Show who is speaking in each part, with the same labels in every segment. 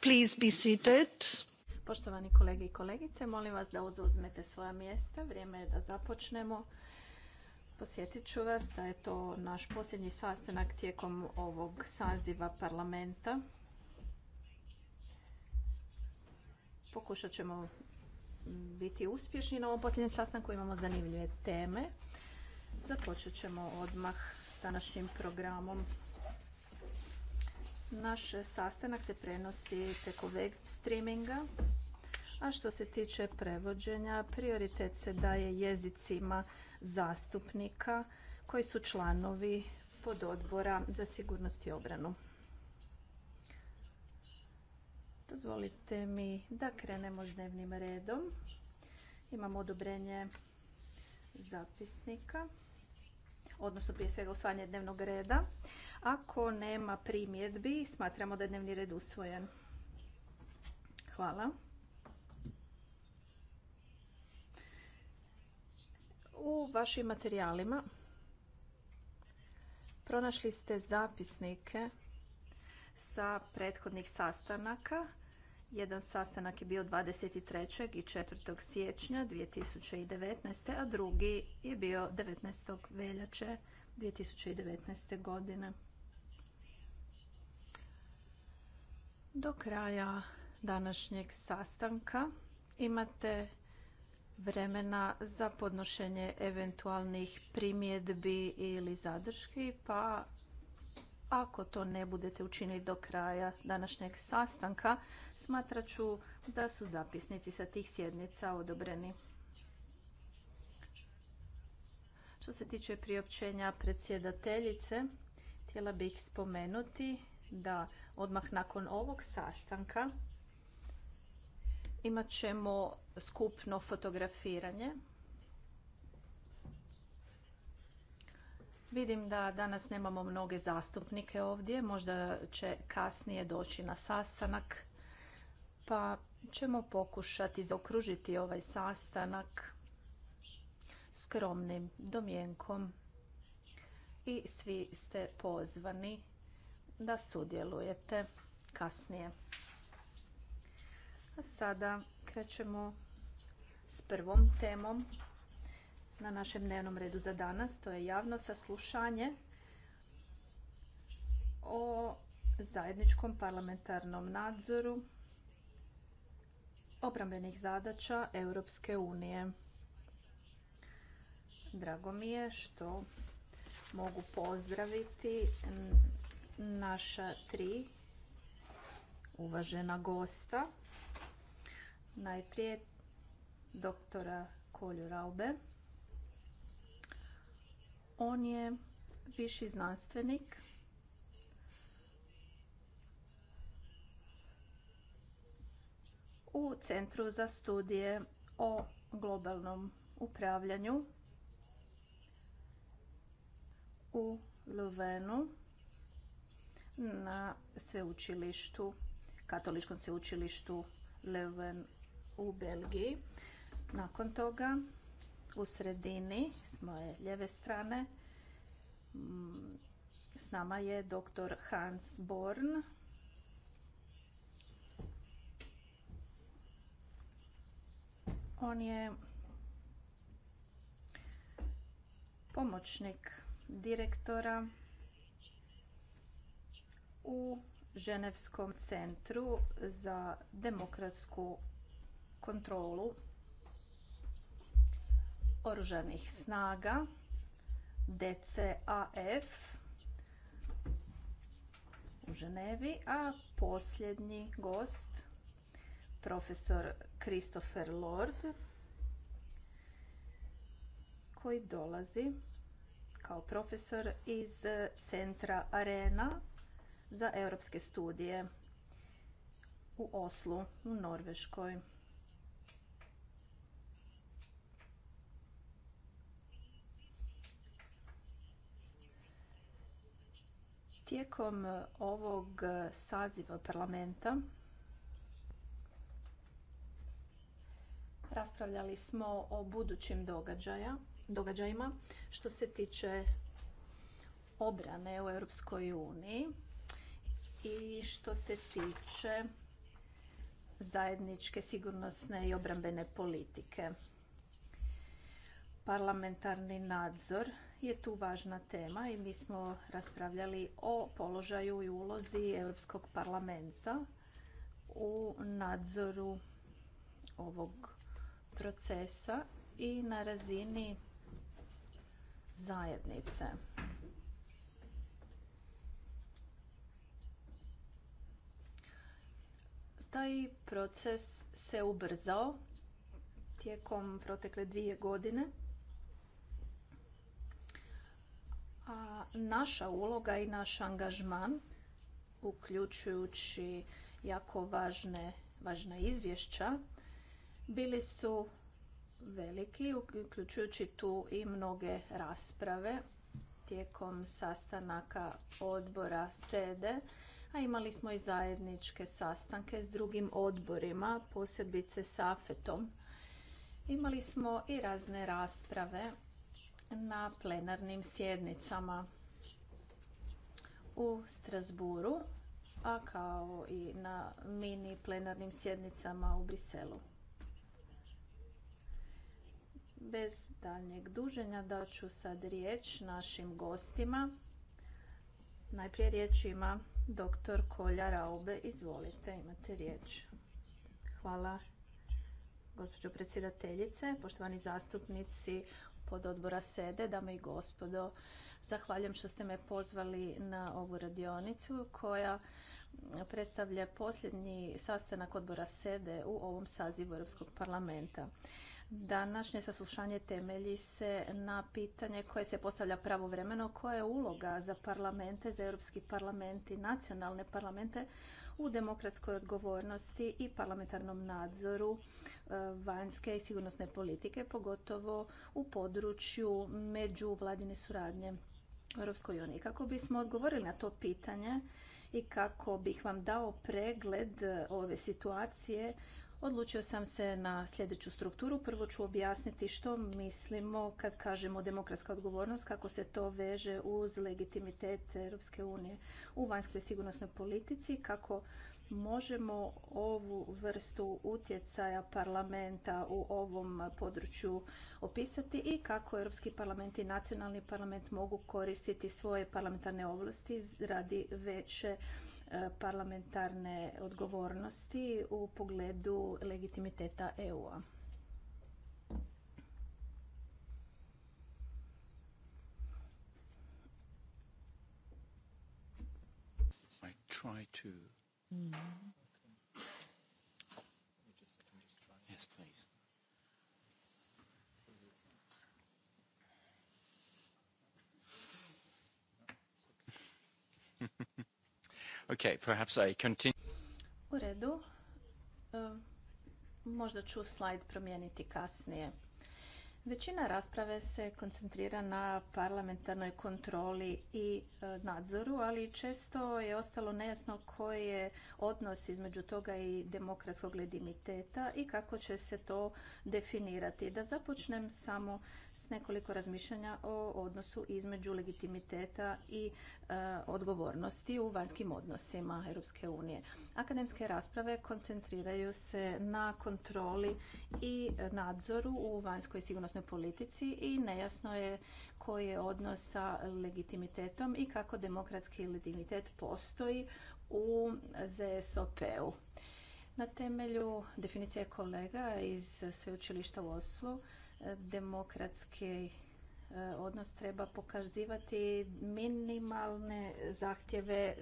Speaker 1: please
Speaker 2: Poštovani kolege i kolegice, molim vas da uzuzmete svoja mjesta. Vrijeme je da započnemo. Posjetit ću vas da je to naš posljednji sastanak tijekom ovog saziva parlamenta. Pokušat ćemo biti uspješni na ovom posljednjem sastanku. Imamo zanimljive teme. Započet ćemo odmah s današnjim programom naš sastanak se prenosi preko web streaminga. A što se tiče prevođenja, prioritet se daje jezicima zastupnika koji su članovi pododbora za sigurnost i obranu. Dozvolite mi da krenemo s dnevnim redom. Imamo odobrenje zapisnika odnosno prije svega usvajanje dnevnog reda. Ako nema primjedbi, smatramo da je dnevni red usvojen. Hvala. U vašim materijalima pronašli ste zapisnike sa prethodnih sastanaka jedan sastanak je bio 23. i 4. siječnja 2019. a drugi je bio 19. veljače 2019. godine. Do kraja današnjeg sastanka imate vremena za podnošenje eventualnih primjedbi ili zadrški, pa ako to ne budete učinili do kraja današnjeg sastanka, smatraću da su zapisnici sa tih sjednica odobreni. Što se tiče priopćenja predsjedateljice, htjela bih spomenuti da odmah nakon ovog sastanka imat ćemo skupno fotografiranje Vidim da danas nemamo mnoge zastupnike ovdje, možda će kasnije doći na sastanak, pa ćemo pokušati zaokružiti ovaj sastanak skromnim domjenkom i svi ste pozvani da sudjelujete kasnije. A sada krećemo s prvom temom na našem dnevnom redu za danas. To je javno saslušanje o zajedničkom parlamentarnom nadzoru obrambenih zadaća Europske unije. Drago mi je što mogu pozdraviti naša tri uvažena gosta. Najprije doktora Kolju Raube, on je viši znanstvenik. u Centru za studije o globalnom upravljanju u Luvenu na sveučilištu, katoličkom sveučilištu Leuven u Belgiji. Nakon toga u sredini s moje lijeve strane mm, s nama je dr. Hans Born. On je pomoćnik direktora u Ženevskom centru za demokratsku kontrolu oružanih snaga DCAF u Ženevi, a posljednji gost profesor Christopher Lord koji dolazi kao profesor iz centra Arena za europske studije u Oslu u Norveškoj. Tijekom e, ovog e, saziva parlamenta raspravljali smo o budućim događaja, događajima što se tiče obrane u Europskoj uniji i što se tiče zajedničke sigurnosne i obrambene politike. Parlamentarni nadzor je tu važna tema i mi smo raspravljali o položaju i ulozi Europskog parlamenta u nadzoru ovog procesa i na razini zajednice. Taj proces se ubrzao tijekom protekle dvije godine A naša uloga i naš angažman, uključujući jako važne, važna izvješća, bili su veliki, uključujući tu i mnoge rasprave tijekom sastanaka odbora SEDE, a imali smo i zajedničke sastanke s drugim odborima, posebice s AFET-om. Imali smo i razne rasprave na plenarnim sjednicama u Strasburu, a kao i na mini plenarnim sjednicama u Briselu. Bez daljnjeg duženja daću sad riječ našim gostima. Najprije riječ ima doktor Kolja Raube. Izvolite, imate riječ. Hvala gospođo predsjedateljice, poštovani zastupnici pod odbora SEDE, dame i gospodo. Zahvaljujem što ste me pozvali na ovu radionicu koja predstavlja posljednji sastanak odbora SEDE u ovom sazivu Europskog parlamenta. Današnje saslušanje temelji se na pitanje koje se postavlja pravovremeno, koja je uloga za parlamente, za Europski parlament i nacionalne parlamente u demokratskoj odgovornosti i parlamentarnom nadzoru e, vanjske i sigurnosne politike, pogotovo u području međuvladine suradnje u Europskoj uniji. Kako bismo odgovorili na to pitanje i kako bih vam dao pregled ove situacije, Odlučio sam se na sljedeću strukturu. Prvo ću objasniti što mislimo kad kažemo demokratska odgovornost, kako se to veže uz legitimitet Europske unije u vanjskoj sigurnosnoj politici, kako možemo ovu vrstu utjecaja parlamenta u ovom području opisati i kako Europski parlament i nacionalni parlament mogu koristiti svoje parlamentarne ovlasti radi veće parlamentarne odgovornosti u pogledu legitimiteta EU-a.
Speaker 3: Mm.
Speaker 4: Okay, perhaps I continue.
Speaker 2: U redu. E, možda ću slajd promijeniti kasnije. Većina rasprave se koncentrira na parlamentarnoj kontroli i e, nadzoru, ali često je ostalo nejasno koji je odnos između toga i demokratskog legitimiteta i kako će se to definirati. Da započnem samo s nekoliko razmišljanja o odnosu između legitimiteta i e, odgovornosti u vanjskim odnosima Europske unije. Akademske rasprave koncentriraju se na kontroli i nadzoru u vanjskoj sigurnosti sigurnosnoj politici i nejasno je koji je odnos sa legitimitetom i kako demokratski legitimitet postoji u ZSOP-u. Na temelju definicije kolega iz sveučilišta u Oslu, demokratski Eh, odnos treba pokazivati minimalne zahtjeve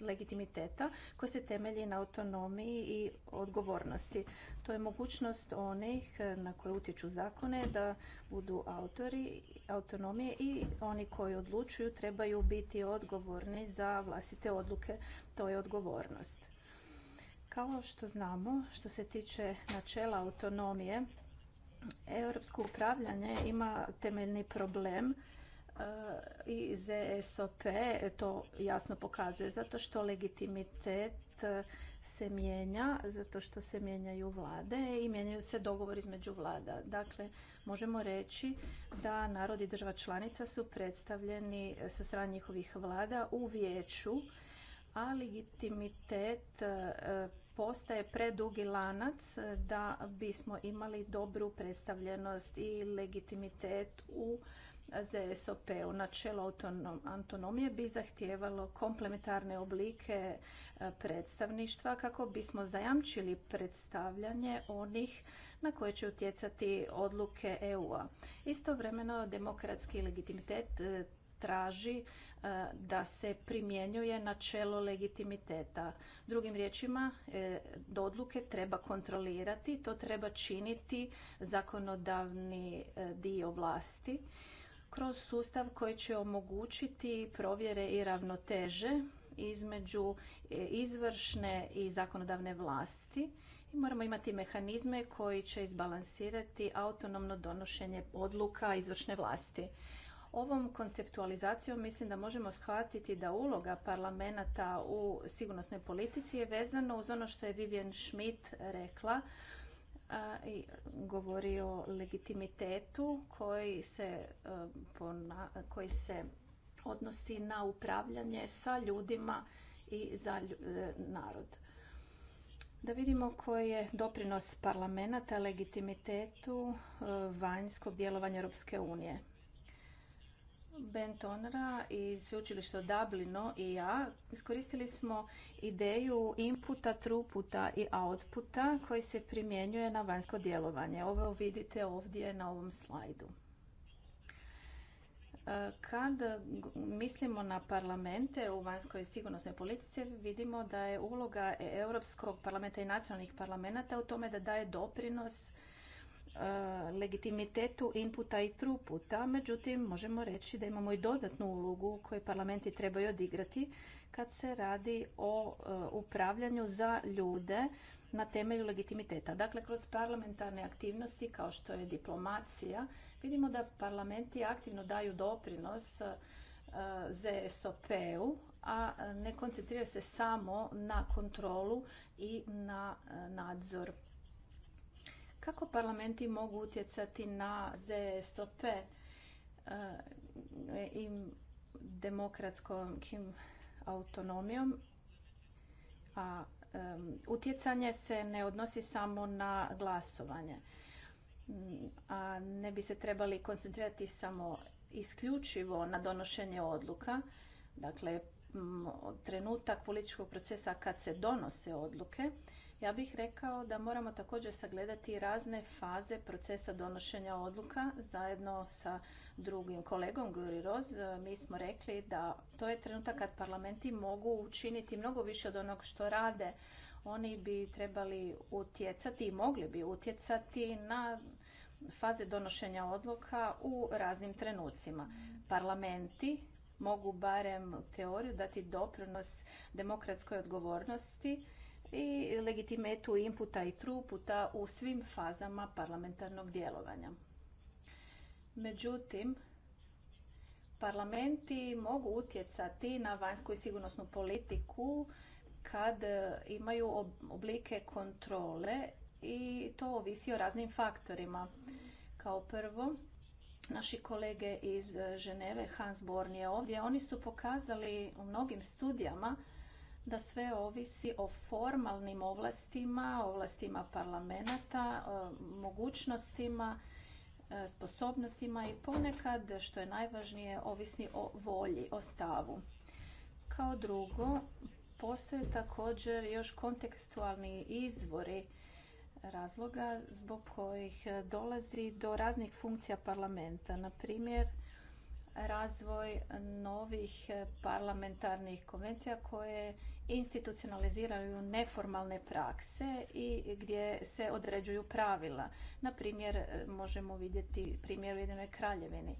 Speaker 2: legitimiteta koji se temelji na autonomiji i odgovornosti. To je mogućnost onih eh, na koje utječu zakone da budu autori autonomije i oni koji odlučuju trebaju biti odgovorni za vlastite odluke. To je odgovornost. Kao što znamo, što se tiče načela autonomije, Europsko upravljanje ima temeljni problem e, i ZSOP to jasno pokazuje zato što legitimitet e, se mijenja zato što se mijenjaju vlade i mijenjaju se dogovori između vlada. Dakle, možemo reći da narodi država članica su predstavljeni sa strane njihovih vlada u vijeću, a legitimitet e, postaje predugi lanac da bismo imali dobru predstavljenost i legitimitet u ZSOP-u. Načelo autonomije bi zahtijevalo komplementarne oblike e, predstavništva kako bismo zajamčili predstavljanje onih na koje će utjecati odluke EU-a. Istovremeno, demokratski legitimitet e, traži e, da se primjenjuje načelo legitimiteta. Drugim riječima, e, odluke treba kontrolirati, to treba činiti zakonodavni e, dio vlasti kroz sustav koji će omogućiti provjere i ravnoteže između izvršne i zakonodavne vlasti. I moramo imati mehanizme koji će izbalansirati autonomno donošenje odluka izvršne vlasti. Ovom konceptualizacijom mislim da možemo shvatiti da uloga parlamenta u sigurnosnoj politici je vezano uz ono što je Vivian Schmidt rekla, i govori o legitimitetu koji se, e, koji se odnosi na upravljanje sa ljudima i za e, narod. Da vidimo koji je doprinos parlamenta legitimitetu e, vanjskog djelovanja Europske unije. Ben Tonera iz sveučilišta Dublino i ja iskoristili smo ideju inputa, truputa i outputa koji se primjenjuje na vanjsko djelovanje. Ovo vidite ovdje na ovom slajdu. E, kad mislimo na parlamente u vanjskoj sigurnosnoj politici, vidimo da je uloga Europskog parlamenta i nacionalnih parlamenta u tome da daje doprinos E, legitimitetu inputa i truputa, međutim možemo reći da imamo i dodatnu ulogu koju parlamenti trebaju odigrati kad se radi o e, upravljanju za ljude na temelju legitimiteta. Dakle, kroz parlamentarne aktivnosti kao što je diplomacija, vidimo da parlamenti aktivno daju doprinos e, ZSOP-u, a ne koncentriraju se samo na kontrolu i na nadzor kako parlamenti mogu utjecati na ZSOP eh, i demokratskom autonomijom? A utjecanje se ne odnosi samo na glasovanje. A ne bi se trebali koncentrirati samo isključivo na donošenje odluka. Dakle, trenutak političkog procesa kad se donose odluke, ja bih rekao da moramo također sagledati razne faze procesa donošenja odluka zajedno sa drugim kolegom Guri Roz. E, mi smo rekli da to je trenutak kad parlamenti mogu učiniti mnogo više od onog što rade. Oni bi trebali utjecati i mogli bi utjecati na faze donošenja odluka u raznim trenucima. Parlamenti mogu barem teoriju dati doprinos demokratskoj odgovornosti i legitimetu inputa i truputa u svim fazama parlamentarnog djelovanja. Međutim, parlamenti mogu utjecati na vanjsku i sigurnosnu politiku kad imaju oblike kontrole i to ovisi o raznim faktorima. Kao prvo, naši kolege iz Ženeve, Hans Born je ovdje, oni su pokazali u mnogim studijama da sve ovisi o formalnim ovlastima, ovlastima parlamenta, e, mogućnostima, e, sposobnostima i ponekad, što je najvažnije, ovisi o volji, o stavu. Kao drugo, postoje također još kontekstualni izvori razloga zbog kojih dolazi do raznih funkcija parlamenta. Na primjer, razvoj novih parlamentarnih konvencija koje institucionaliziraju neformalne prakse i gdje se određuju pravila. Na primjer, e, možemo vidjeti primjer u Jedinoj kraljevini.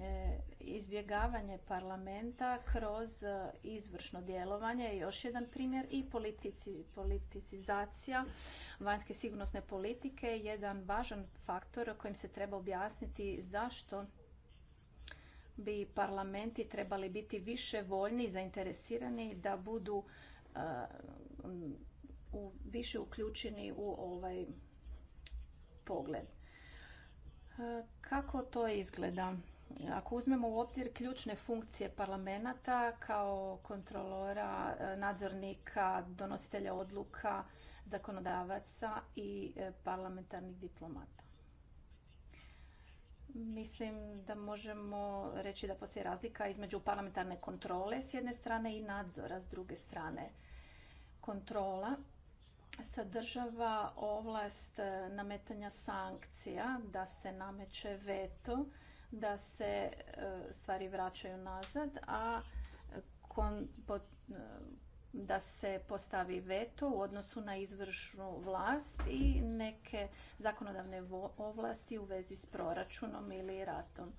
Speaker 2: E, izbjegavanje parlamenta kroz e, izvršno djelovanje je još jedan primjer i politici, politicizacija vanjske sigurnosne politike je jedan važan faktor kojim se treba objasniti zašto bi parlamenti trebali biti više voljni i zainteresirani da budu e, više uključeni u ovaj pogled. E, kako to izgleda? Ako uzmemo u obzir ključne funkcije parlamenta kao kontrolora, e, nadzornika, donositelja odluka, zakonodavaca i parlamentarnih diplomata. Mislim da možemo reći da postoji razlika između parlamentarne kontrole s jedne strane i nadzora s druge strane. Kontrola sadržava ovlast nametanja sankcija, da se nameće veto, da se e, stvari vraćaju nazad, a da se postavi veto u odnosu na izvršnu vlast i neke zakonodavne ovlasti u vezi s proračunom ili ratom.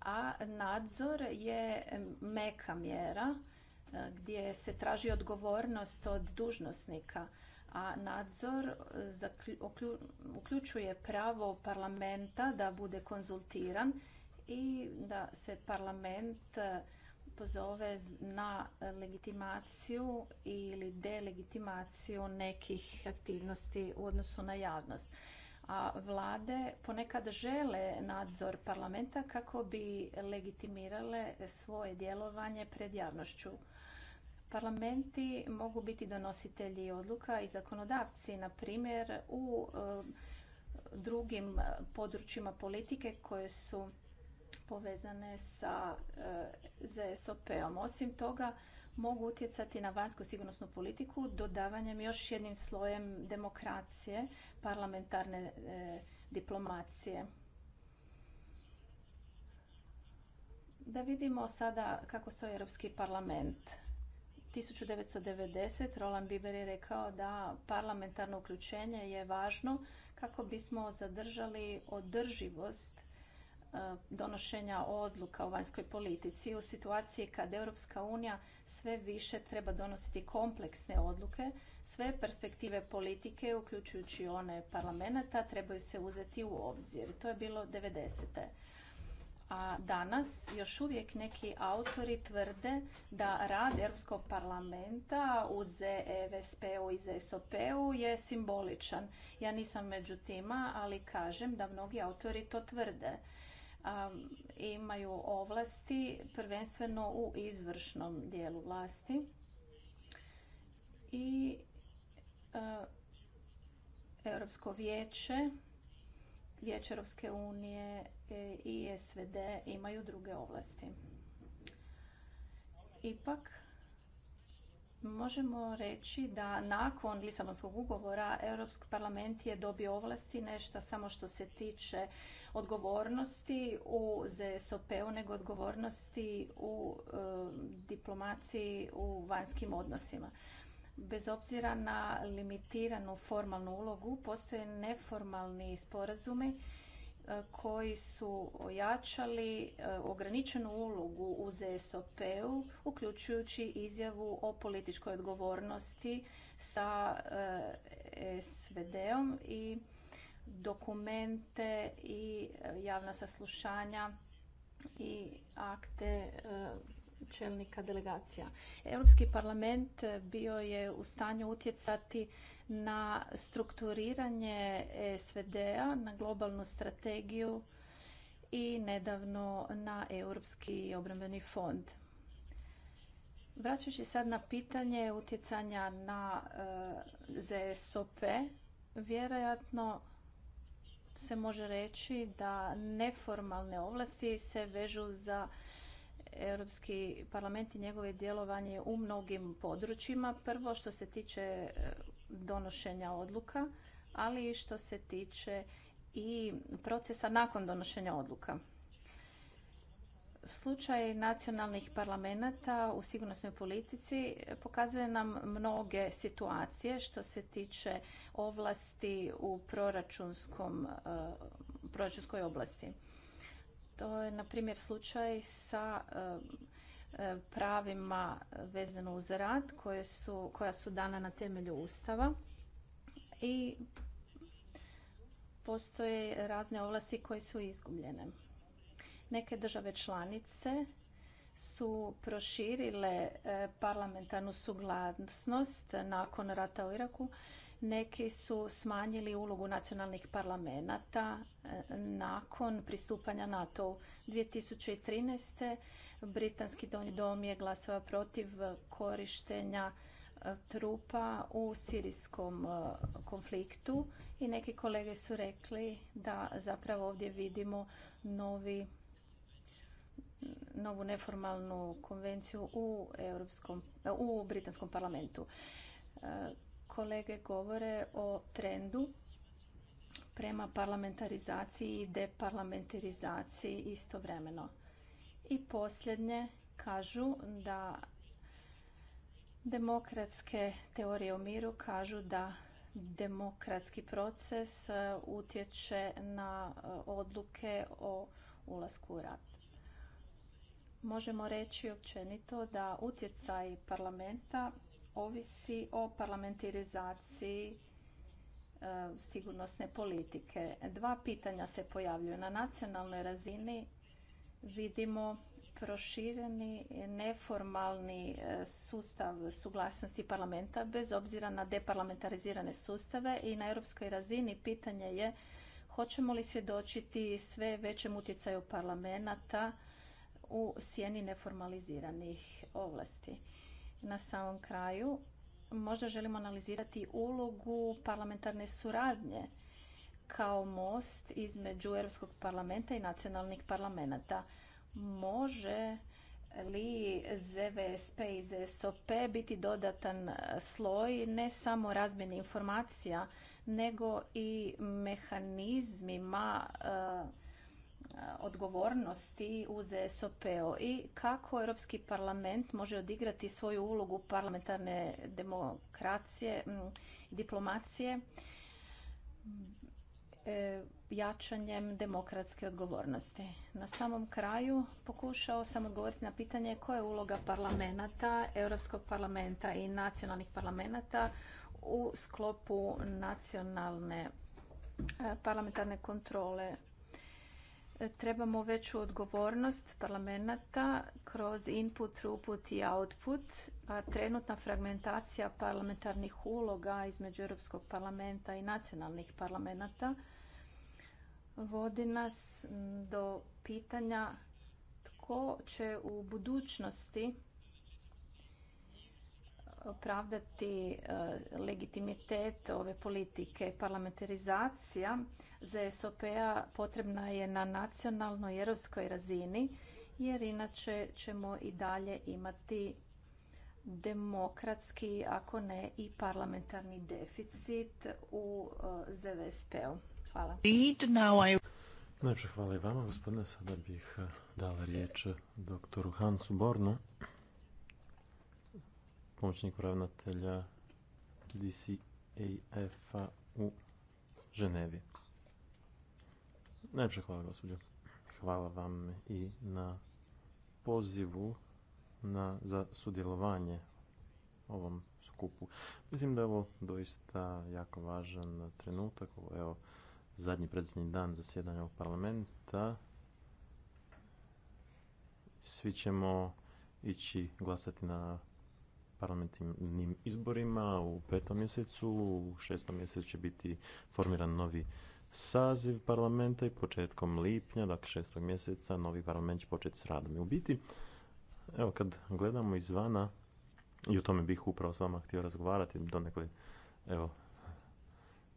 Speaker 2: A nadzor je meka mjera e, gdje se traži odgovornost od dužnosnika, a nadzor e, uključuje pravo parlamenta da bude konzultiran i da se parlament e, pozove na legitimaciju ili delegitimaciju nekih aktivnosti u odnosu na javnost. A vlade ponekad žele nadzor parlamenta kako bi legitimirale svoje djelovanje pred javnošću. Parlamenti mogu biti donositelji odluka i zakonodavci, na primjer u eh, drugim područjima politike koje su povezane sa e, ZSOP-om. Osim toga, mogu utjecati na vanjsku sigurnosnu politiku dodavanjem još jednim slojem demokracije, parlamentarne e, diplomacije. Da vidimo sada kako stoji Europski parlament. 1990. Roland Biber je rekao da parlamentarno uključenje je važno kako bismo zadržali održivost E, donošenja odluka u vanjskoj politici u situaciji kad Europska unija sve više treba donositi kompleksne odluke, sve perspektive politike, uključujući one parlamenta, trebaju se uzeti u obzir. To je bilo 90. A danas još uvijek neki autori tvrde da rad Europskog parlamenta u ZEVSP-u i ZSOP-u je simboličan. Ja nisam među tima, ali kažem da mnogi autori to tvrde imaju ovlasti prvenstveno u izvršnom dijelu vlasti i e, Europsko vijeće, Vijeće Europske unije e, i SVD imaju druge ovlasti. Ipak, možemo reći da nakon Lisabonskog ugovora Europski parlament je dobio ovlasti nešto samo što se tiče odgovornosti u ZSOP-u nego odgovornosti u e, diplomaciji u vanjskim odnosima. Bez obzira na limitiranu formalnu ulogu, postoje neformalni sporazumi e, koji su ojačali e, ograničenu ulogu u ZSOP-u, uključujući izjavu o političkoj odgovornosti sa SVD-om i dokumente i e, javna saslušanja i akte e, čelnika delegacija. Europski parlament bio je u stanju utjecati na strukturiranje SVD-a, na globalnu strategiju i nedavno na Europski obrambeni fond. Vraćajući sad na pitanje utjecanja na e, ZSOP, vjerojatno se može reći da neformalne ovlasti se vežu za Europski parlament i njegove djelovanje u mnogim područjima. Prvo što se tiče e, donošenja odluka, ali i što se tiče i procesa nakon donošenja odluka. Slučaj nacionalnih parlamenta u sigurnosnoj politici pokazuje nam mnoge situacije što se tiče ovlasti u proračunskom, e, proračunskoj oblasti. To je, na primjer, slučaj sa e, e, pravima vezano uz rad koja su dana na temelju Ustava i postoje razne ovlasti koje su izgubljene. Neke države članice su proširile e, parlamentarnu suglasnost nakon rata u Iraku. Neki su smanjili ulogu nacionalnih parlamenata e, nakon pristupanja NATO-u. 2013. Britanski donji dom je glasovao protiv korištenja e, trupa u sirijskom konfliktu i neki kolege su rekli da zapravo ovdje vidimo novi novu neformalnu konvenciju u, Europskom, u Britanskom parlamentu. E, kolege govore o trendu prema parlamentarizaciji i deparlamentarizaciji istovremeno. I posljednje kažu da demokratske teorije o miru kažu da demokratski proces e, utječe na e, odluke o ulasku u rat možemo reći općenito da utjecaj parlamenta ovisi o parlamentarizaciji e, sigurnosne politike. Dva pitanja se pojavljuju. Na nacionalnoj razini vidimo prošireni neformalni e, sustav suglasnosti parlamenta bez obzira na deparlamentarizirane sustave i na europskoj razini pitanje je hoćemo li svjedočiti sve većem utjecaju parlamenta u sjeni neformaliziranih ovlasti. Na samom kraju možda želimo analizirati ulogu parlamentarne suradnje kao most između Europskog parlamenta i nacionalnih parlamenta. Može li ZVSP i ZSOP biti dodatan sloj ne samo razmjene informacija, nego i mehanizmima eh, odgovornosti uz zsop i kako Europski parlament može odigrati svoju ulogu parlamentarne demokracije i diplomacije e, jačanjem demokratske odgovornosti. Na samom kraju pokušao sam odgovoriti na pitanje koja je uloga parlamenta, Europskog parlamenta i nacionalnih parlamenta u sklopu nacionalne e, parlamentarne kontrole trebamo veću odgovornost parlamenta kroz input, throughput i output, a trenutna fragmentacija parlamentarnih uloga između Europskog parlamenta i nacionalnih parlamenta vodi nas do pitanja tko će u budućnosti opravdati e, legitimitet ove politike. Parlamentarizacija ZSOP-a potrebna je na nacionalnoj i europskoj razini jer inače ćemo i dalje imati demokratski, ako ne i parlamentarni deficit u e, ZVSP-u. Hvala.
Speaker 3: Znači, hvala i vama, gospodine. Sada bih e, dala riječ doktoru Hansu Bornu pomoćnik ravnatelja DCAF-a u Ženevi. najprije hvala gospođo. Hvala vam i na pozivu na, za sudjelovanje ovom skupu. Mislim da je ovo doista jako važan trenutak. Ovo je evo, zadnji predsjedni dan zasjedanja ovog parlamenta. Svi ćemo ići glasati na parlamentarnim izborima u petom mjesecu, u šestom mjesecu će biti formiran novi saziv parlamenta i početkom lipnja, dakle šestog mjeseca, novi parlament će početi s radom. I u biti, evo kad gledamo izvana, i o tome bih upravo s vama htio razgovarati, donekle, evo,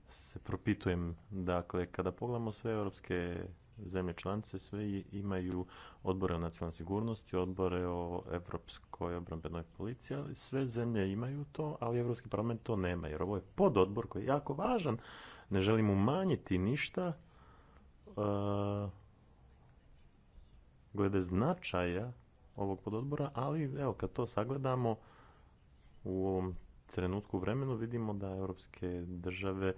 Speaker 3: se propitujem, dakle, kada pogledamo sve europske zemlje članice, sve imaju odbore o nacionalnoj sigurnosti, odbore o europskom je obrambenoj policiji, ali sve zemlje imaju to, ali Europski parlament to nema, jer ovo je pododbor koji je jako važan. Ne želim umanjiti ništa e, glede značaja ovog pododbora, ali evo kad to sagledamo u ovom trenutku vremenu vidimo da europske države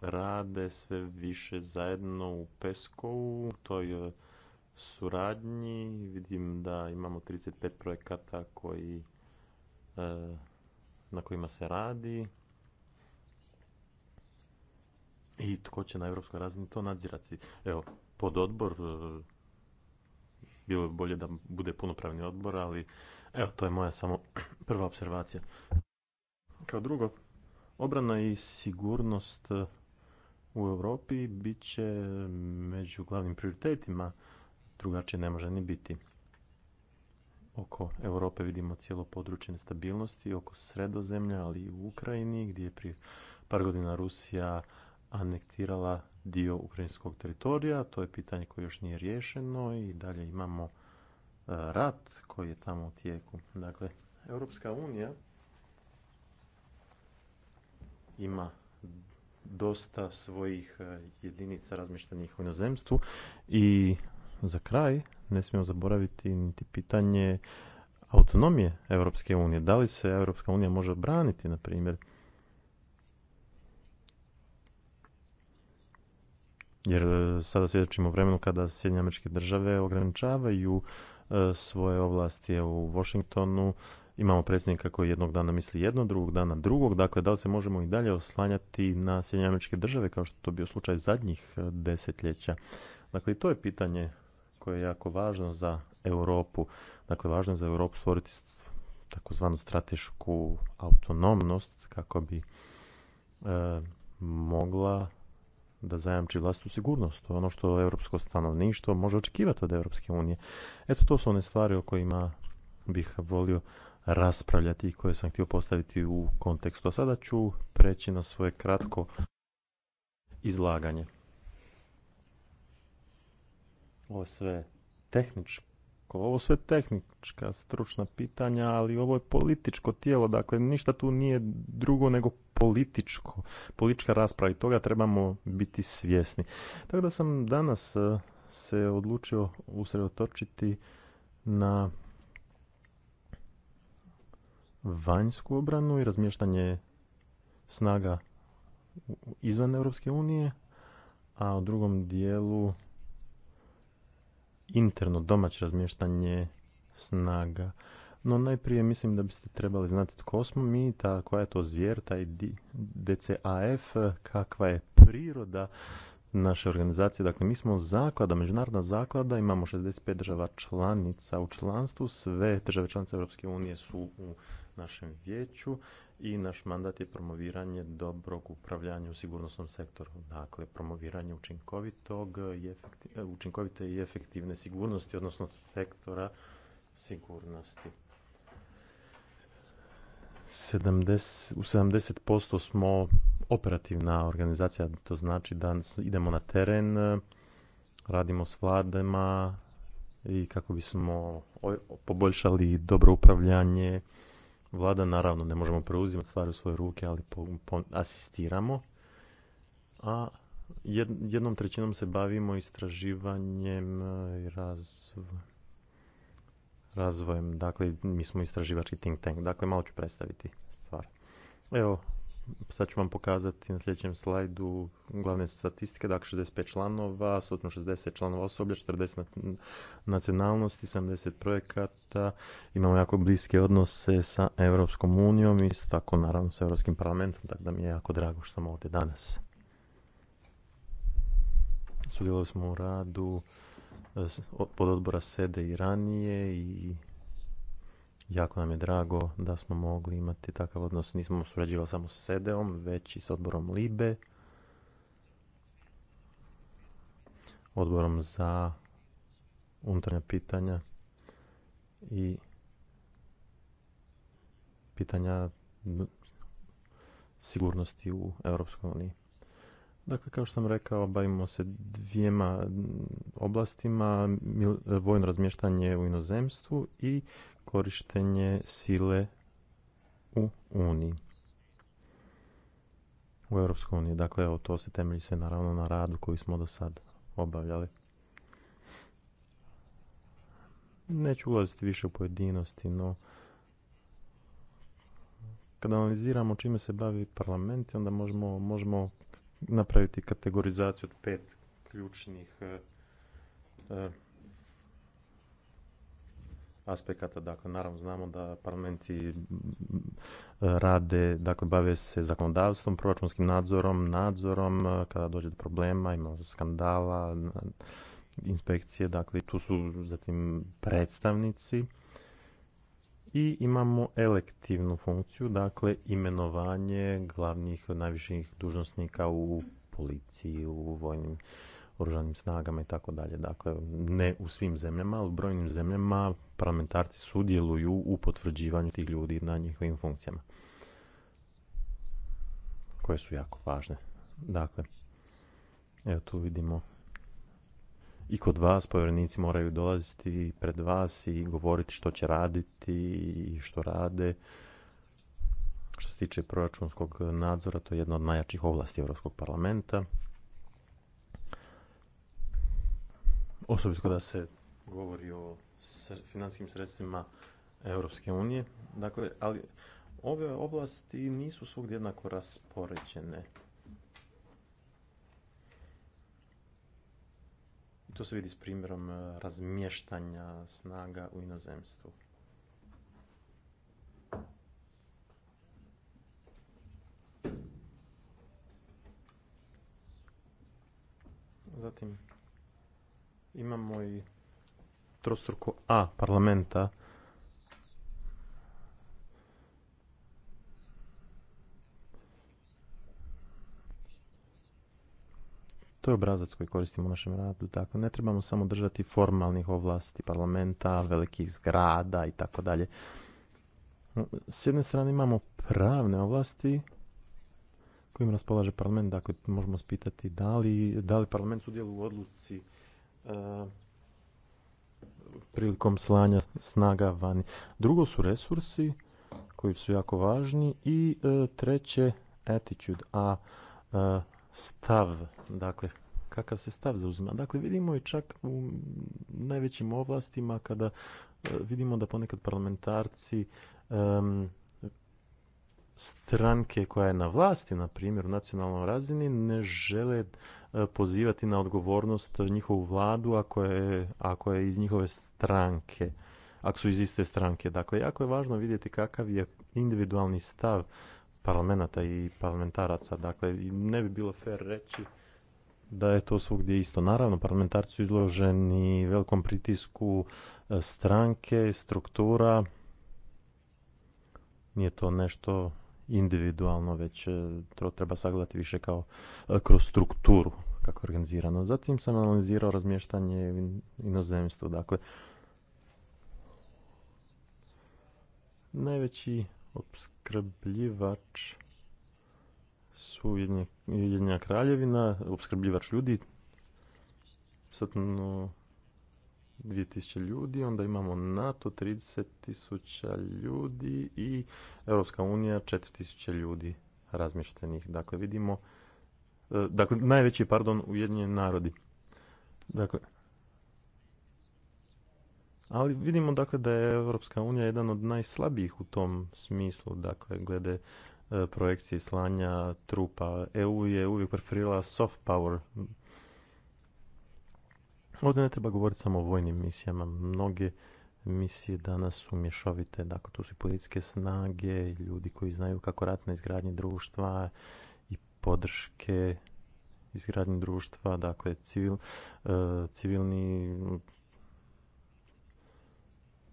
Speaker 3: rade sve više zajedno u Peskovu, toj suradnji. Vidim da imamo 35 projekata koji, e, na kojima se radi. I tko će na europskoj razini to nadzirati? Evo, pod odbor, e, bilo bi bolje da bude punopravni odbor, ali evo, to je moja samo prva observacija. Kao drugo, obrana i sigurnost e, u Europi bit će među glavnim prioritetima drugačije ne može ni biti. Oko Europe vidimo cijelo područje nestabilnosti, oko sredozemlja, ali i u Ukrajini, gdje je prije par godina Rusija anektirala dio ukrajinskog teritorija. To je pitanje koje još nije riješeno i dalje imamo e, rat koji je tamo u tijeku. Dakle, Europska unija ima dosta svojih e, jedinica razmišljenih u inozemstvu i za kraj, ne smijemo zaboraviti niti pitanje autonomije Europske unije. Da li se Europska unija može braniti, na primjer? Jer e, sada svjedočimo vremenu kada Sjedinje američke države ograničavaju e, svoje ovlasti u Washingtonu. Imamo predsjednika koji jednog dana misli jedno, drugog dana drugog. Dakle, da li se možemo i dalje oslanjati na Sjedinje američke države kao što je to bio slučaj zadnjih e, desetljeća? Dakle, i to je pitanje koje je jako važno za Europu. Dakle, važno je za Europu stvoriti takozvanu stratešku autonomnost kako bi e, mogla da zajamči vlastitu sigurnost. To je ono što europsko stanovništvo može očekivati od Europske unije. Eto, to su one stvari o kojima bih volio raspravljati i koje sam htio postaviti u kontekstu. A sada ću preći na svoje kratko izlaganje. Ovo sve tehničko, ovo sve tehnička stručna pitanja, ali ovo je političko tijelo, dakle ništa tu nije drugo nego političko, politička rasprava i toga trebamo biti svjesni. Tako da sam danas e, se odlučio usredotočiti na vanjsku obranu i razmještanje snaga izvan Europske unije, a u drugom dijelu interno domaće razmještanje snaga. No najprije mislim da biste trebali znati tko smo mi, ta, koja je to zvijer, taj DCAF, kakva je priroda naše organizacije. Dakle, mi smo zaklada, međunarodna zaklada, imamo 65 država članica u članstvu, sve države članice Europske unije su u našem vijeću i naš mandat je promoviranje dobrog upravljanja u sigurnosnom sektoru. Dakle, promoviranje učinkovitog e, učinkovite i efektivne sigurnosti, odnosno sektora sigurnosti. 70, u 70% smo operativna organizacija, to znači da idemo na teren, radimo s vladama i kako bismo poboljšali dobro upravljanje Vlada, naravno, ne možemo preuzimati stvari u svoje ruke, ali po, asistiramo. A jednom trećinom se bavimo istraživanjem e, i razvojem. Dakle, mi smo istraživački think tank. Dakle, malo ću predstaviti stvar. Evo, sad ću vam pokazati na sljedećem slajdu glavne statistike, dakle 65 članova, 160 članova osoblja, 40 nacionalnosti, 70 projekata, imamo jako bliske odnose sa Europskom unijom i tako naravno sa Europskim parlamentom, tako da mi je jako drago što sam ovdje danas. Sudjelovali smo u radu eh, pododbora SEDE i ranije i Jako nam je drago da smo mogli imati takav odnos. Nismo surađivali samo s SEDEom, već i s odborom LIBE, odborom za unutarnja pitanja i pitanja sigurnosti u Europskoj uniji. Dakle, kao što sam rekao, bavimo se dvijema mm, oblastima, e, vojno razmještanje u inozemstvu i korištenje sile u Uniji. U Europskoj uniji. Dakle, evo, to se temelji se naravno na radu koji smo do sad obavljali. Neću ulaziti više u pojedinosti, no kada analiziramo čime se bavi parlament, onda možemo, možemo napraviti kategorizaciju od pet ključnih e, e, aspekata. Dakle, naravno znamo da parlamenti rade, dakle, bave se zakonodavstvom, proračunskim nadzorom, nadzorom, e, kada dođe do problema, ima skandala, inspekcije, dakle, tu su zatim predstavnici i imamo elektivnu funkciju, dakle imenovanje glavnih najviših dužnosnika u policiji, u vojnim oružanim snagama i tako dalje. Dakle, ne u svim zemljama, ali u brojnim zemljama parlamentarci sudjeluju u potvrđivanju tih ljudi na njihovim funkcijama. Koje su jako važne. Dakle, evo tu vidimo i kod vas povjerenici moraju dolaziti pred vas i govoriti što će raditi i što rade. Što se tiče proračunskog nadzora, to je jedna od najjačih ovlasti Europskog parlamenta. Osobito da se govori o financijskim sredstvima Europske unije. Dakle, ali ove oblasti nisu svugdje jednako raspoređene. To se vidi s primjerom e, razmještanja snaga u inozemstvu. Zatim imamo i trostruku A parlamenta To je obrazac koji koristimo u našem radu. Dakle, ne trebamo samo držati formalnih ovlasti parlamenta, velikih zgrada i tako dalje. S jedne strane imamo pravne ovlasti kojim raspolaže parlament. Dakle, možemo spitati da li, da li parlament sudjeluje u odluci uh, prilikom slanja snaga vani. Drugo su resursi koji su jako važni i e, treće attitude, a e, stav, dakle, kakav se stav zauzima. Dakle, vidimo i čak u najvećim ovlastima kada e, vidimo da ponekad parlamentarci stranke koja je na vlasti, na primjer u nacionalnoj razini, ne žele e, pozivati na odgovornost njihovu vladu ako je, ako je iz njihove stranke, ako su iz iste stranke. Dakle, jako je važno vidjeti kakav je individualni stav parlamenta i parlamentaraca. Dakle, ne bi bilo fair reći da je to svugdje isto. Naravno, parlamentarci su izloženi velikom pritisku e, stranke, struktura. Nije to nešto individualno, već e, to treba sagledati više kao e, kroz strukturu kako je organizirano. Zatim sam analizirao razmještanje u inozemstvu. Dakle, najveći opskr opskrbljivač su Ujedinjena kraljevina, opskrbljivač ljudi, no, 2000 ljudi, onda imamo NATO 30.000 ljudi i Europska unija 4.000 ljudi razmještenih. Dakle, vidimo, e, dakle, najveći, pardon, Ujedinjeni narodi. Dakle, ali vidimo dakle da je Europska unija jedan od najslabijih u tom smislu, dakle glede e, projekcije slanja trupa. EU je uvijek preferirala soft power. Ovdje ne treba govoriti samo o vojnim misijama. Mnoge misije danas su mješovite. Dakle, tu su i politiske snage, ljudi koji znaju kako na izgradnje društva i podrške izgradnje društva, dakle civil, e, civilni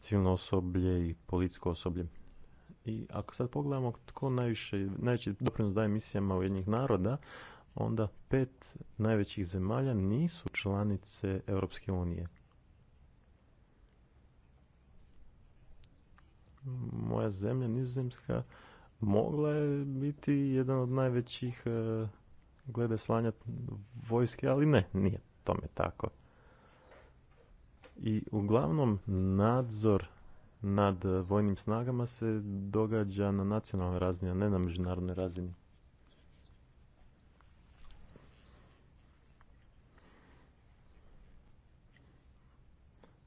Speaker 3: civilno osoblje i policijsko osoblje. I ako sad pogledamo tko najviše, najveći doprinos daje misijama Ujedinjenih naroda, onda pet najvećih zemalja nisu članice Europske unije. Moja zemlja, Nizozemska, mogla je biti jedan od najvećih eh, glede slanja vojske, ali ne, nije tome tako. I uglavnom nadzor nad vojnim snagama se događa na nacionalnoj razini, a ne na međunarodnoj razini.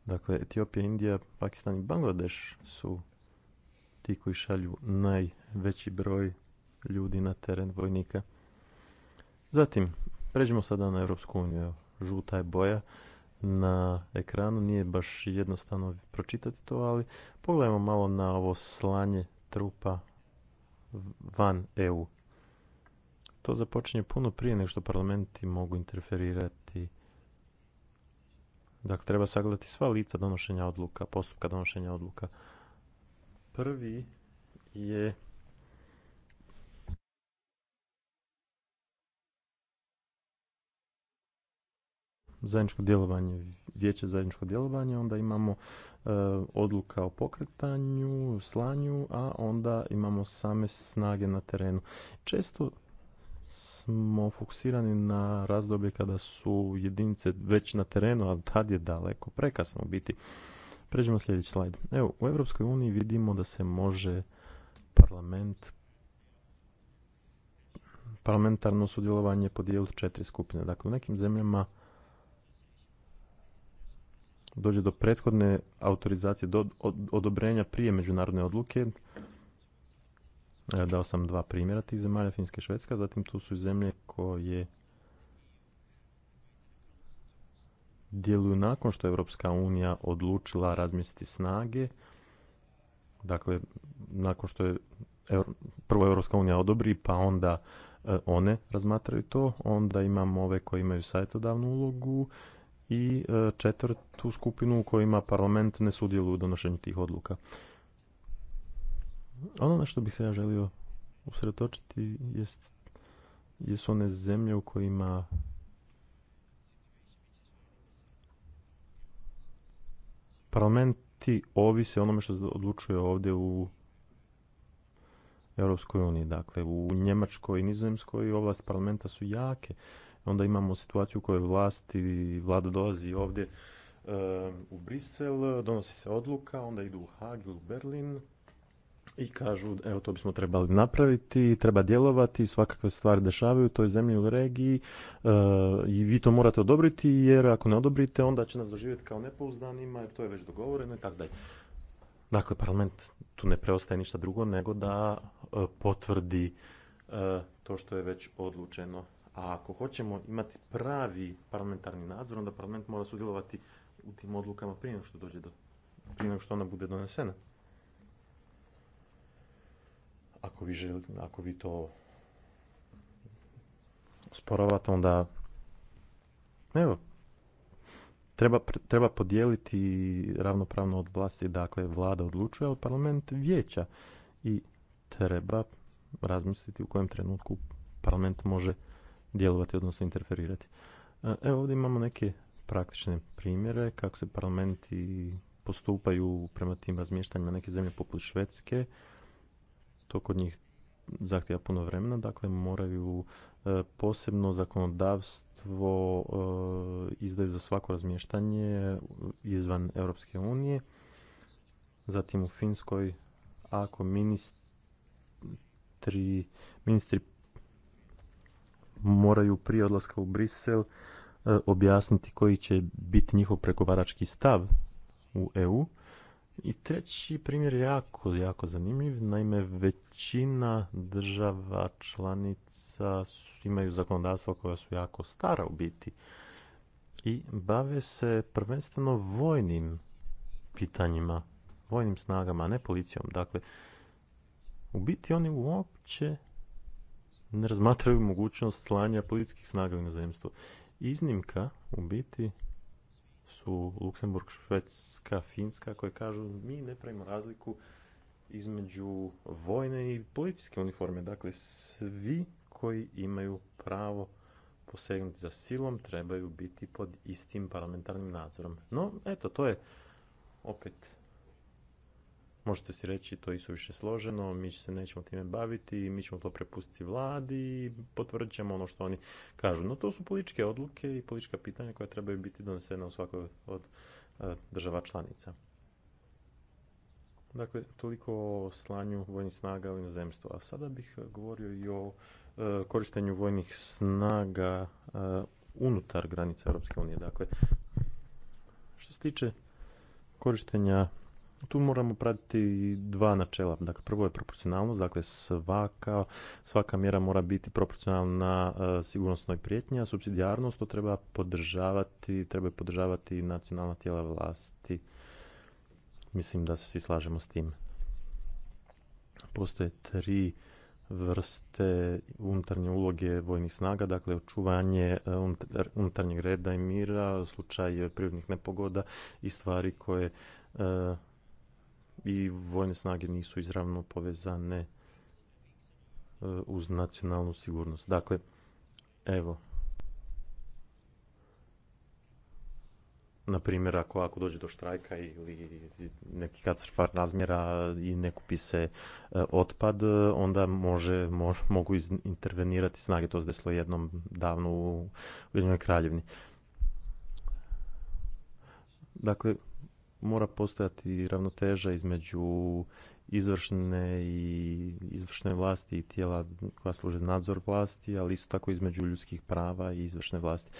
Speaker 3: Dakle, Etiopija, Indija, Pakistan i Bangladeš su ti koji šalju najveći broj ljudi na teren vojnika. Zatim, pređemo sada na Europsku uniju. Žuta je boja na ekranu, nije baš jednostavno pročitati to, ali pogledajmo malo na ovo slanje trupa van EU. To započinje puno prije nego što parlamenti mogu interferirati. Dakle, treba sagledati sva lica donošenja odluka, postupka donošenja odluka. Prvi je zajedničko djelovanje, vijeće zajedničko djelovanje, onda imamo e, odluka o pokretanju, slanju, a onda imamo same snage na terenu. Često smo fokusirani na razdoblje kada su jedinice već na terenu, a tad je daleko prekasno biti. Pređemo sljedeći slajd. Evo, u Europskoj uniji vidimo da se može parlament parlamentarno sudjelovanje podijeliti četiri skupine. Dakle, u nekim zemljama dođe do prethodne autorizacije, do odobrenja prije međunarodne odluke. E, dao sam dva primjera tih zemalja, Finske i Švedska, zatim tu su zemlje koje djeluju nakon što je Europska unija odlučila razmjestiti snage, dakle nakon što je prvo Europska unija odobri pa onda e, one razmatraju to, onda imamo ove koji imaju savjetodavnu ulogu i e, četvrtu skupinu u kojima parlament ne sudjeluje u donošenju tih odluka. Ono na što bih se ja želio usredotočiti jest, jesu one zemlje u kojima parlamenti ovise onome što odlučuje ovdje u Europskoj uniji. Dakle, u Njemačkoj i Nizozemskoj ovlasti parlamenta su jake onda imamo situaciju u kojoj vlast i vlada dolazi ovdje u Brisel, donosi se odluka, onda idu u Hag ili u Berlin i kažu evo to bismo trebali napraviti, treba djelovati, svakakve stvari dešavaju u toj zemlji u regiji eh, i vi to morate odobriti jer ako ne odobrite onda će nas doživjeti kao nepouzdanima jer to je već dogovoreno i tako Dakle, parlament tu ne preostaje ništa drugo nego da eh, potvrdi eh, to što je već odlučeno. A ako hoćemo imati pravi parlamentarni nadzor, onda parlament mora sudjelovati u tim odlukama prije nego što dođe do, prije nego što ona bude donesena. Ako vi, ako vi to sporovate, onda evo, treba, treba podijeliti ravnopravno od vlasti, dakle vlada odlučuje, ali parlament vijeća i treba razmisliti u kojem trenutku parlament može djelovati, odnosno interferirati. E, evo ovdje imamo neke praktične primjere kako se parlamenti postupaju prema tim razmještanjima neke zemlje poput Švedske. To kod njih zahtjeva puno vremena, dakle moraju e, posebno zakonodavstvo e, izdaju za svako razmještanje izvan Europske unije. Zatim u Finskoj, ako ministri, ministri moraju prije odlaska u Brisel e, objasniti koji će biti njihov pregovarački stav u EU. I treći primjer je jako, jako zanimljiv. Naime, većina država članica imaju zakonodavstva koja su jako stara u biti i bave se prvenstveno vojnim pitanjima, vojnim snagama, a ne policijom. Dakle, u biti oni uopće ne razmatraju mogućnost slanja policijskih snaga u inozemstvo. Iznimka u biti su Luksemburg, Švedska, Finska koje kažu mi ne pravimo razliku između vojne i policijske uniforme. Dakle, svi koji imaju pravo posegnuti za silom trebaju biti pod istim parlamentarnim nadzorom. No, eto, to je opet Možete si reći to je više složeno, mi se nećemo time baviti, mi ćemo to prepustiti vladi i potvrdit ćemo ono što oni kažu. No to su političke odluke i politička pitanja koja trebaju biti donesena u svakoj od e, država članica. Dakle, toliko o slanju vojnih snaga u inozemstvo. A sada bih govorio i o e, korištenju vojnih snaga e, unutar granica Europske unije. Dakle, što se tiče korištenja tu moramo pratiti dva načela. Dakle, prvo je proporcionalnost, dakle svaka, svaka mjera mora biti proporcionalna e, sigurnosnoj prijetnji, a subsidijarnost to treba podržavati, treba podržavati nacionalna tijela vlasti. Mislim da se svi slažemo s tim. Postoje tri vrste unutarnje uloge vojnih snaga, dakle očuvanje e, unutarnjeg reda i mira, slučaj prirodnih nepogoda i stvari koje e, i vojne snage nisu izravno povezane e, uz nacionalnu sigurnost. Dakle, evo, na primjer, ako, dođe do štrajka ili neki katastrofar razmjera i ne kupi se e, otpad, e, onda može, mogu intervenirati snage. To se desilo jednom davno u Ujedinjenoj kraljevni. Dakle, mora postojati ravnoteža između izvršne i izvršne vlasti i tijela koja služe nadzor vlasti, ali isto tako između ljudskih prava i izvršne vlasti.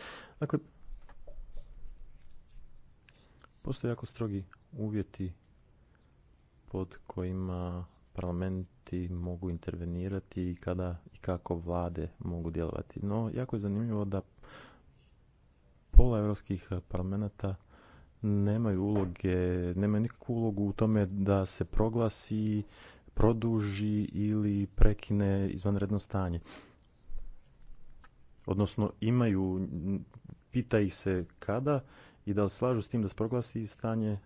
Speaker 3: Dakle, postoje jako strogi uvjeti pod kojima parlamenti mogu intervenirati i kada i kako vlade mogu djelovati. No, jako je zanimljivo da pola europskih parlamenta nemaju uloge, nemaju nikakvu ulogu u tome da se proglasi, produži ili prekine izvanredno stanje. Odnosno imaju, pita ih se kada i da li slažu s tim da se proglasi stanje, e,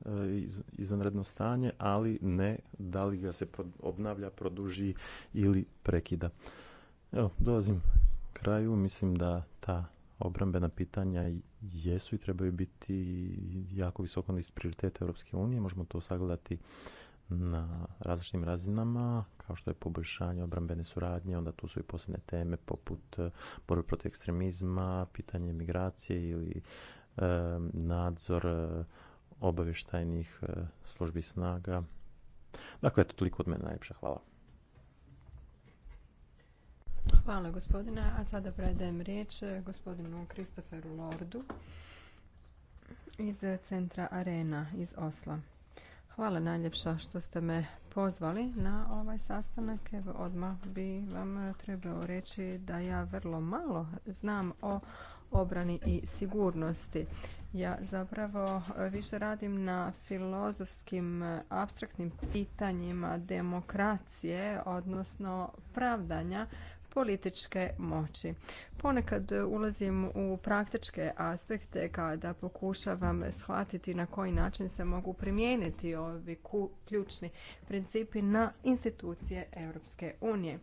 Speaker 3: izvanredno stanje, ali ne da li ga se obnavlja, produži ili prekida. Evo, dolazim kraju, mislim da ta obrambena pitanja jesu i trebaju biti jako visoko na prioriteta Europske unije. Možemo to sagledati na različitim razinama, kao što je poboljšanje obrambene suradnje, onda tu su i posebne teme poput e, borbe protiv ekstremizma, pitanje migracije ili e, nadzor e, obavještajnih službi snaga. Dakle, to toliko od mene najljepša. Hvala.
Speaker 1: Hvala gospodine. A sada predajem riječ eh, gospodinu Kristoferu Lordu iz centra Arena iz Osla. Hvala najljepša što ste me pozvali na ovaj sastanak. odmah bi vam eh, trebao reći da ja vrlo malo znam o obrani i sigurnosti. Ja zapravo eh, više radim na filozofskim abstraktnim pitanjima demokracije, odnosno pravdanja političke moći. Ponekad ulazim u praktičke aspekte kada pokušavam shvatiti na koji način se mogu primijeniti ovi ključni principi na institucije Europske unije.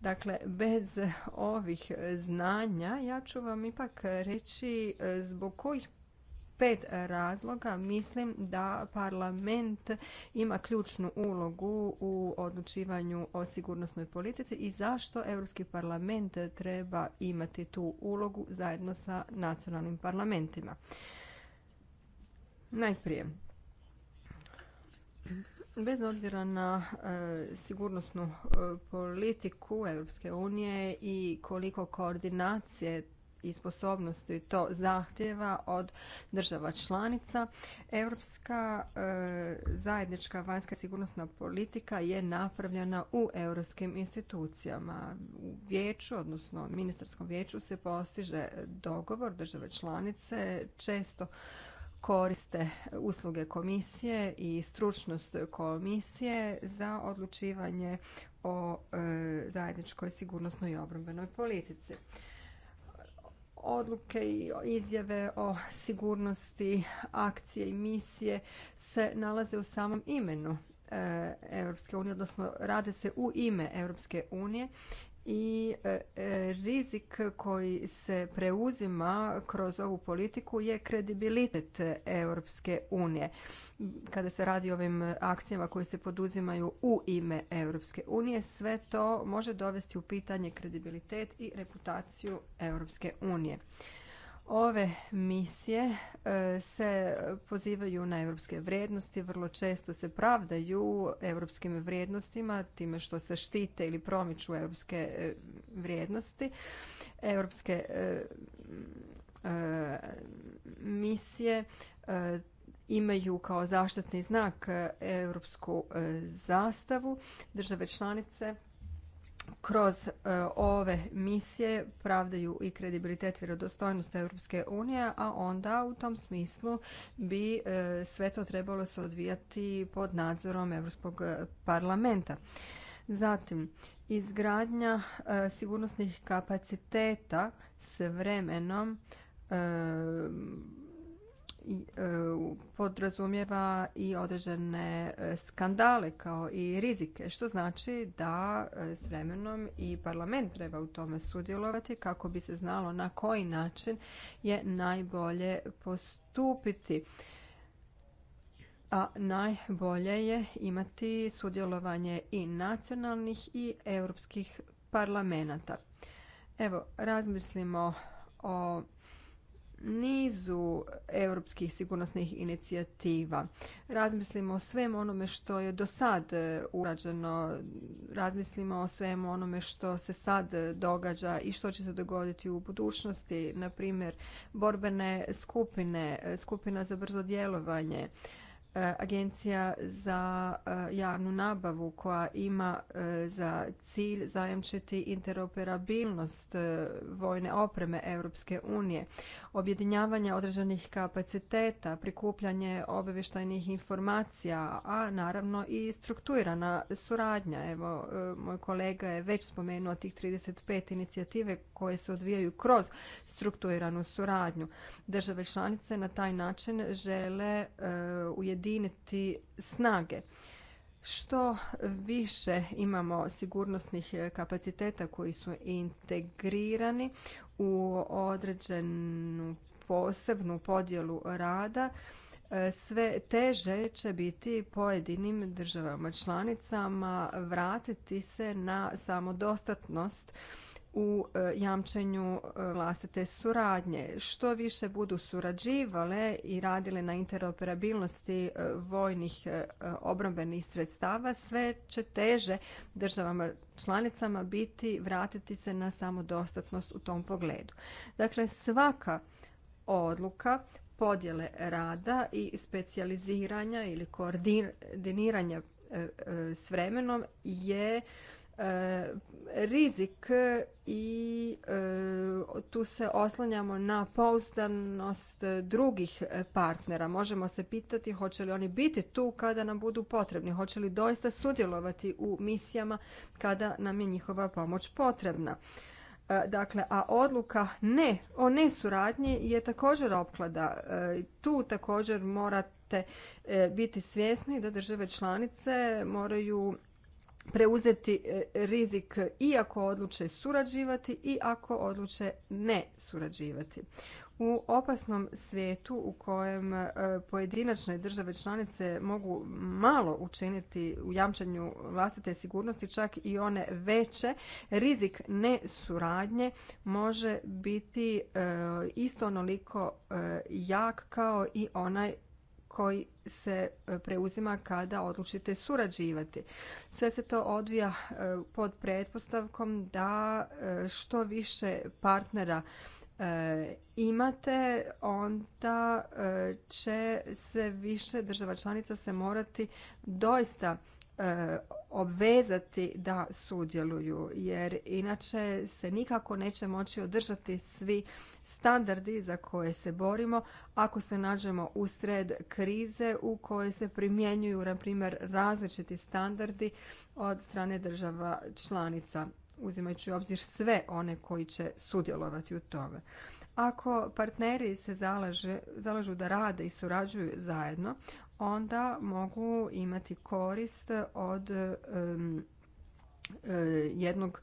Speaker 1: Dakle, bez ovih znanja ja ću vam ipak reći e, zbog kojih pet razloga mislim da parlament ima ključnu ulogu u odlučivanju o sigurnosnoj politici i zašto Europski parlament treba imati tu ulogu zajedno sa nacionalnim parlamentima. Najprije, bez obzira na e, sigurnosnu e, politiku Europske unije i koliko koordinacije i sposobnosti to zahtjeva od država članica. Europska e, zajednička vanjska sigurnosna politika je napravljena u europskim institucijama. U vijeću, odnosno ministarskom vijeću se postiže dogovor države članice često koriste usluge komisije i stručnost komisije za odlučivanje o e, zajedničkoj sigurnosnoj i obrambenoj politici odluke i izjave o sigurnosti akcije i misije se nalaze u samom imenu Europske unije, odnosno rade se u ime Europske unije i e, e, rizik koji se preuzima kroz ovu politiku je kredibilitet Europske unije. Kada se radi o ovim akcijama koje se poduzimaju u ime Europske unije, sve to može dovesti u pitanje kredibilitet i reputaciju Europske unije. Ove misije e, se pozivaju na europske vrijednosti, vrlo često se pravdaju europskim vrijednostima, time što se štite ili promiču europske e, vrijednosti. Europske e, misije imaju kao zaštitni znak europsku zastavu. Države članice kroz e, ove misije pravdaju i kredibilitet vjerodostojnost Europske unije, a onda u tom smislu bi e, sve to trebalo se odvijati pod nadzorom Europskog parlamenta. Zatim, izgradnja e, sigurnosnih kapaciteta s vremenom E, podrazumijeva i određene e, skandale kao i rizike, što znači da e, s vremenom i parlament treba u tome sudjelovati kako bi se znalo na koji način je najbolje postupiti. A najbolje je imati sudjelovanje i nacionalnih i europskih parlamenata. Evo, razmislimo o nizu europskih sigurnosnih inicijativa. Razmislimo o svem onome što je do sad e, urađeno, razmislimo o svemu onome što se sad događa i što će se dogoditi u budućnosti, na primjer borbene skupine, e, skupina za brzo djelovanje, E, agencija za e, javnu nabavu koja ima e, za cilj zajamčiti interoperabilnost vojne opreme Europske unije, objedinjavanje određenih kapaciteta, prikupljanje obavještajnih informacija, a naravno i strukturirana suradnja. Evo, moj kolega je već spomenuo tih 35 inicijative koje se odvijaju kroz strukturiranu suradnju. Države članice na taj način žele ujediniti ujediniti snage. Što više imamo sigurnosnih kapaciteta koji su integrirani u određenu posebnu podjelu rada, sve teže će biti pojedinim državama članicama vratiti se na samodostatnost u e, jamčenju e, vlastite suradnje. Što više budu surađivale i radile na interoperabilnosti e, vojnih obrambenih sredstava, sve će teže državama članicama biti vratiti se na samodostatnost u tom pogledu. Dakle, svaka odluka podjele rada i specijaliziranja ili koordiniranja s vremenom je E, rizik i e, tu se oslanjamo na pouzdanost drugih partnera. Možemo se pitati hoće li oni biti tu kada nam budu potrebni, hoće li doista sudjelovati u misijama kada nam je njihova pomoć potrebna. E, dakle, a odluka ne, o nesuradnji je također opklada. Tu također morate biti svjesni da države članice moraju preuzeti e, rizik i ako odluče surađivati i ako odluče ne surađivati. U opasnom svijetu u kojem e, pojedinačne države članice mogu malo učiniti u jamčanju vlastite sigurnosti, čak i one veće, rizik nesuradnje može biti e, isto onoliko jak kao i onaj koji se e, preuzima kada odlučite surađivati. Sve se to odvija e, pod pretpostavkom da e, što više partnera imate, onda će se više država članica se morati doista obvezati da sudjeluju jer inače se nikako neće moći održati svi standardi za koje se borimo ako se nađemo u sred krize u kojoj se primjenjuju na primjer različiti standardi od strane država članica uzimajući u obzir sve one koji će sudjelovati u tome. Ako partneri se zalaže, zalažu da rade i surađuju zajedno, onda mogu imati korist od e, jednog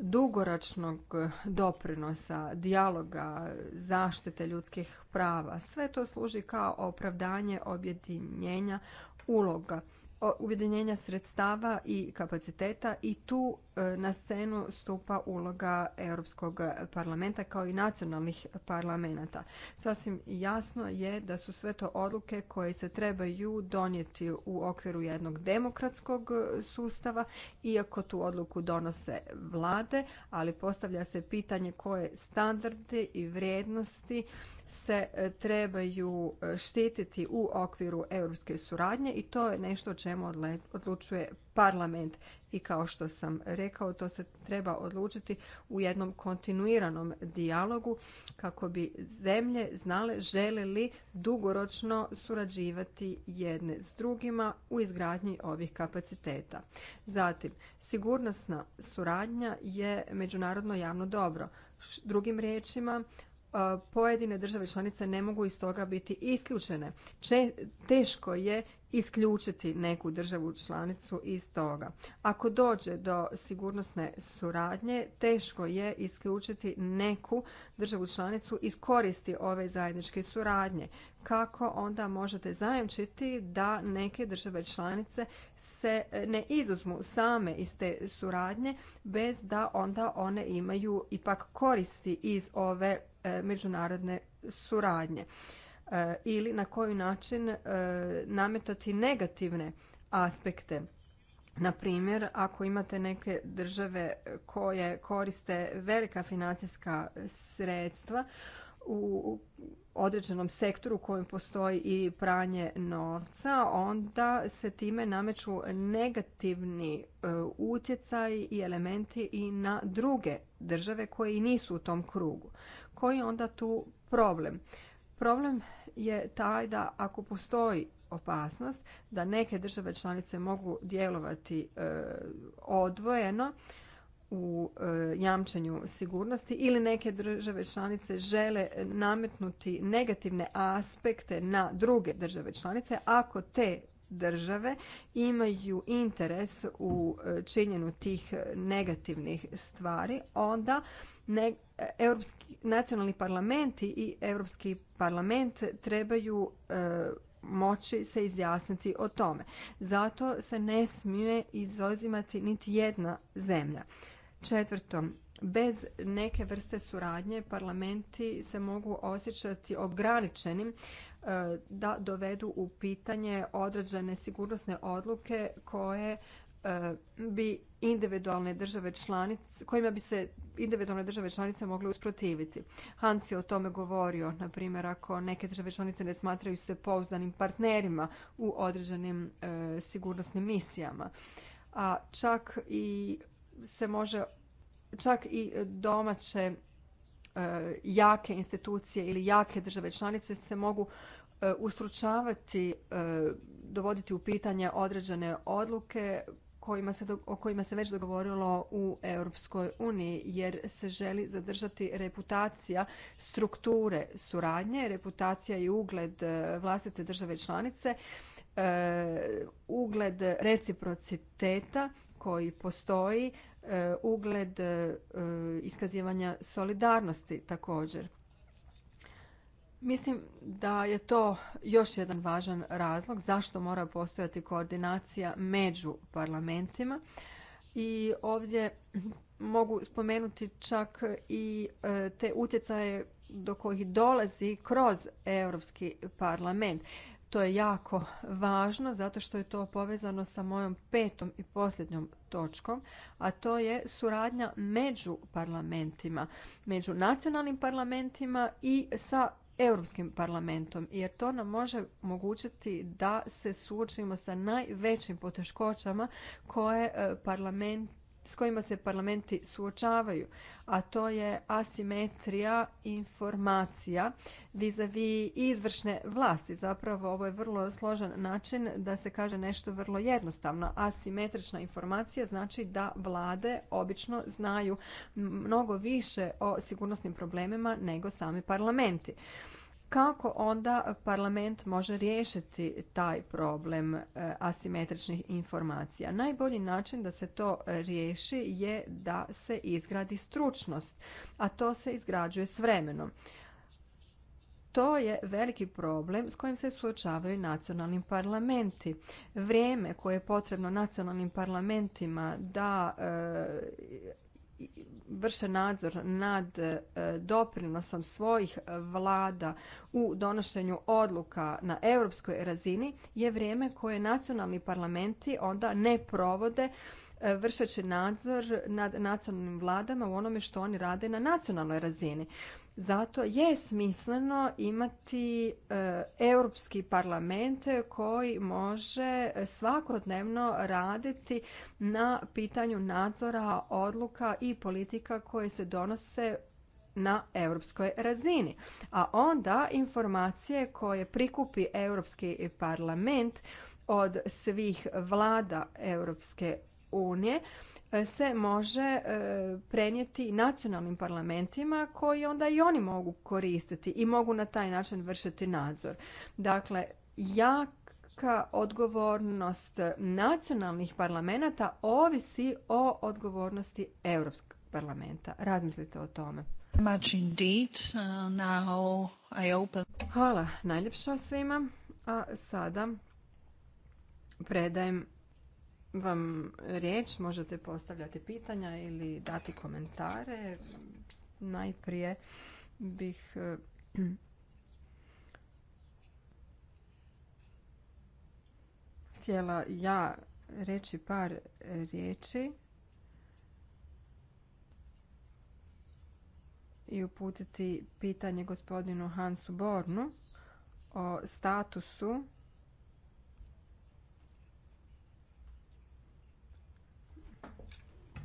Speaker 1: dugoročnog doprinosa, dijaloga, zaštite ljudskih prava. Sve to služi kao opravdanje objedinjenja uloga, objedinjenja sredstava i kapaciteta i tu E, na scenu stupa uloga Europskog parlamenta kao i nacionalnih parlamenta. Sasvim jasno je da su sve to odluke koje se trebaju donijeti u okviru jednog demokratskog sustava, iako tu odluku donose vlade, ali postavlja se pitanje koje standarde i vrijednosti se e, trebaju e, štititi u okviru europske suradnje i to je nešto o čemu odlučuje parlament. I kao što sam rekao, to se treba odlučiti u jednom kontinuiranom dijalogu kako bi zemlje znale žele li dugoročno surađivati jedne s drugima u izgradnji ovih kapaciteta. Zatim, sigurnosna suradnja je međunarodno javno dobro. Drugim riječima, pojedine države članice ne mogu iz toga biti isključene. teško je isključiti neku državu članicu iz toga. Ako dođe do sigurnosne suradnje, teško je isključiti neku državu članicu iz koristi ove zajedničke suradnje kako onda možete zajamčiti da neke države članice se e, ne izuzmu same iz te suradnje bez da onda one imaju ipak koristi iz ove e, međunarodne suradnje e, ili na koji način nametati negativne aspekte na primjer, ako imate neke države koje koriste velika financijska sredstva u određenom sektoru u kojem postoji i pranje novca, onda se time nameću negativni e, utjecaji i elementi i na druge države koje i nisu u tom krugu. Koji je onda tu problem? Problem je taj da ako postoji opasnost da neke države članice mogu djelovati e, odvojeno, u e, jamčenju sigurnosti ili neke države članice žele nametnuti negativne aspekte na druge države članice ako te države imaju interes u e, činjenju tih negativnih stvari, onda nacionalni parlamenti i Europski parlament trebaju e, moći se izjasniti o tome. Zato se ne smije izuzimati niti jedna zemlja. Četvrto, bez neke vrste suradnje parlamenti se mogu osjećati ograničenim e, da dovedu u pitanje određene sigurnosne odluke koje e, bi individualne države članice, kojima bi se individualne države članice mogle usprotiviti. Hans je o tome govorio, na primjer, ako neke države članice ne smatraju se pouzdanim partnerima u određenim e, sigurnosnim misijama. A čak i se može čak i domaće e, jake institucije ili jake države članice se mogu e, ustručavati, e, dovoditi u pitanje određene odluke o kojima se već dogovorilo u Europskoj uniji jer se želi zadržati reputacija strukture suradnje, reputacija i ugled vlastite države članice, ugled reciprociteta koji postoji, e, ugled e, iskazivanja solidarnosti također. Mislim da je to još jedan važan razlog zašto mora postojati koordinacija među parlamentima. I ovdje mogu spomenuti čak i e, te utjecaje do kojih dolazi kroz Europski parlament. To je jako važno zato što je to povezano sa mojom petom i posljednjom točkom, a to je suradnja među parlamentima, među nacionalnim parlamentima i sa Europskim parlamentom, jer to nam može omogućiti da se suočimo sa najvećim poteškoćama koje e, parlament s kojima se parlamenti suočavaju, a to je asimetrija informacija vizavi izvršne vlasti. Zapravo ovo je vrlo složen način da se kaže nešto vrlo jednostavno. Asimetrična informacija znači da vlade obično znaju mnogo više o sigurnosnim problemima nego sami parlamenti kako onda parlament može riješiti taj problem e, asimetričnih informacija? Najbolji način da se to riješi je da se izgradi stručnost, a to se izgrađuje s vremenom. To je veliki problem s kojim se suočavaju nacionalni parlamenti. Vrijeme koje je potrebno nacionalnim parlamentima da e, vrše nadzor nad e, doprinosom svojih vlada u donošenju odluka na europskoj razini je vrijeme koje nacionalni parlamenti onda ne provode e, vršeći nadzor nad nacionalnim vladama u onome što oni rade na nacionalnoj razini. Zato je smisleno imati e, Europski parlament koji može svakodnevno raditi na pitanju nadzora odluka i politika koje se donose na europskoj razini. A onda informacije koje prikupi Europski parlament od svih vlada Europske unije se može e, prenijeti nacionalnim parlamentima koji onda i oni mogu koristiti i mogu na taj način vršiti nadzor. Dakle, jaka odgovornost nacionalnih parlamenta ovisi o odgovornosti Europskog parlamenta. Razmislite o tome. Uh, Hvala najljepša svima. A sada predajem vam riječ, možete postavljati pitanja ili dati komentare. Najprije bih e, htjela ja reći par riječi i uputiti pitanje gospodinu Hansu Bornu o statusu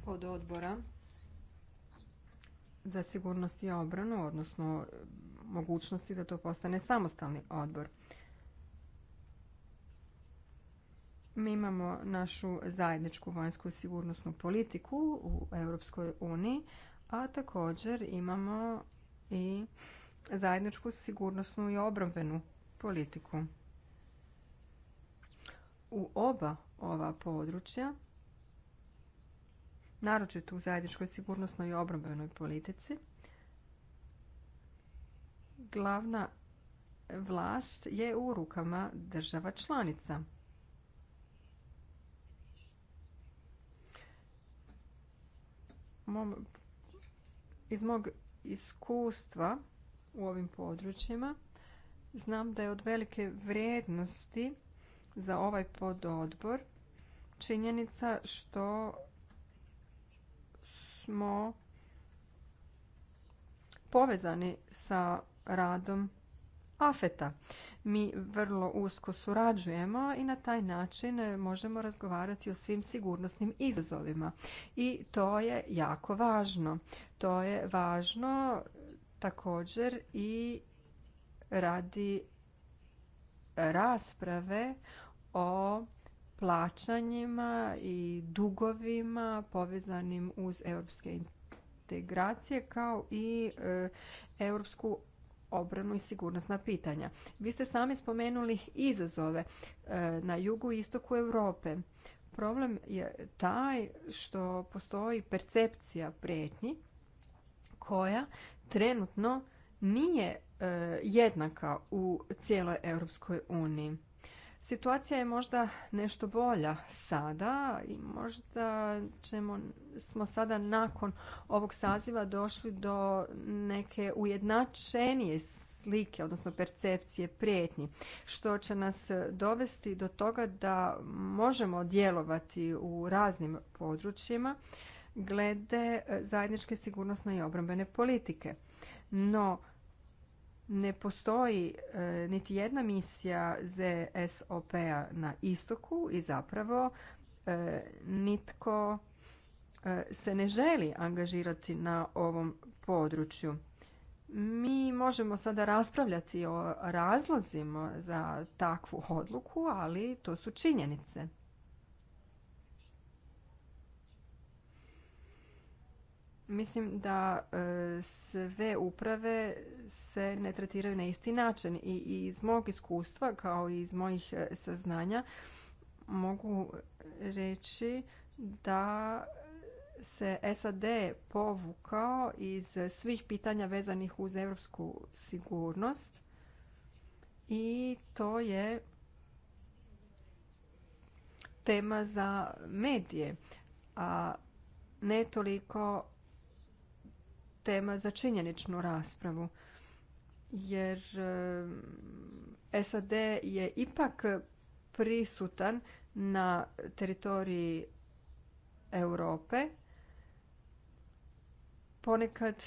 Speaker 1: od odbora za sigurnost i obranu, odnosno e, mogućnosti da to postane samostalni odbor. Mi imamo našu zajedničku vanjsku sigurnosnu politiku u Europskoj uniji, a također imamo i zajedničku sigurnosnu i obrambenu politiku. U oba ova područja naročito u zajedničkoj sigurnosnoj i obrambenoj politici, glavna vlast je u rukama država članica. Iz mog iskustva u ovim područjima znam da je od velike vrijednosti za ovaj pododbor činjenica što smo povezani sa radom afeta. Mi vrlo usko surađujemo i na taj način možemo razgovarati o svim sigurnosnim izazovima. I to je jako važno. To je važno također i radi rasprave o plaćanjima i dugovima povezanim uz europske integracije kao i e, europsku obranu i sigurnosna pitanja. Vi ste sami spomenuli izazove e, na jugu i istoku Europe. Problem je taj što postoji percepcija prijetnji koja trenutno nije e, jednaka u cijeloj Europskoj uniji. Situacija je možda nešto bolja sada i možda ćemo, smo sada nakon ovog saziva došli do neke ujednačenije slike, odnosno percepcije prijetnji, što će nas dovesti do toga da možemo djelovati u raznim područjima glede zajedničke sigurnosne i obrambene politike. No, ne postoji e, niti jedna misija ZSOP-a na istoku i zapravo e, nitko e, se ne želi angažirati na ovom području. Mi možemo sada raspravljati o razlozima za takvu odluku, ali to su činjenice. Mislim da e, sve uprave se ne tretiraju na isti način i iz mog iskustva kao i iz mojih e, saznanja mogu reći da se SAD povukao iz svih pitanja vezanih uz europsku sigurnost i to je tema za medije, a ne toliko tema za činjeničnu raspravu jer eh, SAD je ipak prisutan na teritoriji Europe ponekad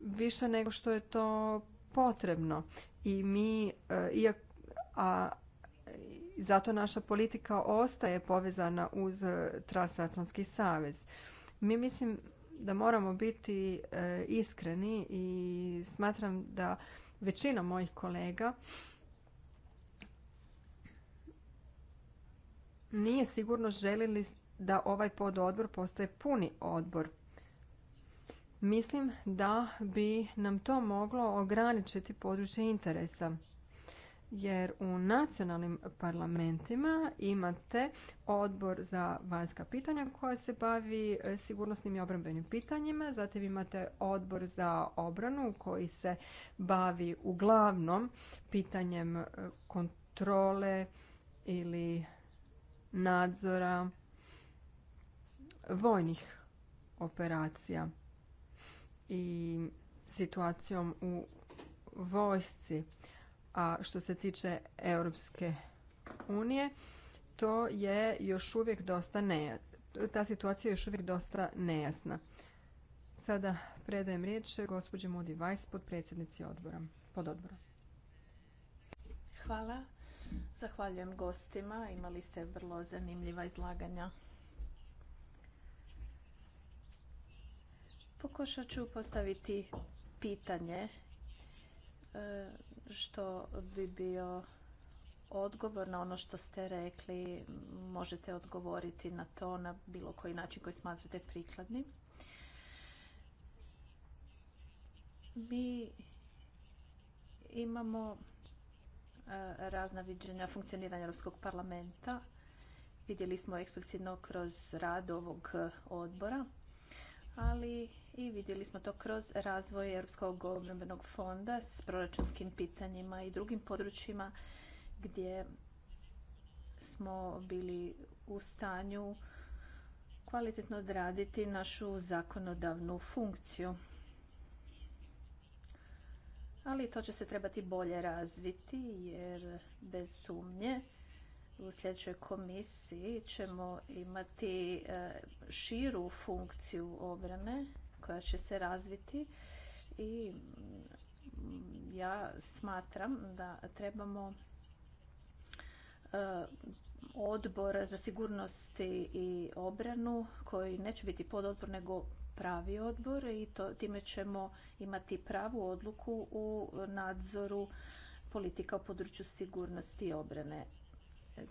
Speaker 1: više nego što je to potrebno i mi eh, a zato naša politika ostaje povezana uz eh, transatlantski savez. Mi mislim da moramo biti e, iskreni i smatram da većina mojih kolega nije sigurno želili da ovaj pododbor postaje puni odbor. Mislim da bi nam to moglo ograničiti područje interesa jer u nacionalnim parlamentima imate odbor za vanjska pitanja koja se bavi e, sigurnosnim i obrambenim pitanjima, zatim imate odbor za obranu koji se bavi uglavnom pitanjem e, kontrole ili nadzora vojnih operacija i situacijom u vojsci a što se tiče Europske unije, to je još uvijek dosta nejasno. Ta situacija je još uvijek dosta nejasna. Sada predajem riječ gospođi Mudi Vajs, predsjednici odbora,
Speaker 2: Hvala. Zahvaljujem gostima. Imali ste vrlo zanimljiva izlaganja. Pokušat ću postaviti pitanje e, što bi bio odgovor na ono što ste rekli. Možete odgovoriti na to na bilo koji način koji smatrate prikladnim. Mi imamo e, razna viđenja funkcioniranja Europskog parlamenta. Vidjeli smo eksplicitno kroz rad ovog odbora ali i vidjeli smo to kroz razvoj Europskog obrambenog fonda s proračunskim pitanjima i drugim područjima gdje smo bili u stanju kvalitetno odraditi našu zakonodavnu funkciju. Ali to će se trebati bolje razviti jer bez sumnje u sljedećoj komisiji ćemo imati e, širu funkciju obrane koja će se razviti i mm, ja smatram da trebamo e, odbor za sigurnosti i obranu koji neće biti pododbor nego pravi odbor i time ćemo imati pravu odluku u nadzoru politika u području sigurnosti i obrane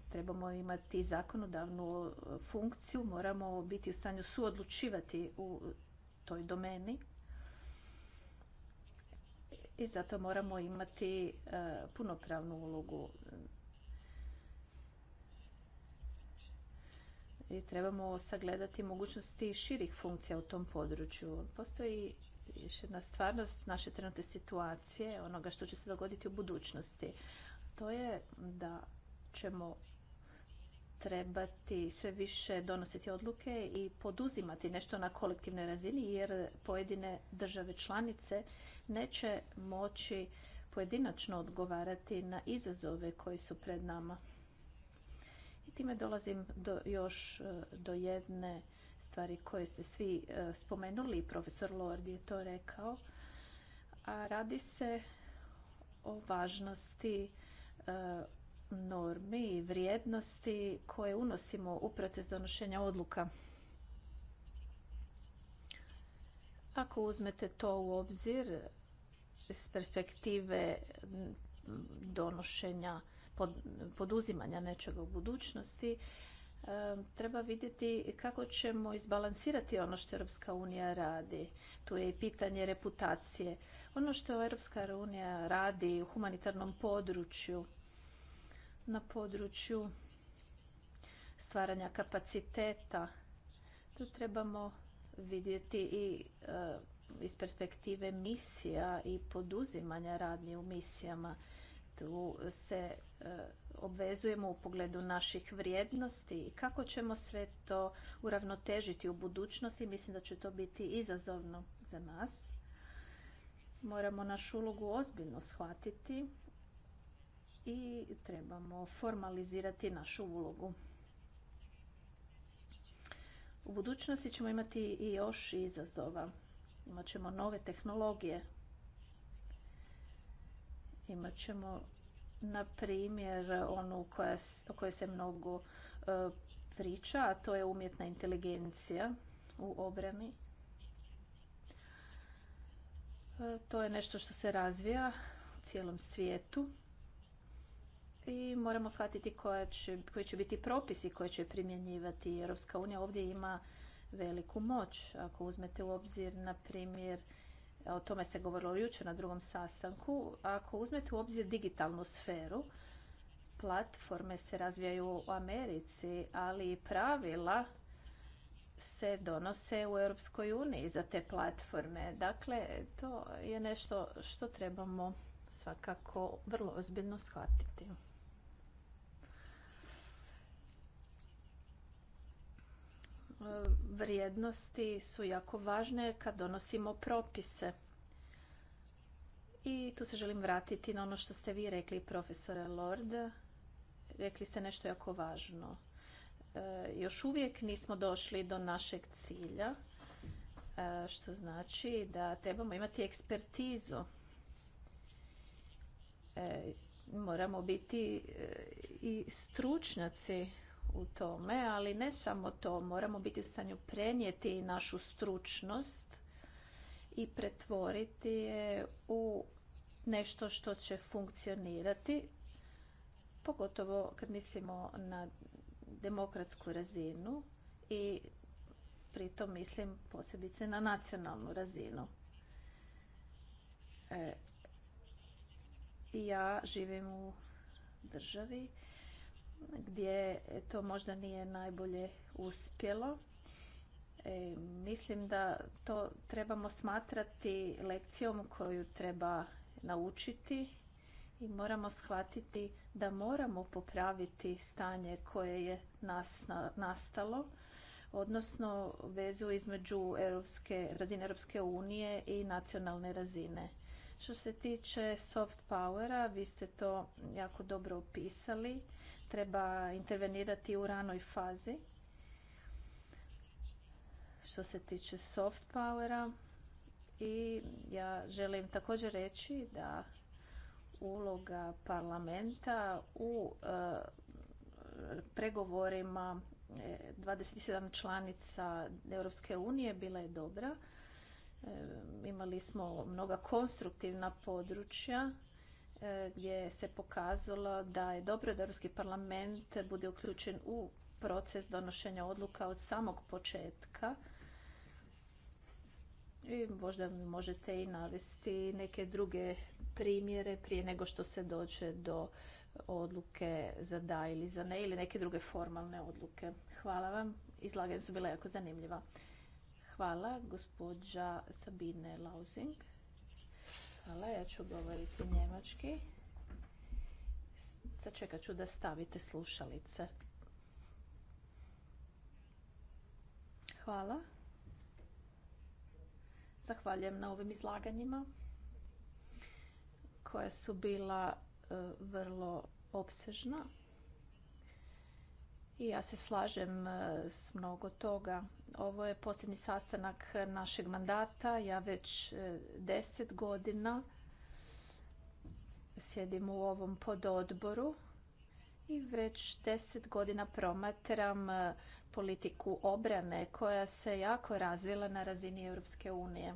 Speaker 2: trebamo imati zakonodavnu e, funkciju, moramo biti u stanju suodlučivati u toj domeni i zato moramo imati e, punopravnu ulogu. I trebamo sagledati mogućnosti širih funkcija u tom području. Postoji još jedna stvarnost naše trenutne situacije, onoga što će se dogoditi u budućnosti. To je da ćemo trebati sve više donositi odluke i poduzimati nešto na kolektivnoj razini jer pojedine države članice neće moći pojedinačno odgovarati na izazove koji su pred nama. I time dolazim do, još e, do jedne stvari koje ste svi e, spomenuli i profesor Lord je to rekao. A radi se o važnosti e, normi i vrijednosti koje unosimo u proces donošenja odluka. Ako uzmete to u obzir iz perspektive donošenja, poduzimanja nečega u budućnosti, e, treba vidjeti kako ćemo izbalansirati ono što Europska unija radi. Tu je i pitanje reputacije. Ono što Europska unija radi u humanitarnom području, na području stvaranja kapaciteta. Tu trebamo vidjeti i e, iz perspektive misija i poduzimanja radnje u misijama. Tu se e, obvezujemo u pogledu naših vrijednosti i kako ćemo sve to uravnotežiti u budućnosti. Mislim da će to biti izazovno za nas. Moramo našu ulogu ozbiljno shvatiti i trebamo formalizirati našu ulogu. U budućnosti ćemo imati i još izazova. Imat ćemo nove tehnologije. Imat ćemo, na primjer, onu o kojoj se mnogo e, priča, a to je umjetna inteligencija u obrani. E, to je nešto što se razvija u cijelom svijetu i moramo shvatiti koji će biti propisi koje će primjenjivati. Europska unija ovdje ima veliku moć. Ako uzmete u obzir, na primjer, o tome se govorilo jučer na drugom sastanku, ako uzmete u obzir digitalnu sferu, platforme se razvijaju u Americi, ali pravila se donose u Europskoj uniji za te platforme. Dakle, to je nešto što trebamo svakako vrlo ozbiljno shvatiti. vrijednosti su jako važne kad donosimo propise. I tu se želim vratiti na ono što ste vi rekli, profesore Lord. Rekli ste nešto jako važno. E, još uvijek nismo došli do našeg cilja, e, što znači da trebamo imati ekspertizu. E, moramo biti i stručnjaci u tome, ali ne samo to, moramo biti u stanju prenijeti našu stručnost i pretvoriti je u nešto što će funkcionirati, pogotovo kad mislimo na demokratsku razinu i pritom mislim posebice na nacionalnu razinu. E, ja živim u državi gdje e, to možda nije najbolje uspjelo. E, mislim da to trebamo smatrati lekcijom koju treba naučiti i moramo shvatiti da moramo popraviti stanje koje je nas, nastalo, odnosno vezu između europske, razine Europske unije i nacionalne razine. Što se tiče soft powera, vi ste to jako dobro opisali. Treba intervenirati u ranoj fazi. Što se tiče soft powera i ja želim također reći da uloga parlamenta u e, pregovorima 27 e, članica Europske unije bila je dobra Imali smo mnoga konstruktivna područja e, gdje se pokazalo da je dobro da Europski parlament bude uključen u proces donošenja odluka od samog početka. I možda mi možete i navesti neke druge primjere prije nego što se dođe do odluke za da ili za ne ili neke druge formalne odluke. Hvala vam. Izlaganje su bila jako zanimljiva. Hvala, gospođa Sabine Lausing. Hvala, ja ću govoriti njemački. Sačekat ću da stavite slušalice. Hvala. Zahvaljujem na ovim izlaganjima koja su bila e, vrlo opsežna. I ja se slažem e, s mnogo toga ovo je posljednji sastanak našeg mandata. Ja već e, deset godina sjedim u ovom pododboru i već deset godina promatram e, politiku obrane koja se jako razvila na razini Europske unije.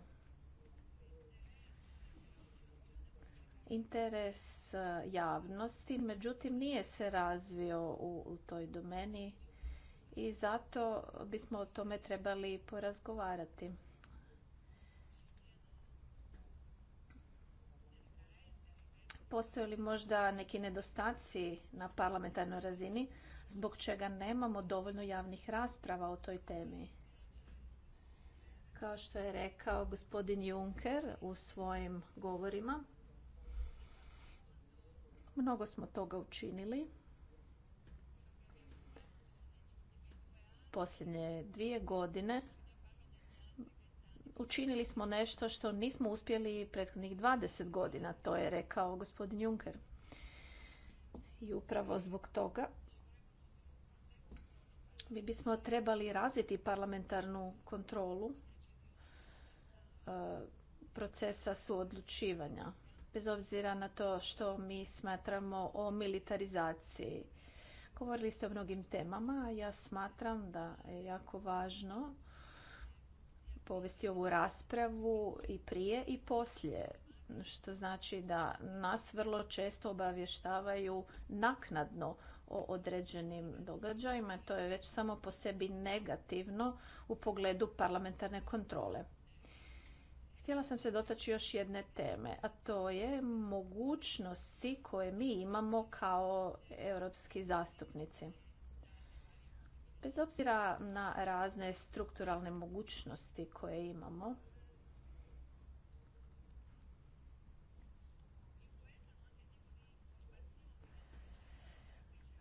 Speaker 2: Interes e, javnosti, međutim, nije se razvio u, u toj domeni i zato bismo o tome trebali porazgovarati. Postoje li možda neki nedostaci na parlamentarnoj razini zbog čega nemamo dovoljno javnih rasprava o toj temi? Kao što je rekao gospodin Juncker u svojim govorima, mnogo smo toga učinili. posljednje dvije godine učinili smo nešto što nismo uspjeli prethodnih 20 godina, to je rekao gospodin Juncker. I upravo zbog toga mi bismo trebali razviti parlamentarnu kontrolu e, procesa suodlučivanja, bez obzira na to što mi smatramo o militarizaciji Govorili ste o mnogim temama. Ja smatram da je jako važno povesti ovu raspravu i prije i poslije što znači da nas vrlo često obavještavaju naknadno o određenim događajima. To je već samo po sebi negativno u pogledu parlamentarne kontrole. Htjela sam se dotaći još jedne teme, a to je mogućnosti koje mi imamo kao europski zastupnici. Bez obzira na razne strukturalne mogućnosti koje imamo,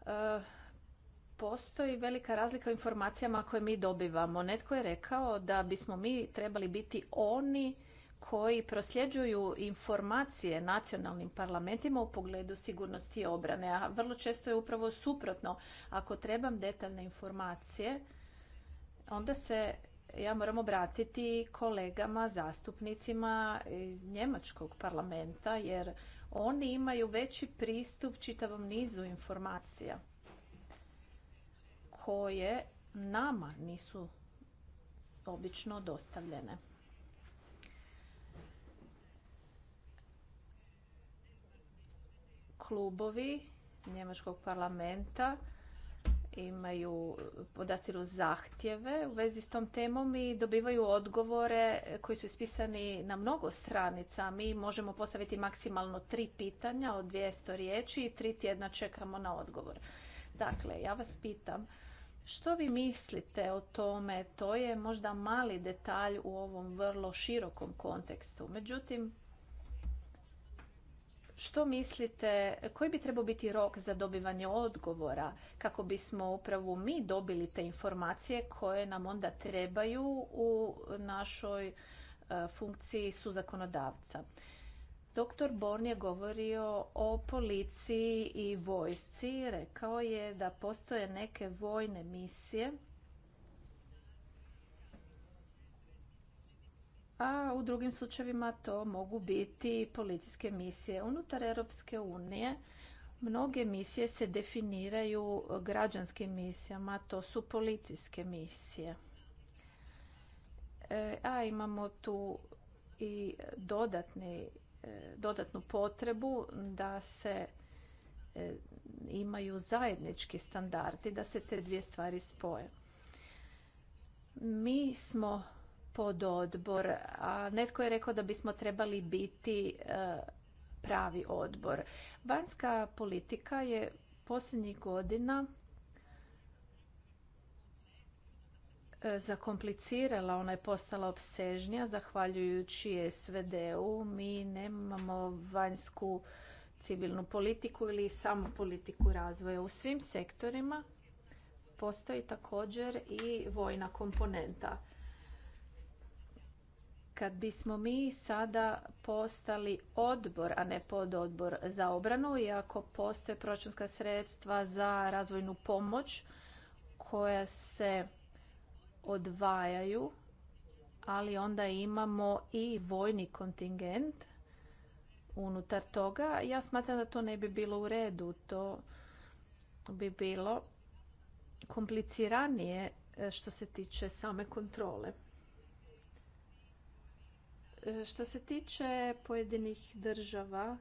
Speaker 2: eh, postoji velika razlika u informacijama koje mi dobivamo. Netko je rekao da bismo mi trebali biti oni koji prosljeđuju informacije nacionalnim parlamentima u pogledu sigurnosti i obrane. A vrlo često je upravo suprotno. Ako trebam detaljne informacije, onda se ja moram obratiti kolegama, zastupnicima iz njemačkog parlamenta, jer oni imaju veći pristup čitavom nizu informacija koje nama nisu obično dostavljene. klubovi Njemačkog parlamenta imaju, podastiru zahtjeve u vezi s tom temom i dobivaju odgovore koji su ispisani na mnogo stranica. Mi možemo postaviti maksimalno tri pitanja od 200 riječi i tri tjedna čekamo na odgovor. Dakle, ja vas pitam, što vi mislite o tome? To je možda mali detalj u ovom vrlo širokom kontekstu. Međutim, što mislite, koji bi trebao biti rok za dobivanje odgovora kako bismo upravo mi dobili te informacije koje nam onda trebaju u našoj e, funkciji suzakonodavca? Doktor Born je govorio o policiji i vojsci. Rekao je da postoje neke vojne misije a u drugim slučajevima to mogu biti policijske misije. Unutar Europske unije mnoge misije se definiraju građanskim misijama, to su policijske misije. E, a imamo tu i e, dodatnu potrebu da se e, imaju zajednički standardi, da se te dvije stvari spoje. Mi smo pododbor, a netko je rekao da bismo trebali biti e, pravi odbor. Vanjska politika je posljednjih godina e, zakomplicirala, ona je postala obsežnija zahvaljujući SVD-u. Mi nemamo vanjsku civilnu politiku ili samo politiku razvoja. U svim sektorima postoji također i vojna komponenta. Kad bismo mi sada postali odbor, a ne pododbor za obranu, iako postoje proračunska sredstva za razvojnu pomoć koja se odvajaju, ali onda imamo i vojni kontingent unutar toga. Ja smatram da to ne bi bilo u redu. To bi bilo kompliciranije e, što se tiče same kontrole. Što se tiče pojedinih država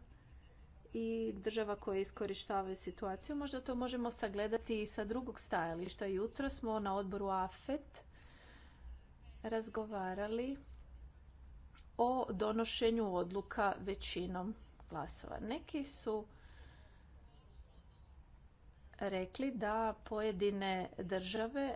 Speaker 2: i država koje iskorištavaju situaciju, možda to možemo sagledati i sa drugog stajališta. Jutro smo na odboru AFET razgovarali o donošenju odluka većinom glasova. Neki su rekli da pojedine države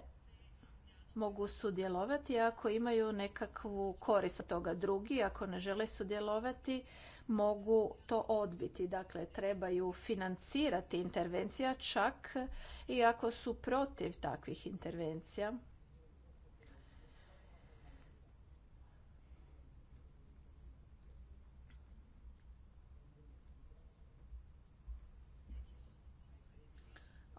Speaker 2: mogu sudjelovati ako imaju nekakvu korist od toga. Drugi, ako ne žele sudjelovati, mogu to odbiti. Dakle, trebaju financirati intervencija čak i ako su protiv takvih intervencija.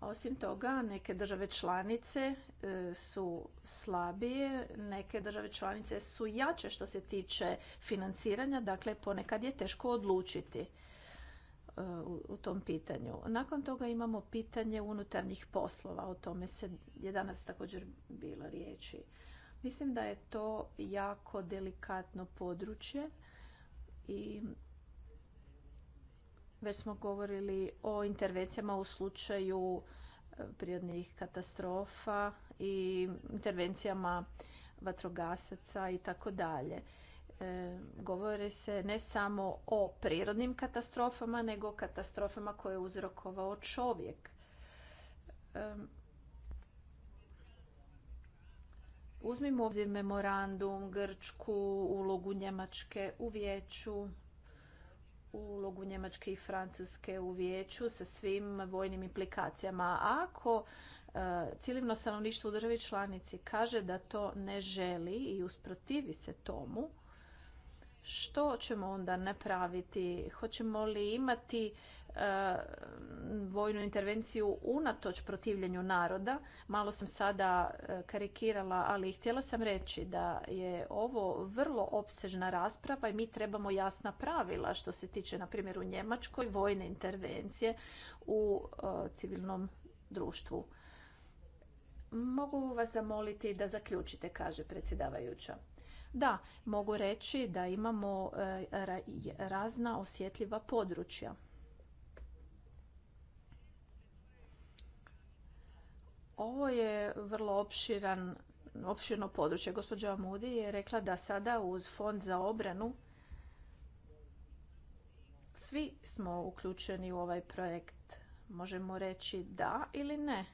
Speaker 2: Osim toga, neke države članice e, su slabije, neke države članice su jače što se tiče financiranja, dakle ponekad je teško odlučiti e, u tom pitanju. Nakon toga imamo pitanje unutarnjih poslova, o tome se je danas također bilo riječi. Mislim da je to jako delikatno područje i već smo govorili o intervencijama u slučaju e, prirodnih katastrofa i intervencijama vatrogasaca i tako dalje. E, govori se ne samo o prirodnim katastrofama, nego o katastrofama koje je uzrokovao čovjek. E, uzmimo ovdje memorandum, Grčku, ulogu Njemačke u vijeću ulogu Njemačke i Francuske u vijeću sa svim vojnim implikacijama. ako e, civilno stanovništvo u državi članici kaže da to ne želi i usprotivi se tomu, što ćemo onda napraviti? Hoćemo li imati e, vojnu intervenciju unatoč protivljenju naroda? Malo sam sada e, karikirala, ali htjela sam reći da je ovo vrlo opsežna rasprava i mi trebamo jasna pravila što se tiče, na primjer, u Njemačkoj vojne intervencije u e, civilnom društvu. Mogu vas zamoliti da zaključite, kaže predsjedavajuća. Da, mogu reći da imamo e, razna osjetljiva područja. Ovo je vrlo opširan, opširno područje. Gospođa Amudi je rekla da sada uz fond za obranu svi smo uključeni u ovaj projekt. Možemo reći da ili ne.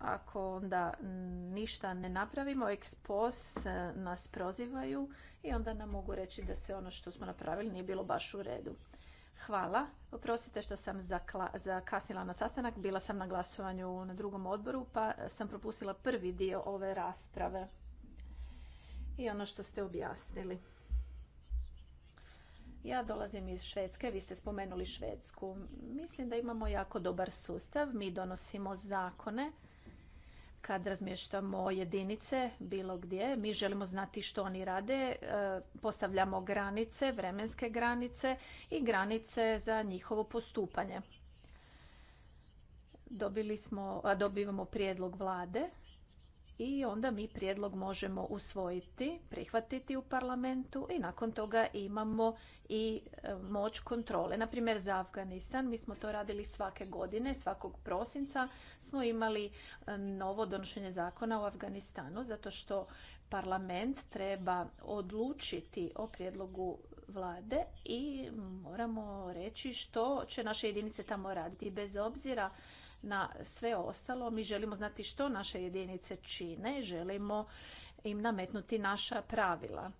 Speaker 2: ako onda ništa ne napravimo, ex post e, nas prozivaju i onda nam mogu reći da sve ono što smo napravili nije bilo baš u redu. Hvala. Oprostite što sam zakasnila na sastanak. Bila sam na glasovanju na drugom odboru pa sam propustila prvi dio ove rasprave i ono što ste objasnili. Ja dolazim iz Švedske, vi ste spomenuli Švedsku. Mislim da imamo jako dobar sustav. Mi donosimo zakone kad razmještamo jedinice bilo gdje. Mi želimo znati što oni rade, e, postavljamo granice, vremenske granice i granice za njihovo postupanje. Dobili smo, dobivamo prijedlog vlade i onda mi prijedlog možemo usvojiti, prihvatiti u parlamentu i nakon toga imamo i e, moć kontrole. Na primjer za Afganistan mi smo to radili svake godine, svakog prosinca smo imali e, novo donošenje zakona u Afganistanu zato što parlament treba odlučiti o prijedlogu vlade i moramo reći što će naše jedinice tamo raditi bez obzira na sve ostalo. Mi želimo znati što naše jedinice čine, želimo im nametnuti naša pravila.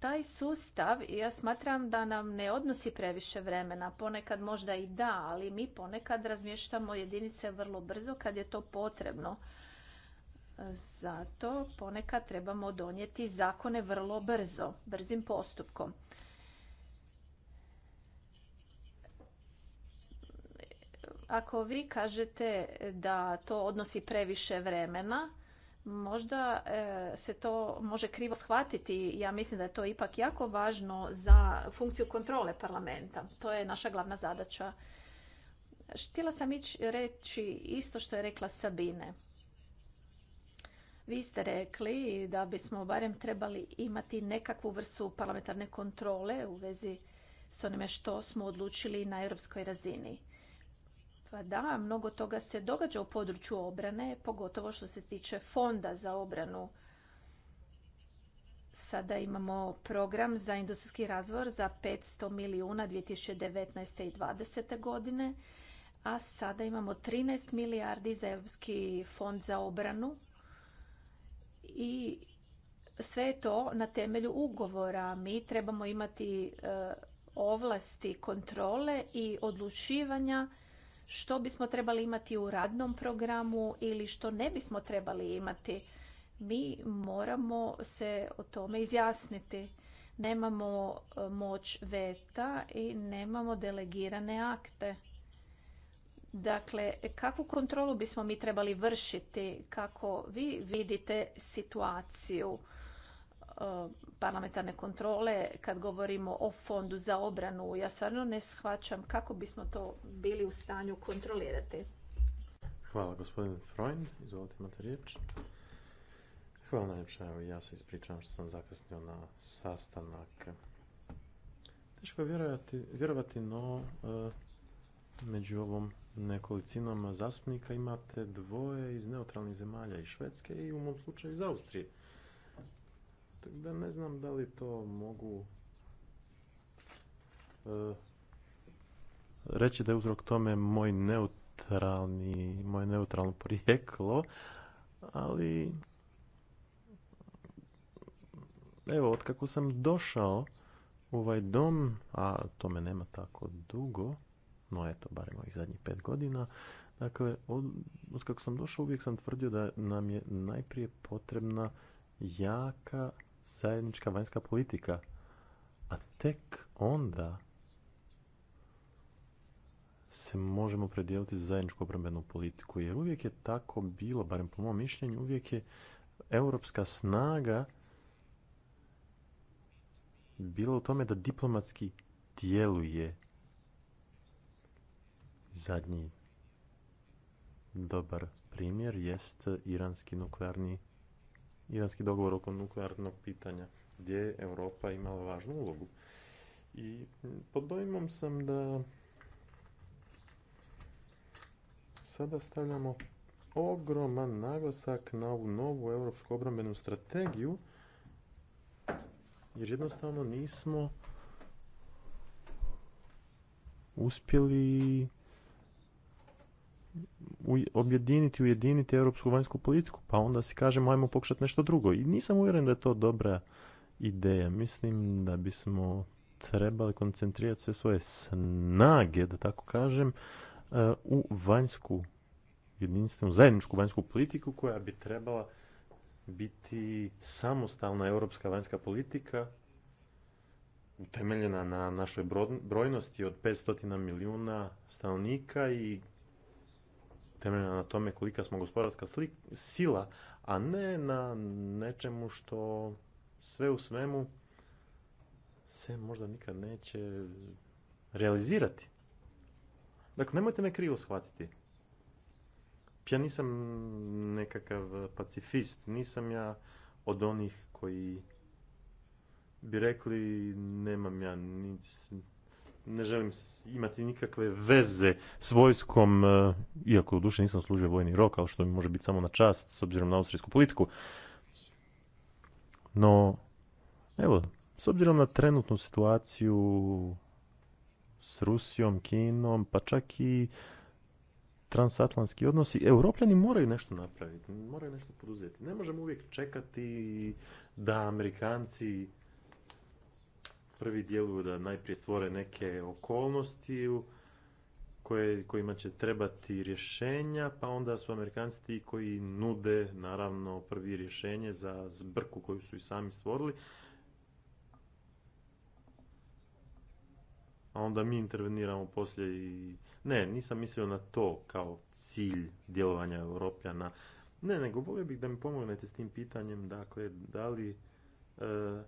Speaker 2: Taj sustav, ja smatram da nam ne odnosi previše vremena, ponekad možda i da, ali mi ponekad razmještamo jedinice vrlo brzo kad je to potrebno. Zato ponekad trebamo donijeti zakone vrlo brzo, brzim postupkom. Ako vi kažete da to odnosi previše vremena, možda e, se to može krivo shvatiti. Ja mislim da je to ipak jako važno za funkciju kontrole parlamenta. To je naša glavna zadaća. Htjela sam ići reći isto što je rekla Sabine. Vi ste rekli da bismo barem trebali imati nekakvu vrstu parlamentarne kontrole u vezi s onime što smo odlučili na europskoj razini. Pa da, mnogo toga se događa u području obrane, pogotovo što se tiče fonda za obranu. Sada imamo program za industrijski razvoj za 500 milijuna 2019. i 2020. godine, a sada imamo 13 milijardi za Europski fond za obranu i sve je to na temelju ugovora. Mi trebamo imati e, ovlasti kontrole i odlučivanja što bismo trebali imati u radnom programu ili što ne bismo trebali imati. Mi moramo se o tome izjasniti. Nemamo e, moć veta i nemamo delegirane akte. Dakle, kakvu kontrolu bismo mi trebali vršiti kako vi vidite situaciju? E, parlamentarne kontrole kad govorimo o fondu za obranu. Ja stvarno ne shvaćam kako bismo to bili u stanju kontrolirati.
Speaker 3: Hvala gospodin Freund, izvolite imate riječ. Hvala najljepša, evo ja se ispričavam što sam zakasnio na sastanak. Teško je vjerovati, vjerovati no e, među ovom nekolicinom zastupnika imate dvoje iz neutralnih zemalja, i Švedske i u mom slučaju iz Austrije. Tako da ne znam da li to mogu e, reći da je uzrok tome moj neutralni, moje neutralno porijeklo, ali evo, kako sam došao u ovaj dom, a tome nema tako dugo, no eto, barem ovih zadnjih pet godina, dakle, od kako sam došao uvijek sam tvrdio da nam je najprije potrebna jaka zajednička vanjska politika. A tek onda se možemo predijeliti za zajedničku obrambenu politiku. Jer uvijek je tako bilo, barem po mom mišljenju, uvijek je europska snaga bila u tome da diplomatski djeluje zadnji dobar primjer jest iranski nuklearni iranski dogovor oko nuklearnog pitanja, gdje je Europa imala važnu ulogu. I pod dojmom sam da sada stavljamo ogroman naglasak na ovu novu europsku obrambenu strategiju, jer jednostavno nismo uspjeli objediniti, ujediniti europsku vanjsku politiku, pa onda si kažemo ajmo pokušati nešto drugo. I nisam uvjeren da je to dobra ideja. Mislim da bismo trebali koncentrirati sve svoje snage, da tako kažem, e, u vanjsku jedinstvenu, zajedničku vanjsku politiku koja bi trebala biti samostalna europska vanjska politika utemeljena na našoj brojnosti od 500 milijuna stanovnika i temeljena na tome kolika smo gospodarska sila, a ne na nečemu što sve u svemu se možda nikad neće realizirati. Dakle, nemojte me krivo shvatiti. Ja nisam nekakav pacifist, nisam ja od onih koji bi rekli nemam ja ni ne želim imati nikakve veze s vojskom, e, iako u nisam služio vojni rok, ali što mi može biti samo na čast s obzirom na austrijsku politiku. No, evo, s obzirom na trenutnu situaciju s Rusijom, Kinom, pa čak i transatlantski odnosi, europljani moraju nešto napraviti, moraju nešto poduzeti. Ne možemo uvijek čekati da Amerikanci prvi djeluju da najprije stvore neke okolnosti koje, kojima će trebati rješenja, pa onda su Amerikanci ti koji nude naravno prvi rješenje za zbrku koju su i sami stvorili. A onda mi interveniramo poslije i... Ne, nisam mislio na to kao cilj djelovanja Europljana. Ne, nego volio bih da mi pomognete s tim pitanjem, dakle, da li... E,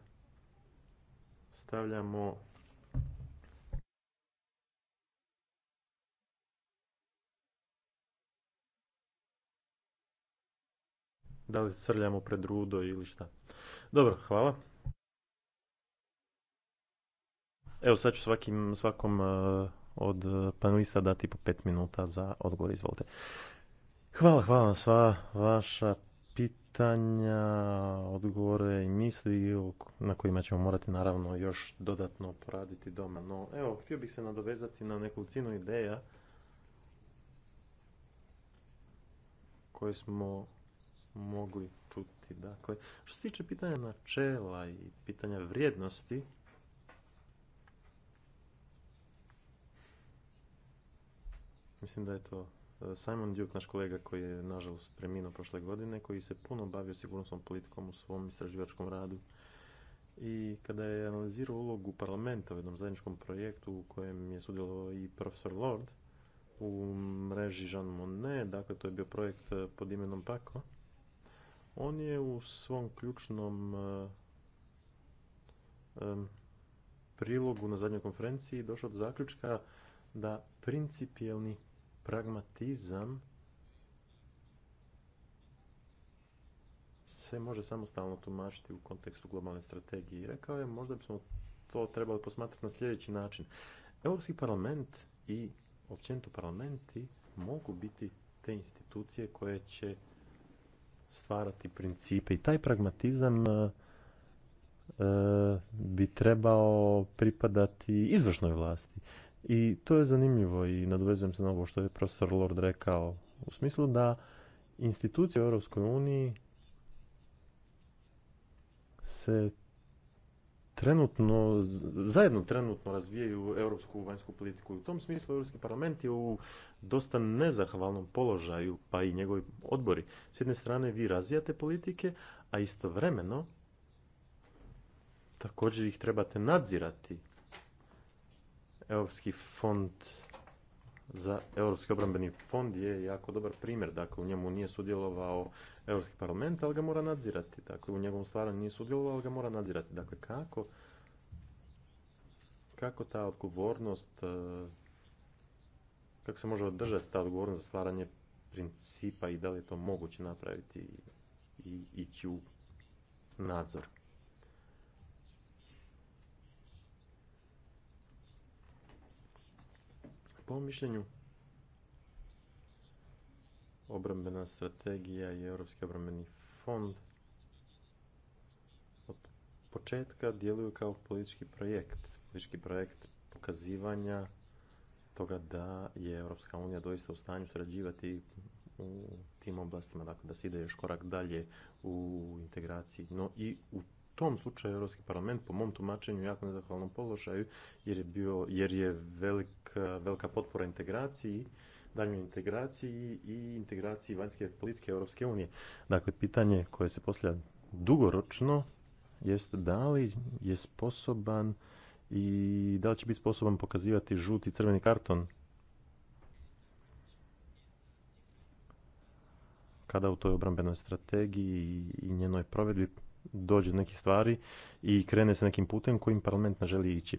Speaker 3: stavljamo da li srljamo pred rudo ili šta. Dobro, hvala. Evo sad ću svakim, svakom e, od panelista dati po pet minuta za odgovor, izvolite. Hvala, hvala sva vaša pitanja, odgovore i misli na kojima ćemo morati naravno još dodatno poraditi doma. No, evo, htio bih se nadovezati na nekolicinu ideja koje smo mogli čuti. Dakle, što se tiče pitanja načela i pitanja vrijednosti, mislim da je to Simon Duke, naš kolega koji je nažalost preminuo prošle godine, koji se puno bavio sigurnosnom politikom u svom istraživačkom radu i kada je analizirao ulogu parlamenta u jednom zajedničkom projektu u kojem je sudjelovao i profesor Lord u mreži Jean Monnet, dakle to je bio projekt eh, pod imenom Paco. on je u svom ključnom eh, prilogu na zadnjoj konferenciji došao do zaključka da principijelni pragmatizam se može samostalno tumačiti u kontekstu globalne strategije. I rekao je, možda bismo to trebali posmatrati na sljedeći način. Europski parlament i općenito parlamenti mogu biti te institucije koje će stvarati principe. I taj pragmatizam e, e, bi trebao pripadati izvršnoj vlasti. I to je zanimljivo i nadovezujem se na ovo što je profesor Lord rekao, u smislu da institucije u Europskoj uniji se trenutno, zajedno trenutno razvijaju europsku vanjsku politiku. U tom smislu Europski parlament je u dosta nezahvalnom položaju, pa i njegovi odbori. S jedne strane vi razvijate politike, a istovremeno također ih trebate nadzirati Europski fond za Europski obrambeni fond je jako dobar primjer. Dakle, u njemu nije sudjelovao Europski parlament, ali ga mora nadzirati. Dakle, u njegovom stvaranju nije sudjelovao, ali ga mora nadzirati. Dakle, kako, kako ta odgovornost, e, kako se može održati ta odgovornost za stvaranje principa i da li je to moguće napraviti i ići u nadzor. Po mišljenju, obrambena strategija i Europski obrambeni fond od početka djeluju kao politički projekt. Politički projekt pokazivanja toga da je Europska unija doista u stanju surađivati u tim oblastima, dakle da se ide još korak dalje u integraciji, no i u tom slučaju Europski parlament po mom tumačenju jako nezahvalnom položaju jer je, bio, jer je velika, velika potpora integraciji daljnjoj integraciji i integraciji vanjske politike Europske unije. Dakle, pitanje koje se postavlja dugoročno jest da li je sposoban i da li će biti sposoban pokazivati žuti crveni karton kada u toj obrambenoj strategiji i njenoj provedbi dođe do nekih stvari i krene se nekim putem kojim parlament ne želi ići.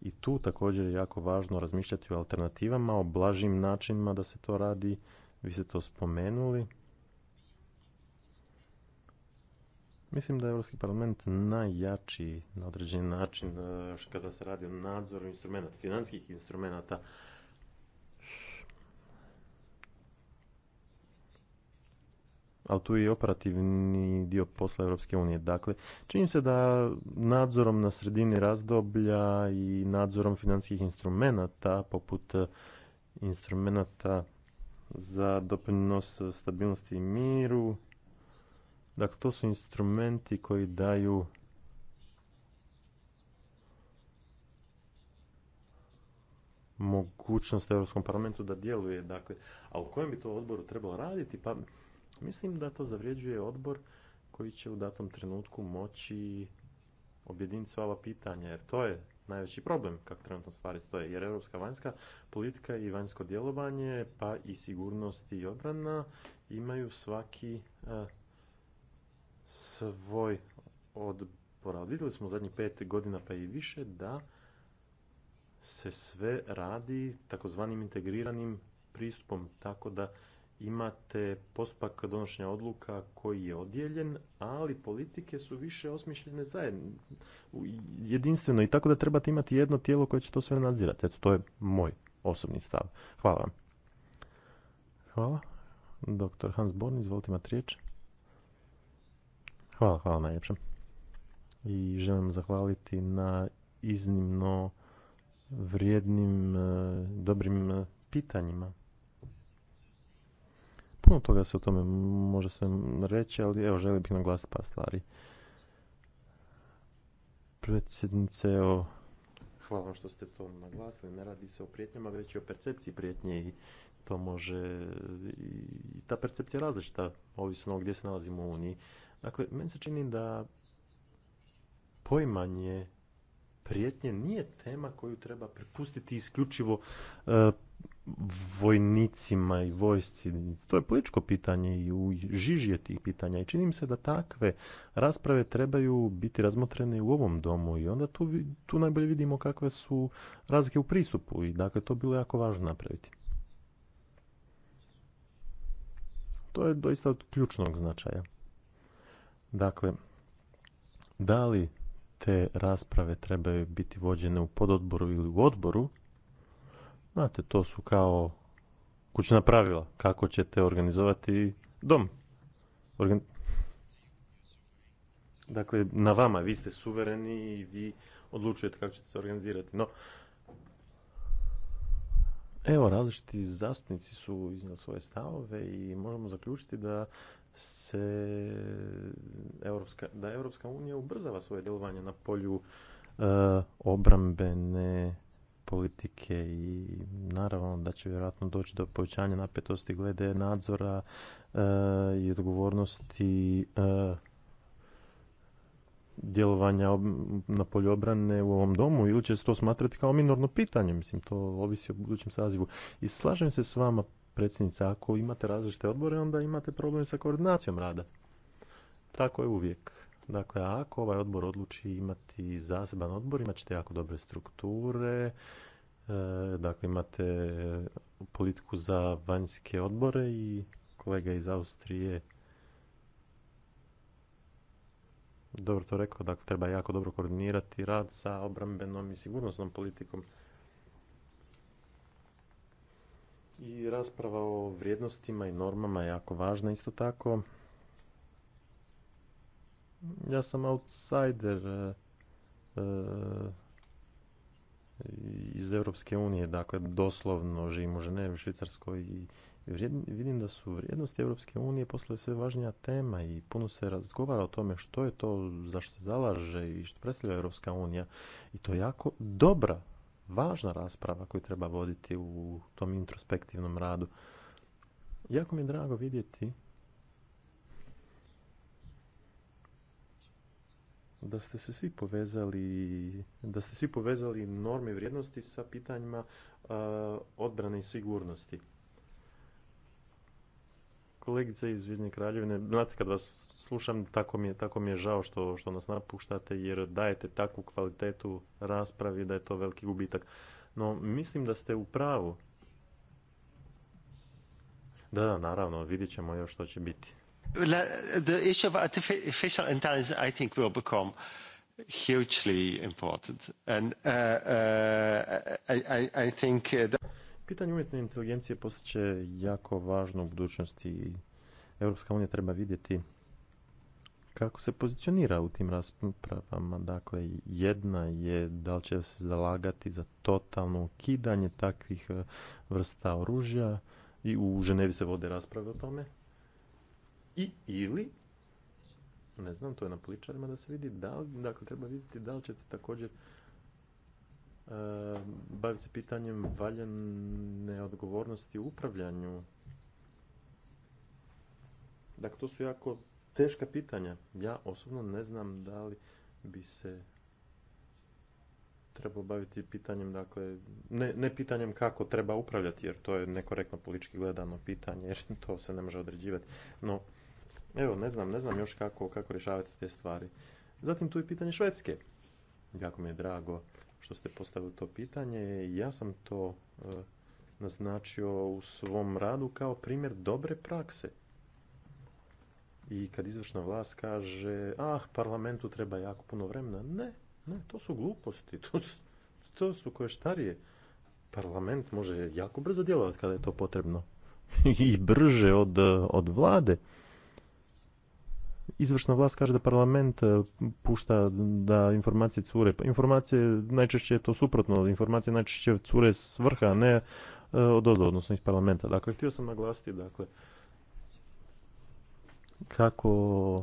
Speaker 3: I tu također je jako važno razmišljati o alternativama, o blažim načinima da se to radi. Vi ste to spomenuli. Mislim da je Europski parlament najjači na određeni način eh, kada se radi o nadzoru instrumenta, financijskih instrumenta ali tu je i operativni dio posla Europske unije. Dakle, čini se da nadzorom na sredini razdoblja i nadzorom financijskih instrumenata, poput eh, instrumenata za doprinos stabilnosti i miru, dakle, to su instrumenti koji daju mogućnost Europskom parlamentu da djeluje. Dakle, a u kojem bi to odboru trebalo raditi? Pa Mislim da to zavređuje odbor koji će u datom trenutku moći objediniti sva ova pitanja, jer to je najveći problem kako trenutno stvari stoje, jer europska vanjska politika i vanjsko djelovanje, pa i sigurnost i obrana imaju svaki e, svoj odbor. Vidjeli smo zadnjih pet godina pa i više da se sve radi takozvanim integriranim pristupom, tako da imate postupak donošenja odluka koji je odjeljen, ali politike su više osmišljene zajedno, jedinstveno i tako da trebate imati jedno tijelo koje će to sve nadzirati. Eto, to je moj osobni stav. Hvala vam. Hvala. Doktor Hans Born, izvolite imati riječ. Hvala, hvala najljepša. I želim zahvaliti na iznimno vrijednim, eh, dobrim eh, pitanjima. Puno toga se o tome može sve reći, ali evo želio bih naglasiti par stvari. Predsjednice, evo, hvala vam što ste to naglasili. Ne radi se o prijetnjama, već i o percepciji prijetnje i to može, i ta percepcija je različita, ovisno gdje se nalazimo u Uniji. Dakle, meni se čini da poimanje prijetnje nije tema koju treba prepustiti isključivo e, vojnicima i vojsci. To je političko pitanje i u žiži je tih pitanja. I čini mi se da takve rasprave trebaju biti razmotrene u ovom domu i onda tu, tu najbolje vidimo kakve su razlike u pristupu i dakle to bilo jako važno napraviti. To je doista od ključnog značaja. Dakle, da li te rasprave trebaju biti vođene u pododboru ili u odboru, Znate, to su kao kućna pravila kako ćete organizovati dom. Dakle, na vama, vi ste suvereni i vi odlučujete kako ćete se organizirati. No, evo, različiti zastupnici su iznijeli svoje stavove i možemo zaključiti da se da Europska unija ubrzava svoje djelovanje na polju e, obrambene politike i naravno da će vjerojatno doći do povećanja napetosti glede nadzora e, i odgovornosti e, djelovanja na polju obrane u ovom domu ili će se to smatrati kao minorno pitanje. Mislim, to ovisi o budućem sazivu. I slažem se s vama, predsjednica, ako imate različite odbore, onda imate problem sa koordinacijom rada. Tako je uvijek. Dakle, ako ovaj odbor odluči imati zaseban odbor, imat ćete jako dobre strukture, e, dakle imate politiku za vanjske odbore i kolega iz Austrije dobro to rekao, dakle treba jako dobro koordinirati rad sa obrambenom i sigurnosnom politikom. I rasprava o vrijednostima i normama je jako važna isto tako ja sam outsider e, e, iz Europske unije, dakle doslovno živim u Ženevi, Švicarskoj i vidim da su vrijednosti Europske unije postale sve važnija tema i puno se razgovara o tome što je to, zašto se zalaže i što predstavlja Europska unija i to je jako dobra, važna rasprava koju treba voditi u tom introspektivnom radu. Jako mi je drago vidjeti da ste se svi povezali, da ste svi povezali norme vrijednosti sa pitanjima odbrane i sigurnosti. Kolegice iz Vidne Kraljevine, znate kad vas slušam, tako mi je, tako mi je žao što, što nas napuštate jer dajete takvu kvalitetu raspravi da je to veliki gubitak. No, mislim da ste u pravu. Da, da, naravno, vidjet ćemo još što će biti. The issue of artificial intelligence, I think, will become hugely important. And uh, uh I, I think uh, Pitanje umjetne inteligencije postaće jako važno u budućnosti. Europska unija treba vidjeti kako se pozicionira u tim raspravama. Dakle, jedna je da li će se zalagati za totalno ukidanje takvih uh, vrsta oružja i u Ženevi se vode rasprave o tome i ili ne znam, to je na pličarima da se vidi da li, dakle treba vidjeti da li ćete također e, eh, baviti se pitanjem valjane odgovornosti u upravljanju. Dakle, to su jako teška pitanja. Ja osobno ne znam da li bi se treba baviti pitanjem, dakle, ne, ne pitanjem kako treba upravljati, jer to je nekorektno politički gledano pitanje, jer to se ne može određivati. No, Evo, ne znam, ne znam još kako, kako rješavati te stvari. Zatim tu je pitanje Švedske. Jako mi je drago što ste postavili to pitanje. Ja sam to e, naznačio u svom radu kao primjer dobre prakse. I kad izvršna vlast kaže, ah, parlamentu treba jako puno vremena. Ne, ne, to su gluposti, to su, to su koje štarije. Parlament može jako brzo djelovati kada je to potrebno. I brže od, od vlade izvršna vlast kaže da parlament e, pušta da informacije cure. Pa informacije najčešće je to suprotno, informacije najčešće cure s vrha, a ne e, od ozdo, odnosno iz parlamenta. Dakle, htio sam naglasiti, dakle, kako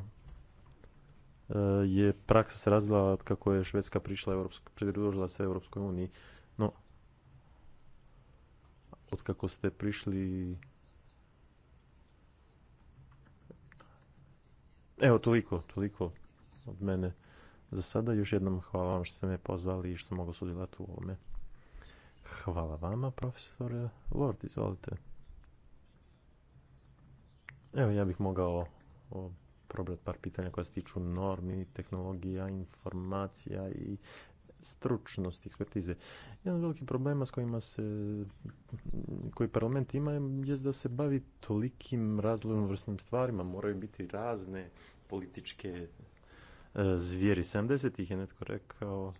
Speaker 3: e, je praksa se razvila kako je Švedska prišla, pridružila se Europskoj uniji. No, od kako ste prišli Evo, toliko, toliko od mene za sada. Još jednom hvala vam što ste me pozvali i što sam mogao sudjelovati u ovome. Hvala vama, profesore Lord, izvolite. Evo, ja bih mogao probrati par pitanja koja se tiču normi, tehnologija, informacija i stručnosti, ekspertize. Jedan od velikih problema s kojima se, koji parlament ima je da se bavi tolikim vrstnim stvarima, moraju biti razne političke e, zvijeri. 70-ih je netko rekao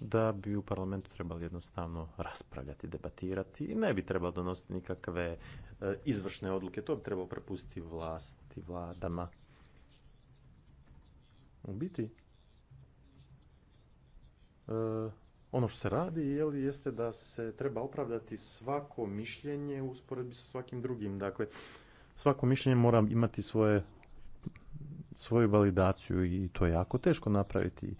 Speaker 3: da bi u parlamentu trebali jednostavno raspravljati, debatirati i ne bi trebalo donositi nikakve e, izvršne odluke. To bi trebalo prepustiti vlasti, vladama. U biti, e, ono što se radi jeste da se treba opravdati svako mišljenje u usporedbi sa svakim drugim. Dakle, svako mišljenje mora imati svoje, svoju validaciju i to je jako teško napraviti.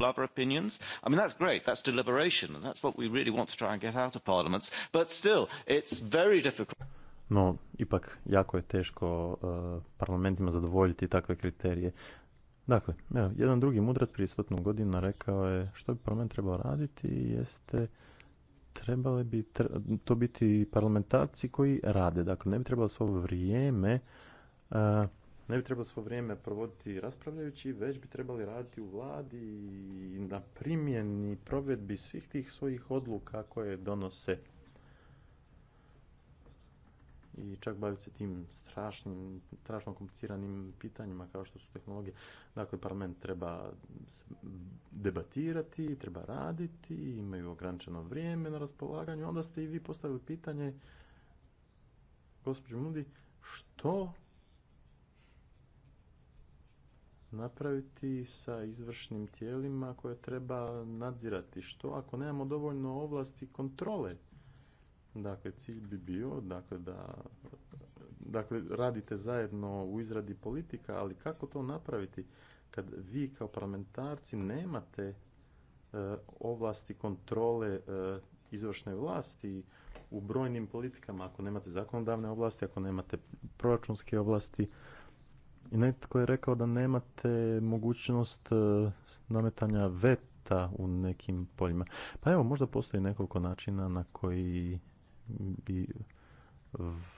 Speaker 3: Lover opinions. I mean, that's great. That's deliberation, and that's what we really want to try and get out of parliaments. But still, it's very difficult. No, ipak jako je teško uh, parlamentima zadovoljiti takve kriterije. Dakle, evo, jedan drugi mudrac prije stotnog godina rekao je što bi parlament trebao raditi jeste trebali bi to biti parlamentarci koji rade. Dakle, ne bi trebalo svoje vrijeme e, ne bi trebalo svo vrijeme provoditi raspravljajući, već bi trebali raditi u vladi i na primjeni provedbi svih tih svojih odluka koje donose i čak baviti se tim strašnim, strašno kompliciranim pitanjima kao što su tehnologije. Dakle, parlament treba debatirati, treba raditi, imaju ograničeno vrijeme na raspolaganju. Onda ste i vi postavili pitanje, gospođo Mundi, što napraviti sa izvršnim tijelima koje treba nadzirati? Što ako nemamo dovoljno ovlasti kontrole? Dakle, cilj bi bio dakle, da dakle, radite zajedno u izradi politika, ali kako to napraviti kad vi kao parlamentarci nemate e, ovlasti kontrole e, izvršne vlasti u brojnim politikama, ako nemate zakonodavne ovlasti, ako nemate proračunske ovlasti. I netko je rekao da nemate mogućnost e, nametanja veta u nekim poljima. Pa evo, možda postoji nekoliko načina na koji bi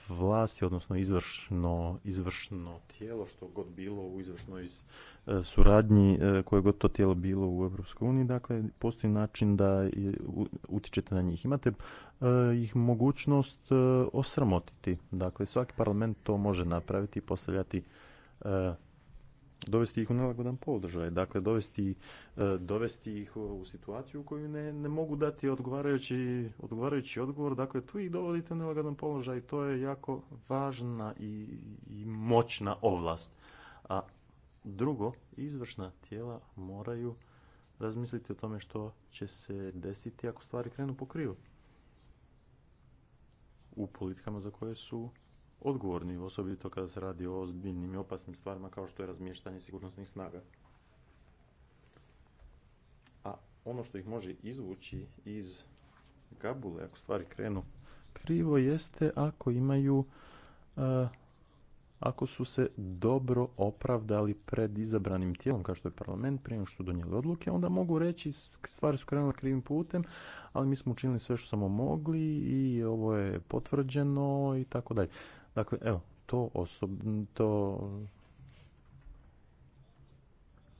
Speaker 3: vlasti, odnosno izvršno, izvršno tijelo, što god bilo u izvršnoj e, suradnji, e, koje god to tijelo bilo u Europskoj uniji, dakle, postoji način da utičete na njih. Imate e, ih mogućnost osramotiti. Dakle, svaki parlament to može napraviti i postavljati dovesti ih u nelagodan položaj, dakle dovesti, e, dovesti ih u situaciju u koju ne, ne mogu dati odgovarajući, odgovarajući odgovor, dakle tu ih dovodite u nelagodan položaj i to je jako važna i, i moćna ovlast. A drugo, izvršna tijela moraju razmisliti o tome što će se desiti ako stvari krenu po krivu u politikama za koje su odgovorni, osobito kada se radi o ozbiljnim i opasnim stvarima kao što je razmještanje sigurnosnih snaga. A ono što ih može izvući iz gabule, ako stvari krenu krivo, jeste ako imaju e, ako su se dobro opravdali pred izabranim tijelom kao što je parlament prije što su donijeli odluke onda mogu reći stvari su krenule krivim putem ali mi smo učinili sve što smo mogli i ovo je potvrđeno i tako dalje Dakle, evo, to osobno, to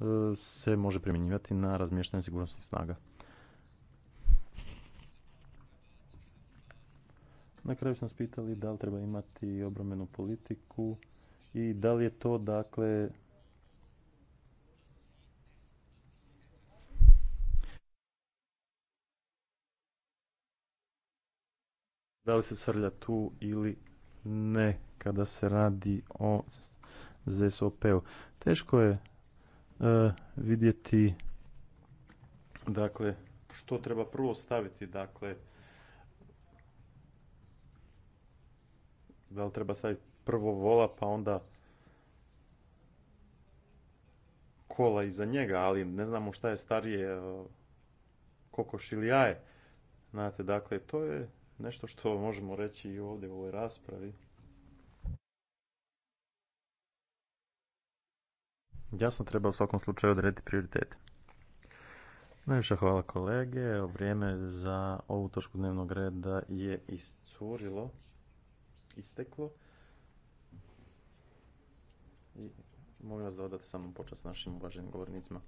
Speaker 3: e, se može primjenjivati na razmještanje sigurnosnih snaga. Na kraju sam spitali da li treba imati obrambenu politiku i da li je to dakle da li se srlja tu ili ne kada se radi o ZSOP-u. Teško je e, vidjeti dakle što treba prvo staviti, dakle da li treba staviti prvo vola pa onda kola iza njega, ali ne znamo šta je starije e, kokoš ili jaje. Znate, dakle, to je nešto što možemo reći i ovdje u ovoj raspravi. Jasno treba u svakom slučaju odrediti prioritete. Najviše hvala kolege. vrijeme za ovu točku dnevnog reda je iscurilo, isteklo. I molim vas da samo počas našim uvaženim govornicima.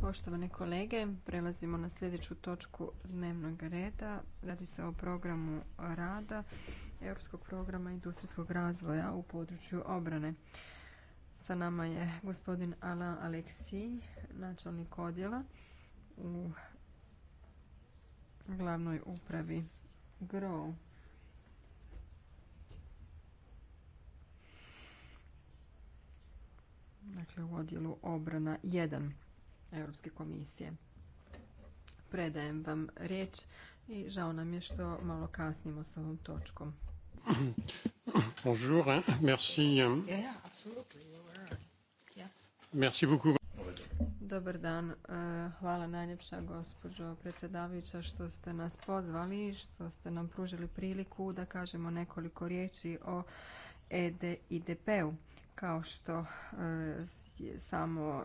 Speaker 1: Poštovane kolege, prelazimo na sljedeću točku dnevnog reda. Radi se o programu rada Europskog programa industrijskog razvoja u području obrane. Sa nama je gospodin Alain Alexis, načelnik odjela u glavnoj upravi GROW. dakle u odjelu obrana 1 Europske komisije. Predajem vam riječ i žao nam je što malo kasnimo s ovom točkom.
Speaker 3: Bonjour, merci. Merci beaucoup.
Speaker 1: Dobar dan. E, hvala najljepša gospođo predsjedavajuća što ste nas pozvali, što ste nam pružili priliku da kažemo nekoliko riječi o EDIDP-u. Kao što e, samo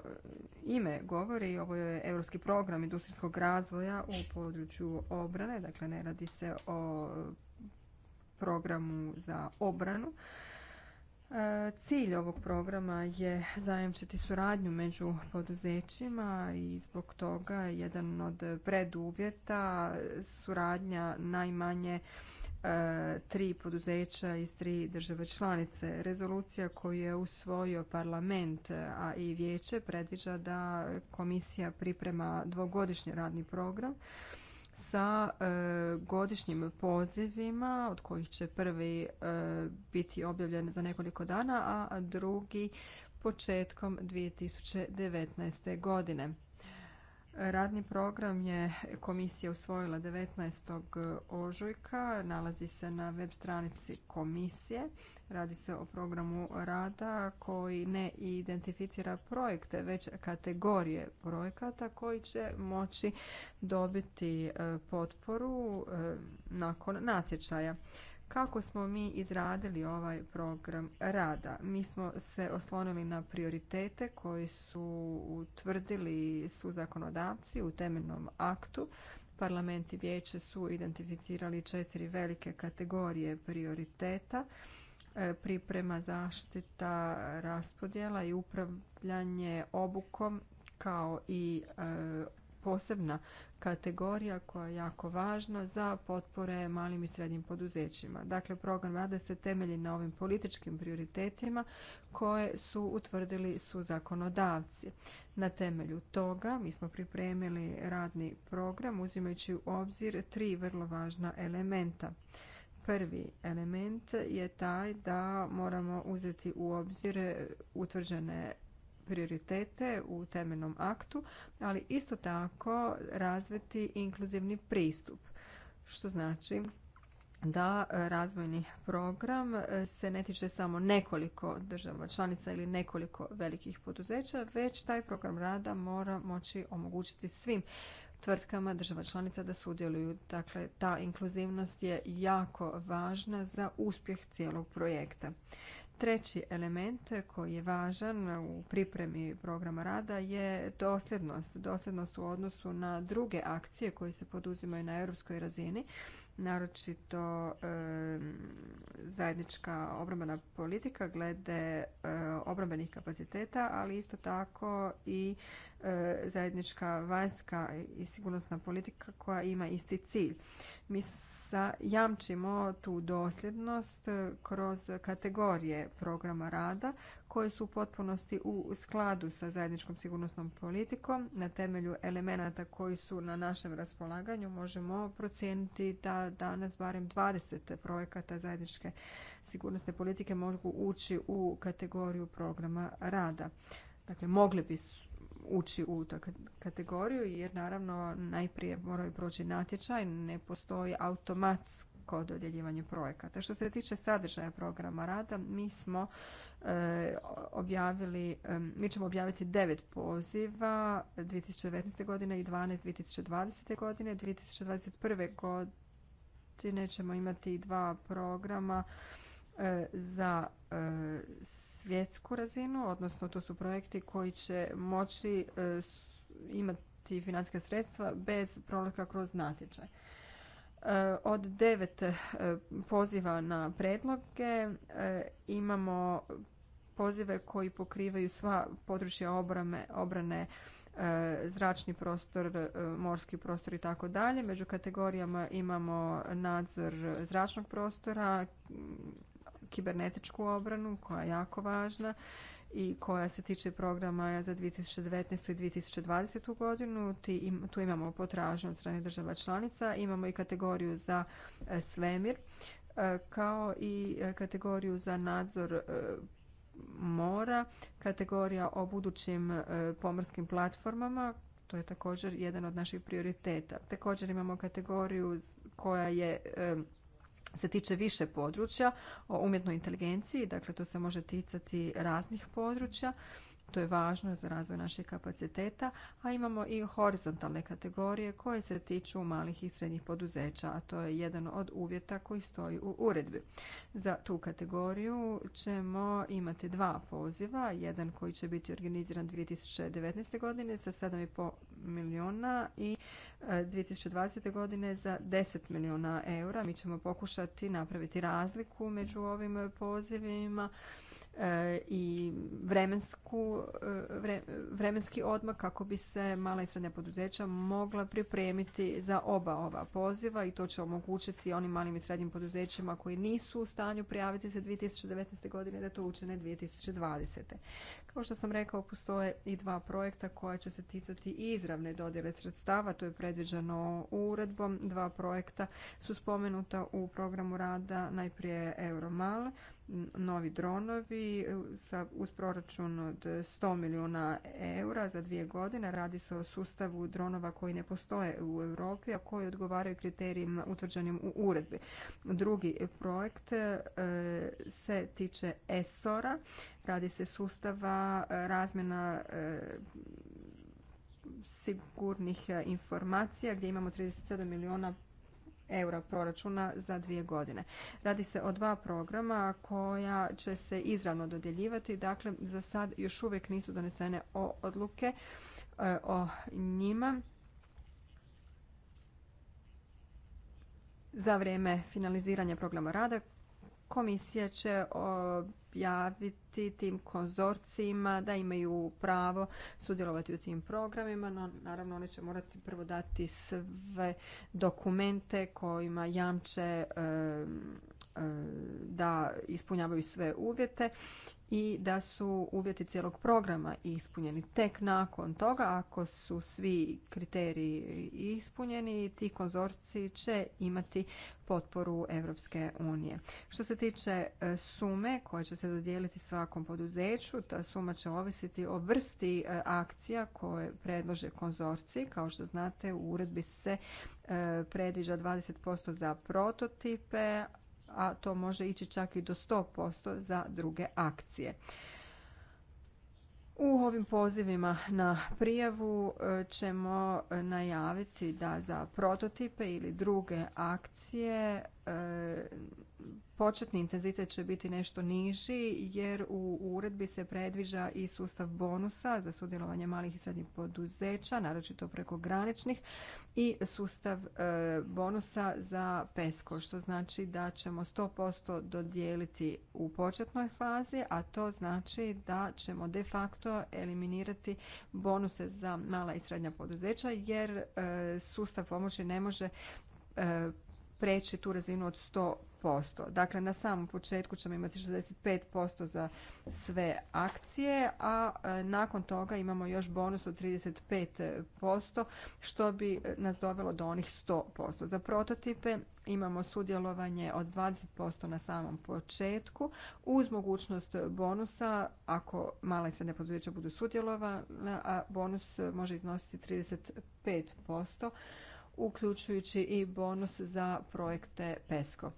Speaker 1: ime govori, ovo je Europski program industrijskog razvoja u području obrane, dakle ne radi se o programu za obranu. E, cilj ovog programa je zajamčiti suradnju među poduzećima i zbog toga jedan od preduvjeta suradnja najmanje E, tri poduzeća iz tri države članice. Rezolucija koju je usvojio parlament, e, a i vijeće, predviđa da komisija priprema dvogodišnji radni program sa e, godišnjim pozivima, od kojih će prvi biti objavljen za nekoliko dana, a drugi početkom 2019. godine. Radni program je komisija usvojila 19. ožujka, nalazi se na web stranici komisije. Radi se o programu rada koji ne identificira projekte, već kategorije projekata koji će moći dobiti e, potporu e, nakon natječaja. Kako smo mi izradili ovaj program rada? Mi smo se oslonili na prioritete koji su utvrdili su zakonodavci u temeljnom aktu. Parlament i vijeće su identificirali četiri velike kategorije prioriteta e, priprema, zaštita, raspodjela i upravljanje obukom kao i e, posebna kategorija koja je jako važna za potpore malim i srednjim poduzećima. Dakle, program rada se temelji na ovim političkim prioritetima koje su utvrdili su zakonodavci. Na temelju toga mi smo pripremili radni program uzimajući u obzir tri vrlo važna elementa. Prvi element je taj da moramo uzeti u obzir utvrđene prioritete u temeljnom aktu, ali isto tako razviti inkluzivni pristup, što znači da razvojni program se ne tiče samo nekoliko država članica ili nekoliko velikih poduzeća, već taj program rada mora moći omogućiti svim tvrtkama država članica da sudjeluju. Dakle, ta inkluzivnost je jako važna za uspjeh cijelog projekta. Treći element koji je važan u pripremi programa rada je dosljednost. Dosljednost u odnosu na druge akcije koje se poduzimaju na europskoj razini, naročito zajednička obrambena politika glede obrambenih kapaciteta, ali isto tako i E, zajednička vanjska i sigurnosna politika koja ima isti cilj. Mi jamčimo tu dosljednost e, kroz kategorije programa rada koje su u potpunosti u skladu sa zajedničkom sigurnosnom politikom. Na temelju elemenata koji su na našem raspolaganju možemo procijeniti da danas barem 20 projekata zajedničke sigurnosne politike mogu ući u kategoriju programa rada. Dakle, mogli bi ući u tu kategoriju jer naravno najprije moraju proći natječaj, ne postoji automatsko dodjeljivanje projekata. Što se tiče sadržaja programa rada, mi smo eh, objavili, mi ćemo objaviti devet poziva 2019. godine i 12 2020. godine. 2021. godine ćemo imati dva programa E, za e, svjetsku razinu, odnosno to su projekti koji će moći e, imati financijska sredstva bez prolika kroz natječaj. Od devet poziva na predloge imamo pozive koji pokrivaju sva područja obrame, obrane, zračni prostor, morski prostor i tako dalje. Među kategorijama imamo nadzor zračnog prostora, kibernetičku obranu koja je jako važna i koja se tiče programa za 2019. i 2020. godinu. Tu imamo potražnju od strane država članica, imamo i kategoriju za e, svemir e, kao i e, kategoriju za nadzor mora, kategorija o budućim pomorskim platformama, to je također jedan od naših prioriteta. Također imamo kategoriju koja je se tiče više područja o umjetnoj inteligenciji, dakle to se može ticati raznih područja to je važno za razvoj naših kapaciteta, a imamo i horizontalne kategorije koje se tiču malih i srednjih poduzeća, a to je jedan od uvjeta koji stoji u uredbi. Za tu kategoriju ćemo imati dva poziva, jedan koji će biti organiziran 2019. godine sa 7,5 milijuna i 2020. E, godine za 10 milijuna eura. Mi ćemo pokušati napraviti razliku među ovim pozivima E, i vremensku, e, vremenski odmak kako bi se mala i srednja poduzeća mogla pripremiti za oba ova poziva i to će omogućiti onim malim i srednjim poduzećima koji nisu u stanju prijaviti se 2019. godine da to učine 2020. Kao što sam rekao, postoje i dva projekta koja će se ticati izravne dodjele sredstava, to je predviđeno uredbom. Dva projekta su spomenuta u programu rada najprije Euromal novi dronovi e, sa, uz proračun od 100 milijuna eura za dvije godine. Radi se o sustavu dronova koji ne postoje u Europi, a koji odgovaraju kriterijima utvrđenim u uredbi. Drugi projekt e, se tiče ESOR-a. Radi se sustava e, razmjena sigurnih informacija gdje imamo 37 milijuna eura proračuna za dvije godine. Radi se o dva programa koja će se izravno dodjeljivati, dakle za sad još uvijek nisu donesene odluke e, o njima. Za vrijeme finaliziranja programa rada komisija će javiti tim konzorcijima da imaju pravo sudjelovati u tim programima, no naravno oni će morati prvo dati sve dokumente kojima jamče E, da ispunjavaju sve uvjete i da su uvjeti cijelog programa ispunjeni. Tek nakon toga, ako su svi kriteriji ispunjeni, ti konzorci će imati potporu Europske unije. Što se tiče e, sume koja će se dodijeliti svakom poduzeću, ta suma će ovisiti o vrsti e, akcija koje predlože konzorci. Kao što znate, u uredbi se predviđa 20% za prototipe, a to može ići čak i do 100% za druge akcije. U ovim pozivima na prijavu e, ćemo najaviti da za prototipe ili druge akcije početni intenzitet će biti nešto niži jer u uredbi se predviđa i sustav bonusa za sudjelovanje malih i srednjih poduzeća, naročito preko graničnih i sustav e, bonusa za PESCO, što znači da ćemo 100% dodijeliti u početnoj fazi, a to znači da ćemo de facto eliminirati bonuse za mala i srednja poduzeća jer e, sustav pomoći ne može e, preći tu razinu od 100%. Dakle, na samom početku ćemo imati 65% za sve akcije, a e, nakon toga imamo još bonus od 35%, što bi e, nas dovelo do onih 100%. Za prototipe imamo sudjelovanje od 20% na samom početku, uz mogućnost bonusa, ako mala i srednja poduzeća budu sudjelovala a bonus može iznositi 35%, uključujući i bonus za projekte PESCO.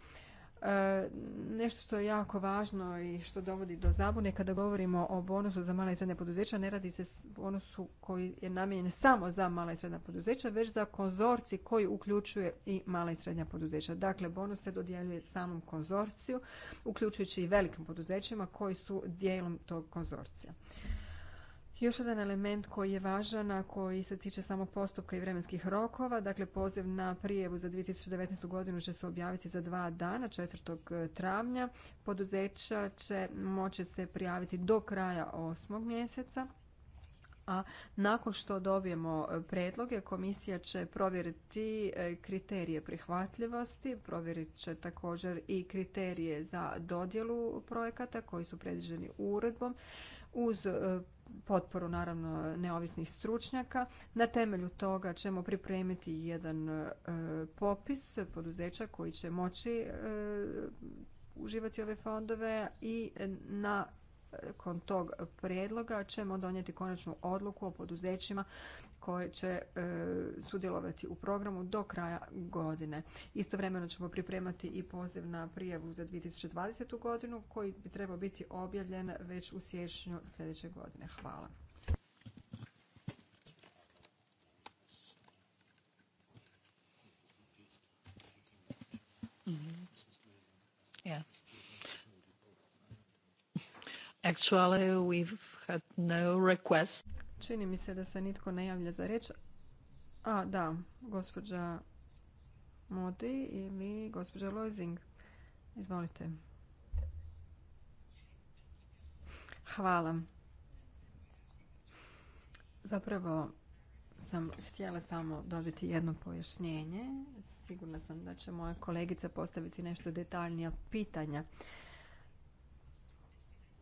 Speaker 1: E, nešto što je jako važno i što dovodi do zabune, kada govorimo o bonusu za mala i srednja poduzeća, ne radi se bonusu koji je namijenjen samo za mala i srednja poduzeća, već za konzorci koji uključuje i mala i srednja poduzeća. Dakle, bonus se dodjeljuje samom konzorciju, uključujući i velikim poduzećima koji su dijelom tog konzorcija. Još jedan element koji je važan, a koji se tiče samog postupka i vremenskih rokova, dakle poziv na prijevu za 2019. godinu će se objaviti za dva dana, 4. E, travnja. Poduzeća će moći se prijaviti do kraja 8. mjeseca. A nakon što dobijemo e, predloge, komisija će provjeriti e, kriterije prihvatljivosti, provjerit će također i kriterije za dodjelu projekata koji su predviđeni uredbom uz e, potporu naravno neovisnih stručnjaka. Na temelju toga ćemo pripremiti jedan e, popis poduzeća koji će moći e, uživati ove fondove i na kon tog predloga ćemo donijeti konačnu odluku o poduzećima koje će e, sudjelovati u programu do kraja godine. Istovremeno ćemo pripremati i poziv na prijavu za 2020. godinu koji bi trebao biti objavljen već u siječnju sljedeće godine. Hvala. Mm-hmm. Actually, we've had no Čini mi se da se nitko ne javlja za riječ. A, da, gospođa Modi ili gospođa Lozing. Izvolite. Hvala. Zapravo sam htjela samo dobiti jedno pojašnjenje. Sigurna sam da će moja kolegica postaviti nešto detaljnija pitanja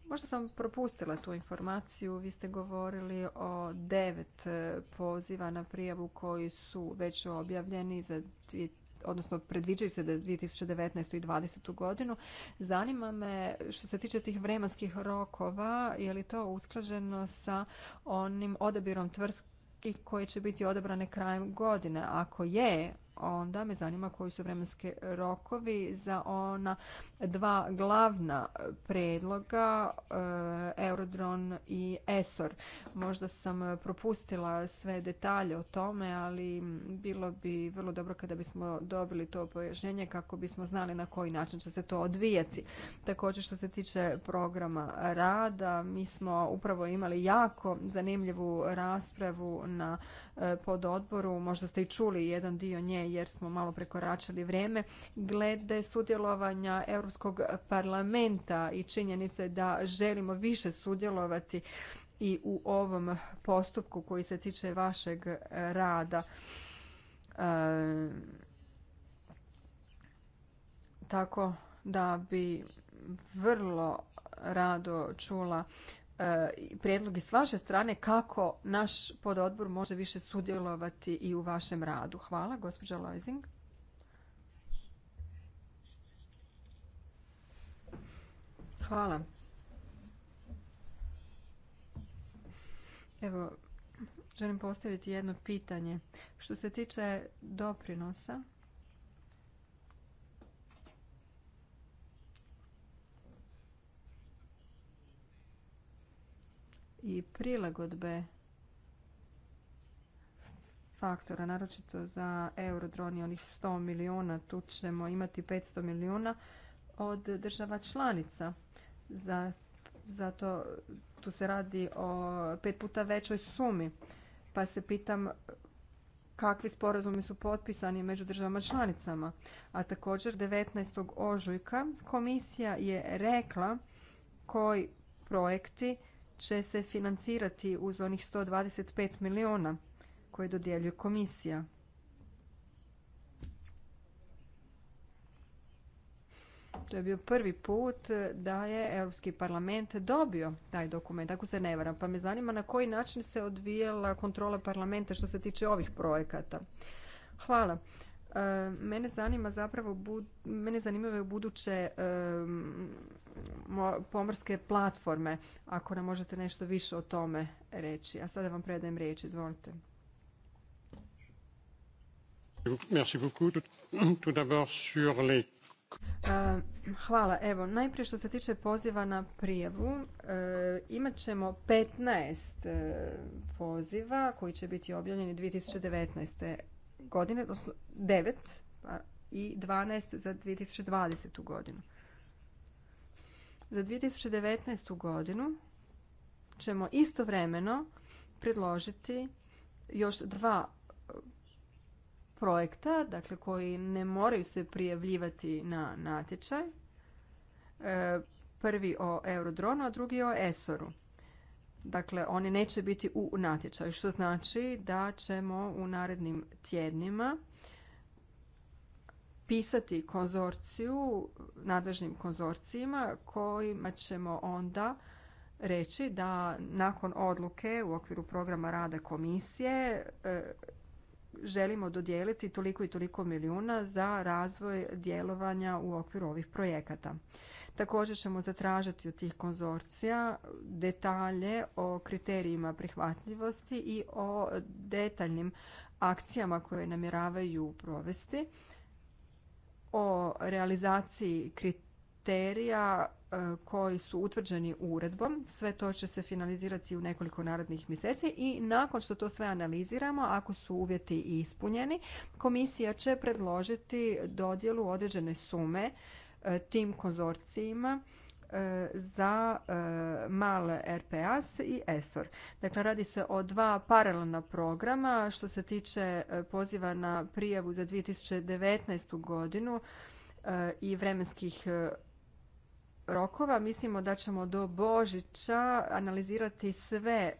Speaker 1: Možda sam propustila tu informaciju. Vi ste govorili o devet poziva na prijavu koji su već objavljeni za odnosno predviđaju se da 2019. i 2020. godinu. Zanima me što se tiče tih vremenskih rokova, je li to usklađeno sa onim odabirom tvrtki koje će biti odabrane krajem godine? Ako je, onda me zanima koji su vremenski rokovi za ona dva glavna predloga e, Eurodron i ESOR. Možda sam propustila sve detalje o tome, ali bilo bi vrlo dobro kada bismo dobili to pojašnjenje kako bismo znali na koji način će se to odvijati. Također što se tiče programa rada, mi smo upravo imali jako zanimljivu raspravu na e, pododboru. Možda ste i čuli jedan dio nje jer smo malo prekoračili vrijeme, glede sudjelovanja Europskog parlamenta i činjenice da želimo više sudjelovati i u ovom postupku koji se tiče vašeg rada. E, tako da bi vrlo rado čula E, prijedlogi s vaše strane kako naš pododbor može više sudjelovati i u vašem radu. Hvala, gospođa Lojzing. Hvala. Evo, želim postaviti jedno pitanje. Što se tiče doprinosa, i prilagodbe faktora, naročito za eurodroni, onih 100 milijuna, tu ćemo imati 500 milijuna od država članica. Zato tu se radi o pet puta većoj sumi. Pa se pitam kakvi sporazumi su potpisani među državama članicama. A također 19. ožujka komisija je rekla koji projekti će se financirati uz onih 125 milijuna koje dodjeljuje komisija. To je bio prvi put da je Europski parlament dobio taj dokument, ako se ne varam. Pa me zanima na koji način se odvijala kontrola parlamenta što se tiče ovih projekata. Hvala. E, mene zanima zapravo, mene zanimaju buduće e, pomorske platforme, ako nam možete nešto više o tome reći. A sada vam predajem riječ, izvolite. E, hvala. Evo, najprije što se tiče poziva na prijevu imat ćemo 15 poziva koji će biti objavljeni 2019 godine, odnosno 9 pa, i 12 za 2020. godinu. Za 2019. godinu ćemo istovremeno predložiti još dva e, projekta, dakle koji ne moraju se prijavljivati na natječaj. E, prvi o Eurodronu, a drugi o Esoru. Dakle, oni neće biti u natječaju, što znači da ćemo u narednim tjednima pisati konzorciju, nadležnim konzorcijima kojima ćemo onda reći da nakon odluke u okviru programa rada komisije e, želimo dodijeliti toliko i toliko milijuna za razvoj djelovanja u okviru ovih projekata. Također ćemo zatražiti od tih konzorcija detalje o kriterijima prihvatljivosti i o detaljnim akcijama koje namjeravaju provesti, o realizaciji kriterija e, koji su utvrđeni uredbom. Sve to će se finalizirati u nekoliko narodnih mjeseci i nakon što to sve analiziramo, ako su uvjeti ispunjeni, komisija će predložiti dodjelu određene sume E, tim konzorcijima e, za e, male RPAS i ESOR. Dakle, radi se o dva paralelna programa. Što se tiče poziva na prijavu za 2019. godinu i vremenskih rokova, mislimo da ćemo do Božića analizirati sve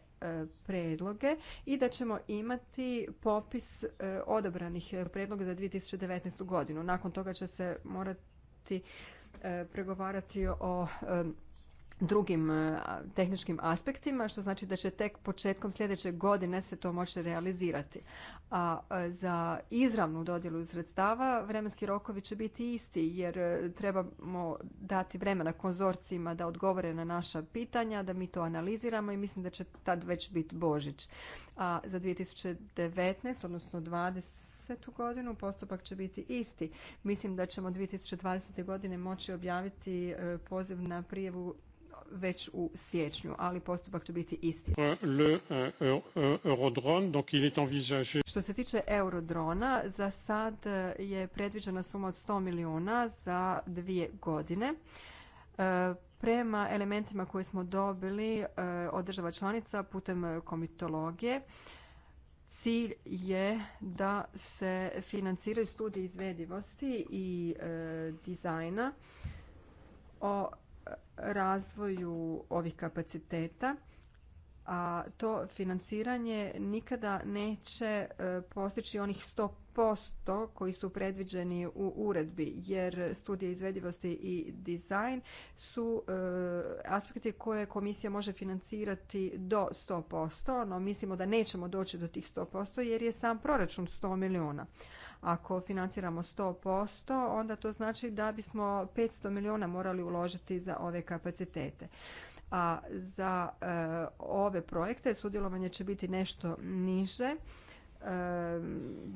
Speaker 1: predloge i da ćemo imati popis odobranih predloga za 2019. godinu. Nakon toga će se morati E, pregovarati o e, drugim e, tehničkim aspektima, što znači da će tek početkom sljedeće godine se to moći realizirati. A za izravnu dodjelu sredstava vremenski rokovi će biti isti, jer trebamo dati vremena konzorcijima da odgovore na naša pitanja, da mi to analiziramo i mislim da će tad već biti Božić. A za 2019, odnosno 20 godinu. Postupak će biti isti. Mislim da ćemo 2020. godine moći objaviti e, poziv na prijevu već u siječnju, ali postupak će biti isti. E, e, Što se tiče eurodrona, za sad je predviđena suma od 100 milijuna za dvije godine. Prema elementima koje smo dobili od država članica putem komitologije, Cilj je da se financiraju studije izvedivosti i e, dizajna o e, razvoju ovih kapaciteta a to financiranje nikada neće e, postići onih 100% koji su predviđeni u uredbi jer studije izvedivosti i dizajn su e, aspekti koje komisija može financirati do 100%, no mislimo da nećemo doći do tih 100% jer je sam proračun 100 milijuna. Ako financiramo 100%, onda to znači da bismo 500 milijuna morali uložiti za ove kapacitete a za e, ove projekte sudjelovanje će biti nešto niže. E,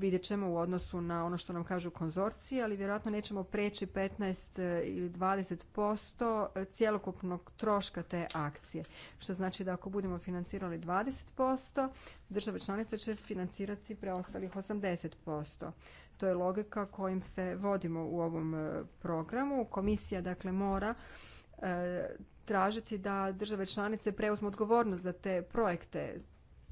Speaker 1: vidjet ćemo u odnosu na ono što nam kažu konzorciji, ali vjerojatno nećemo preći 15 e, ili 20% cjelokupnog troška te akcije. Što znači da ako budemo financirali 20%, države članice će financirati preostalih 80%. To je logika kojim se vodimo u ovom programu. Komisija dakle mora tražiti da države članice preuzmu odgovornost za te projekte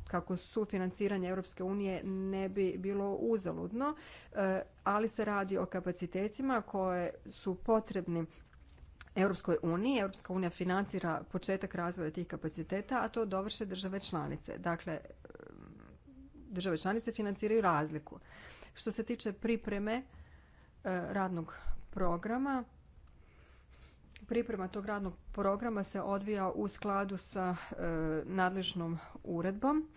Speaker 1: kako su financiranje Europske unije ne bi bilo uzaludno, e, ali se radi o kapacitetima koje su potrebni Europskoj uniji. Europska unija financira početak razvoja tih kapaciteta, a to dovrše države članice. Dakle, e, države članice financiraju razliku. Što se tiče pripreme e, radnog programa, priprema tog radnog programa se odvija u skladu sa e, nadležnom uredbom.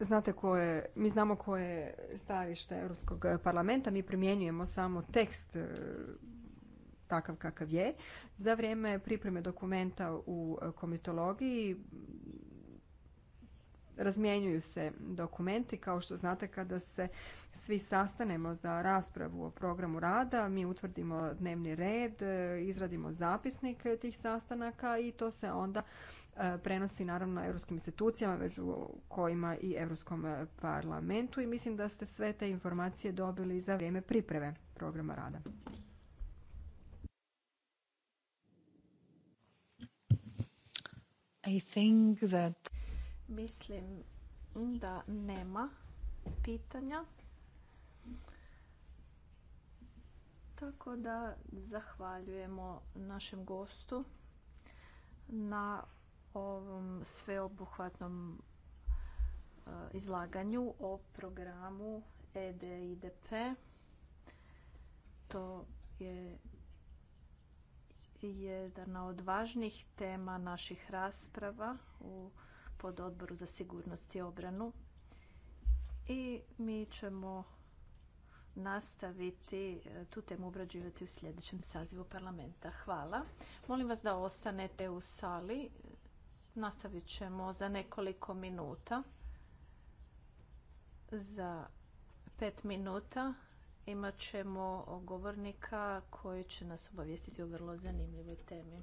Speaker 1: Znate koje, mi znamo koje je stajalište Europskog parlamenta, mi primjenjujemo samo tekst e, takav kakav je. Za vrijeme pripreme dokumenta u komitologiji razmjenjuju se dokumenti. Kao što znate, kada se svi sastanemo za raspravu o programu rada, mi utvrdimo dnevni red, e, izradimo zapisnik tih sastanaka i to se onda e, prenosi naravno europskim institucijama među kojima i Europskom e, parlamentu i mislim da ste sve te informacije dobili za vrijeme pripreve programa rada. I think that...
Speaker 2: Mislim da nema pitanja. Tako da zahvaljujemo našem gostu na ovom sveobuhvatnom e, izlaganju o programu EDIDP. To je jedna od važnijih tema naših rasprava u pod odboru za sigurnost i obranu i mi ćemo nastaviti e, tu temu obrađivati u sljedećem sazivu parlamenta. Hvala. Molim vas da ostanete u sali. Nastavit ćemo za nekoliko minuta. Za pet minuta imat ćemo govornika koji će nas obavijestiti o vrlo zanimljivoj temi.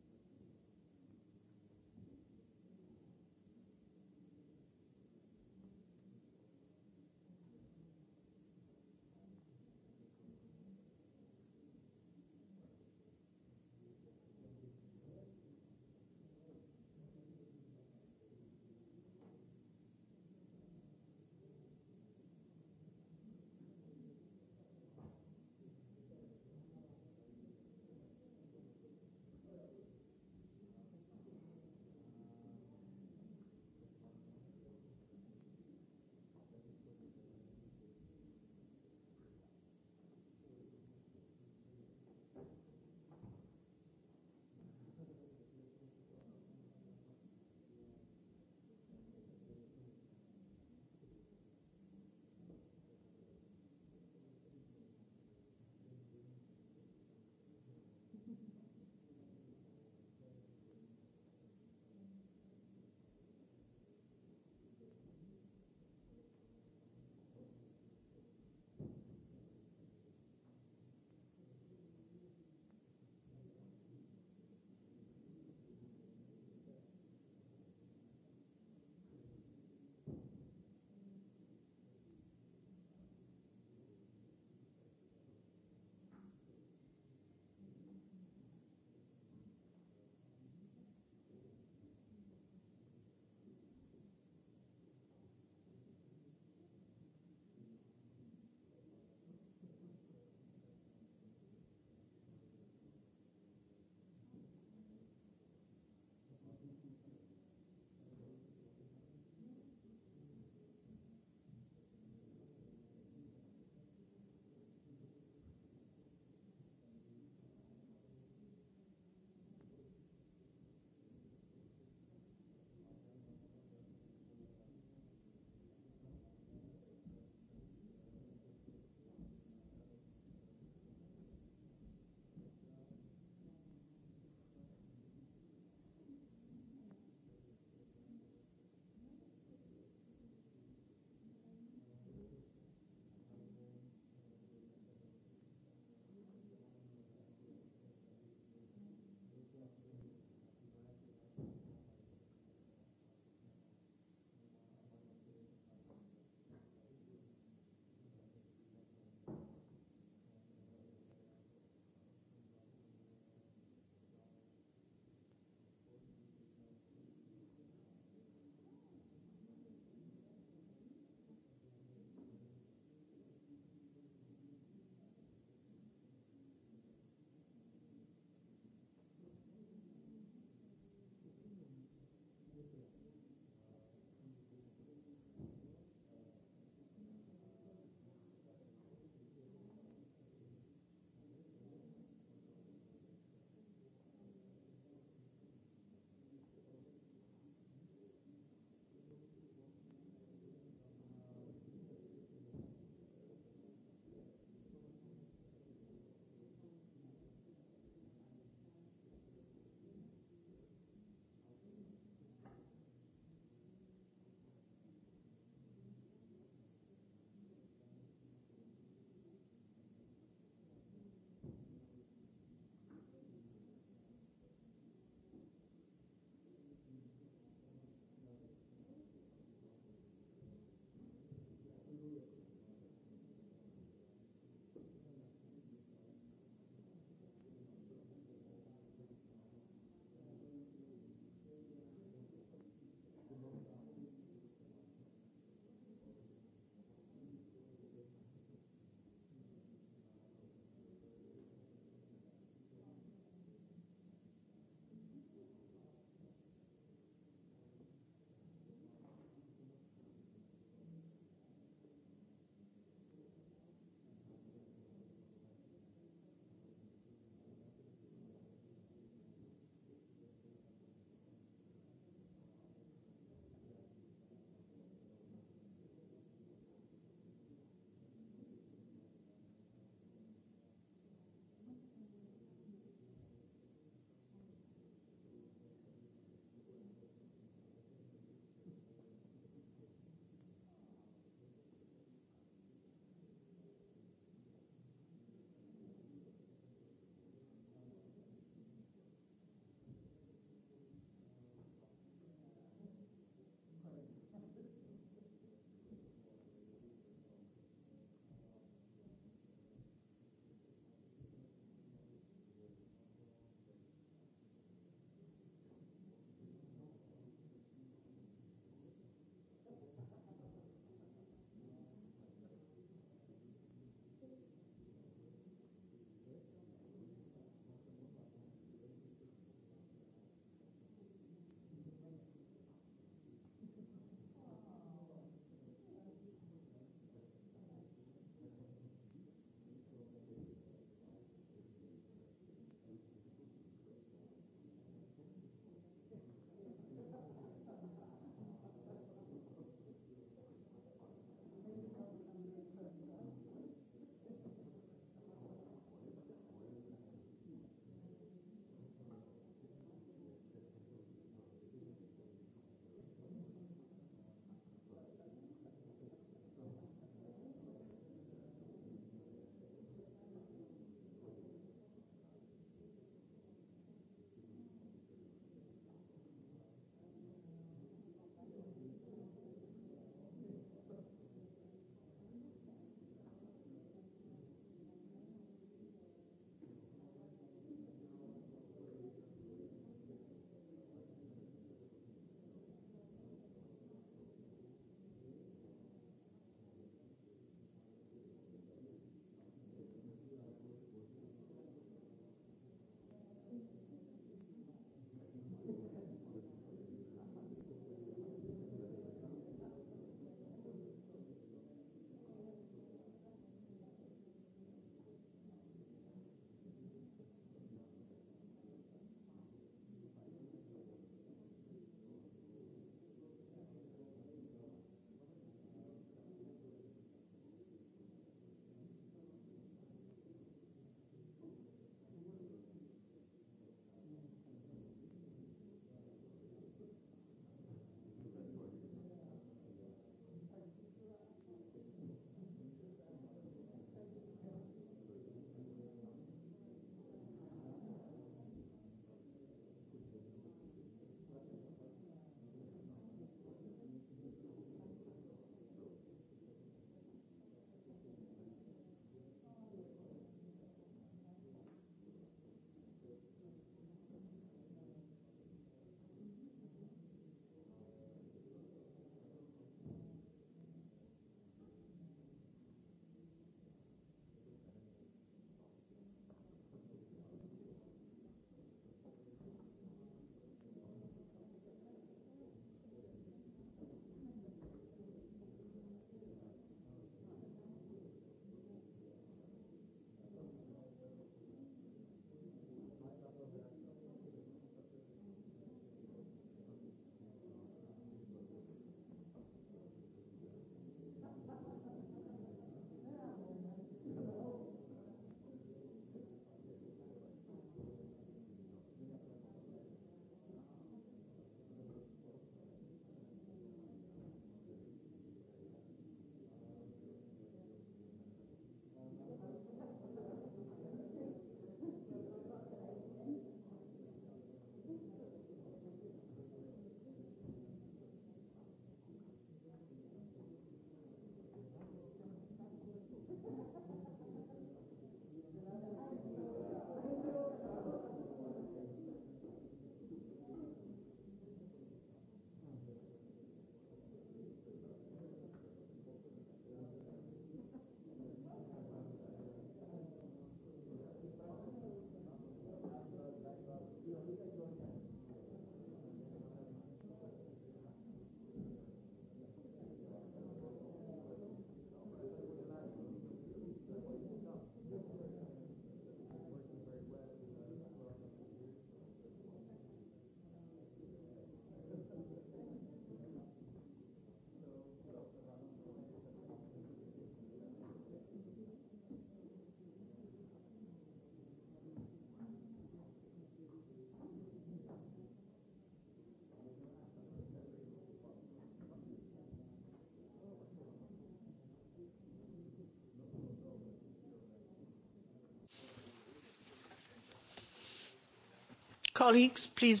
Speaker 2: Colleagues, please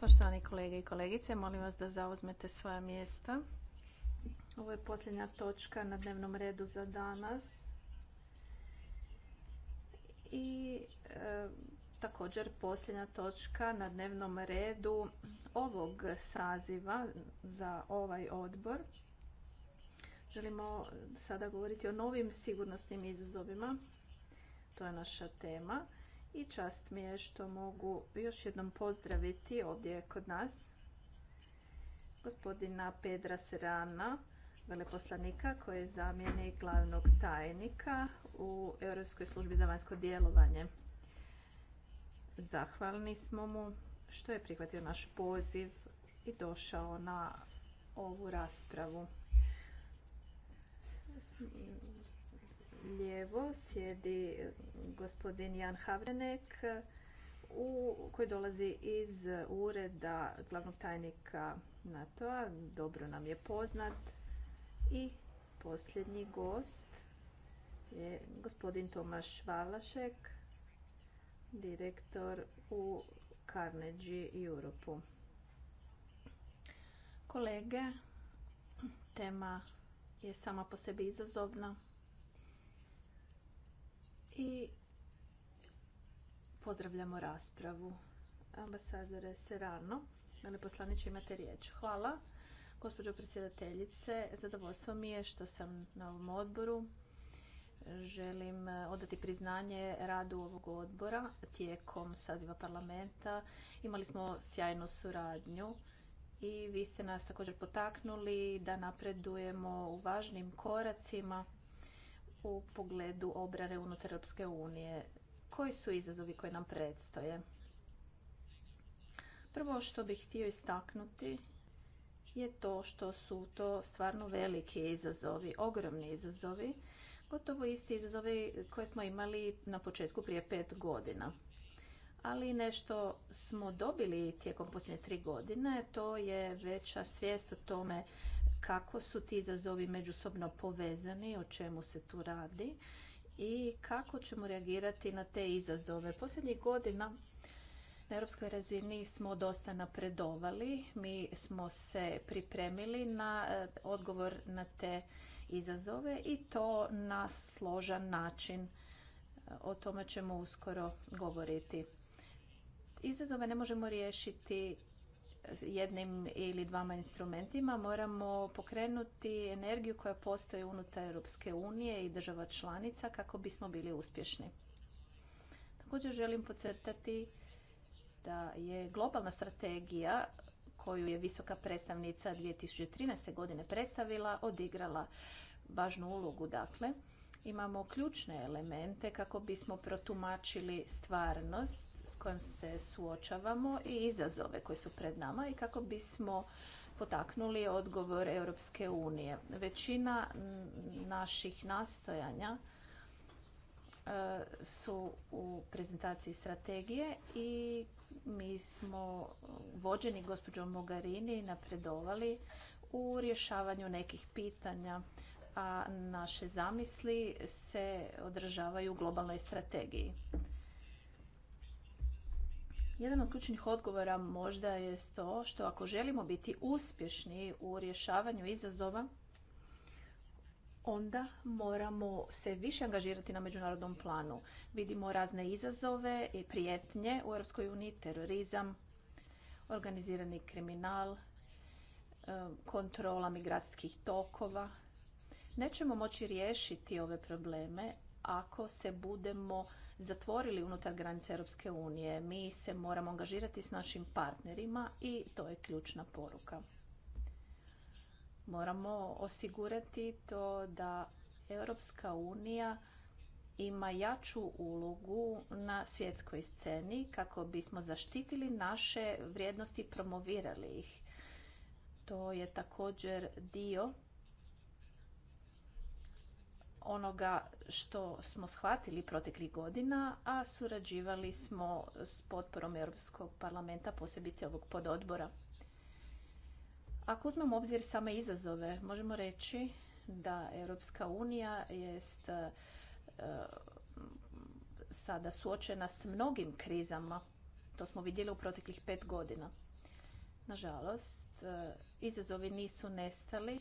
Speaker 2: Poštovani kolege i kolegice, molim vas da zauzmete svoja mjesta. Ovo je posljednja točka na dnevnom redu za danas. I e, također posljednja točka na dnevnom redu ovog saziva za ovaj odbor. Želimo sada govoriti o novim sigurnosnim izazovima. To je naša tema i čast mi je što mogu još jednom pozdraviti ovdje kod nas gospodina Pedra Serana, veleposlanika koji je zamjenik glavnog tajnika u Europskoj službi za vanjsko djelovanje. Zahvalni smo mu što je prihvatio naš poziv i došao na ovu raspravu lijevo sjedi eh, gospodin Jan Havrenek eh, koji dolazi iz ureda glavnog tajnika NATO-a. Dobro nam je poznat. I posljednji gost je gospodin Tomaš Valašek, direktor u Carnegie Europu. Kolege, tema je sama po sebi izazovna i pozdravljamo raspravu ambasadore Serrano. Veleposlaniče, imate riječ. Hvala, gospođo predsjedateljice. Zadovoljstvo mi je što sam na ovom odboru. Želim eh, odati priznanje radu ovog odbora tijekom saziva parlamenta. Imali smo sjajnu suradnju i vi ste nas također potaknuli da napredujemo u važnim koracima u pogledu obrane unutar Europske unije. Koji su izazovi koji nam predstoje? Prvo što bih htio istaknuti je to što su to stvarno veliki izazovi, ogromni izazovi, gotovo isti izazovi koje smo imali na početku prije pet godina. Ali nešto smo dobili tijekom posljednje tri godine, to je veća svijest o tome kako su ti izazovi međusobno povezani, o čemu se tu radi i kako ćemo reagirati na te izazove. Posljednjih godina na europskoj razini smo dosta napredovali. Mi smo se pripremili na e, odgovor na te izazove i to na složan način. E, o tome ćemo uskoro govoriti. Izazove ne možemo riješiti jednim ili dvama instrumentima moramo pokrenuti energiju koja postoji unutar Europske unije i država članica kako bismo bili uspješni. Također želim podcrtati da je globalna strategija koju je visoka predstavnica 2013. godine predstavila odigrala važnu ulogu. Dakle, imamo ključne elemente kako bismo protumačili stvarnost s kojim se suočavamo i izazove koji su pred nama i kako bismo potaknuli odgovor Europske unije. Većina naših nastojanja e, su u prezentaciji strategije i mi smo vođeni gospođom Mogarini napredovali u rješavanju nekih pitanja, a naše zamisli se održavaju u globalnoj strategiji. Jedan od ključnih odgovora možda je to što ako želimo biti uspješni u rješavanju izazova, onda moramo se više angažirati na međunarodnom planu. Vidimo razne izazove i prijetnje u Europskoj uniji, terorizam, organizirani kriminal, e, kontrola migracijskih tokova. Nećemo moći riješiti ove probleme ako se budemo zatvorili unutar granice Europske unije. Mi se moramo angažirati s našim partnerima i to je ključna poruka. Moramo osigurati to da Europska unija ima jaču ulogu na svjetskoj sceni kako bismo zaštitili naše vrijednosti i promovirali ih. To je također dio onoga što smo shvatili proteklih godina, a surađivali smo s potporom Europskog parlamenta, posebice ovog pododbora. Ako uzmemo obzir same izazove, možemo reći da Europska unija jest e, sada suočena s mnogim krizama. To smo vidjeli u proteklih pet godina. Nažalost, e, izazovi nisu nestali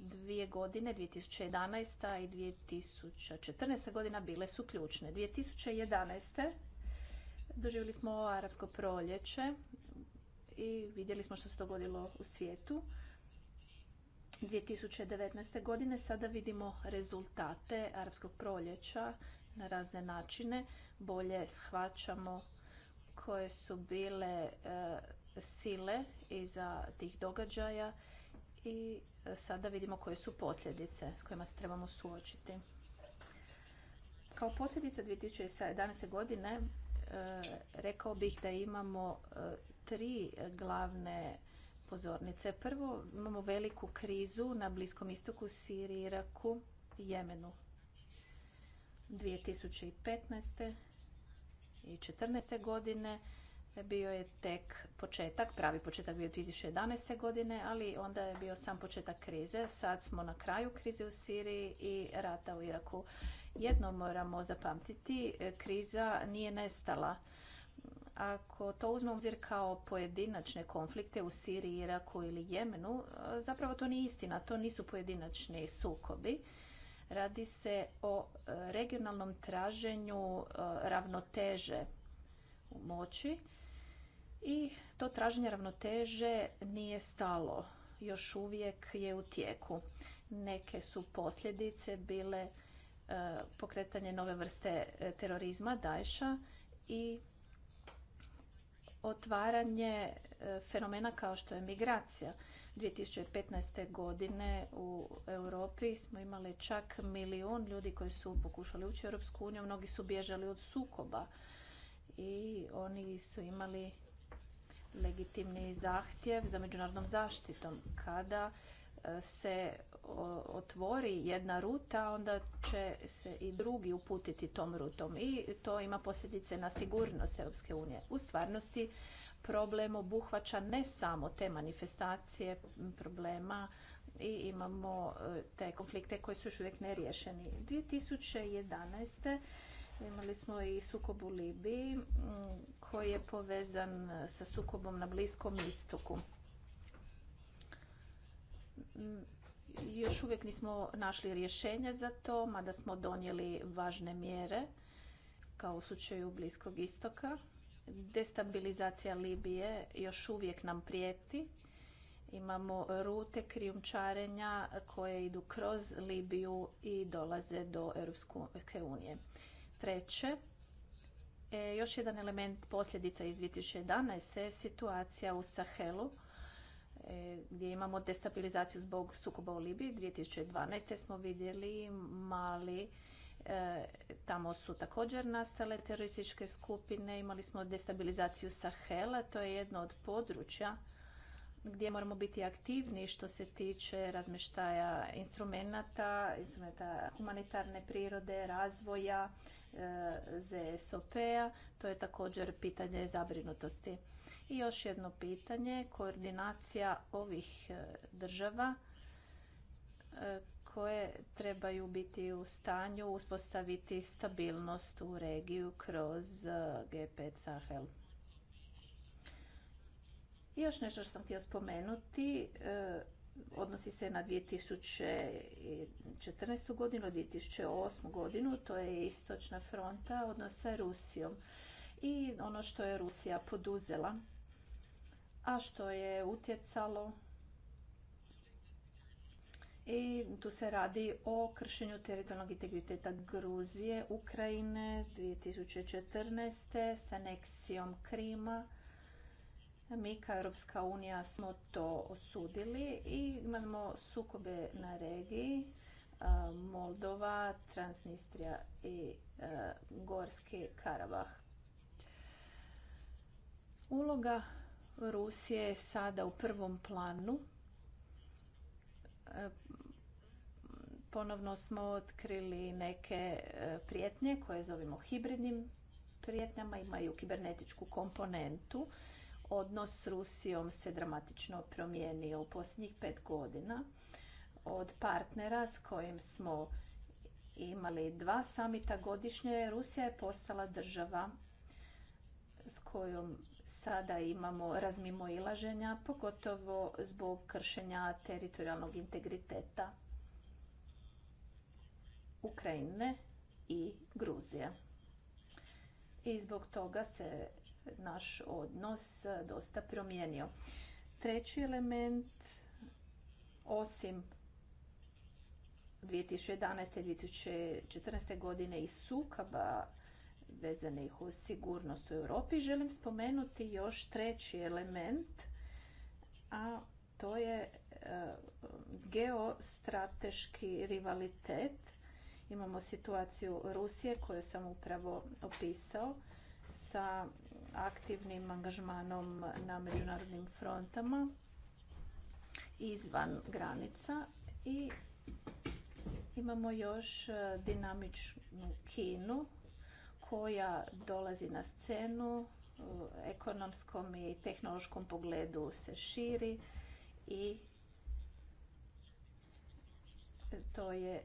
Speaker 2: dvije godine, 2011. i 2014. godina bile su ključne. 2011. doživjeli smo arapsko proljeće i vidjeli smo što se dogodilo u svijetu. 2019. godine sada vidimo rezultate arapskog proljeća na razne načine. Bolje shvaćamo koje su bile e, sile iza tih događaja i e, sada vidimo koje su posljedice s kojima se trebamo suočiti. Kao posljedica 2011. godine e, rekao bih da imamo e, tri glavne pozornice. Prvo imamo veliku krizu na Bliskom istoku, Siriji, Iraku i Jemenu. 2015. i 2014. godine bio je tek početak, pravi početak bio 2011. godine, ali onda je bio sam početak krize. Sad smo na kraju krize u Siriji i rata u Iraku. Jedno moramo zapamtiti, kriza nije nestala. Ako to uzmemo obzir kao pojedinačne konflikte u Siriji, Iraku ili Jemenu, zapravo to nije istina, to nisu pojedinačni sukobi. Radi se o regionalnom traženju e, ravnoteže u moći i to traženje ravnoteže nije stalo, još uvijek je u tijeku. Neke su posljedice bile e, pokretanje nove vrste e, terorizma, dajša i otvaranje e, fenomena kao što je migracija. 2015. godine u Europi smo imali čak milijun ljudi koji su pokušali ući u Europsku uniju, mnogi su bježali od sukoba i oni su imali legitimni zahtjev za međunarodnom zaštitom. Kada e, se otvori jedna ruta, onda će se i drugi uputiti tom rutom i to ima posljedice na sigurnost Europske unije. U stvarnosti problem obuhvaća ne samo te manifestacije problema i imamo e, te konflikte koji su još uvijek neriješeni. 2011. Imali smo i sukob u Libiji koji je povezan sa sukobom na Bliskom istoku. Još uvijek nismo našli rješenje za to, mada smo donijeli važne mjere, kao u slučaju Bliskog istoka. Destabilizacija Libije još uvijek nam prijeti. Imamo rute krijumčarenja koje idu kroz Libiju i dolaze do Europske unije. Treće, e, još jedan element posljedica iz 2011. je situacija u Sahelu e, gdje imamo destabilizaciju zbog sukoba u Libiji. 2012. smo vidjeli mali e, tamo su također nastale terorističke skupine, imali smo destabilizaciju Sahela, to je jedno od područja gdje moramo biti aktivni što se tiče razmještaja instrumenata, instrumenta humanitarne prirode, razvoja, e, ZSOP-a. To je također pitanje zabrinutosti. I još jedno pitanje, koordinacija ovih e, država e, koje trebaju biti u stanju uspostaviti stabilnost u regiju kroz G5 Sahel. I još nešto što sam htio spomenuti, e, odnosi se na 2014. godinu, 2008. godinu, to je istočna fronta odnos sa Rusijom i ono što je Rusija poduzela, a što je utjecalo i tu se radi o kršenju teritorijalnog integriteta Gruzije, Ukrajine 2014. s aneksijom Krima mi kao Europska unija smo to osudili i imamo sukobe na regiji Moldova, Transnistrija i Gorski Karabah. Uloga Rusije je sada u prvom planu. E, ponovno smo otkrili neke e, prijetnje koje zovimo hibridnim prijetnjama, imaju kibernetičku komponentu odnos s Rusijom se dramatično promijenio u posljednjih pet godina. Od partnera s kojim smo imali dva samita godišnje, Rusija je postala država s kojom sada imamo razmimoilaženja, pogotovo zbog kršenja teritorijalnog integriteta Ukrajine i Gruzije. I zbog toga se naš odnos dosta promijenio. Treći element, osim 2011. i 2014. godine i sukaba vezanih uz sigurnost u Europi, želim spomenuti još treći element, a to je e, geostrateški rivalitet. Imamo situaciju Rusije koju sam upravo opisao sa aktivnim angažmanom na međunarodnim frontama izvan granica i imamo još e, dinamičnu Kinu koja dolazi na scenu u ekonomskom i tehnološkom pogledu se širi i e, to je e,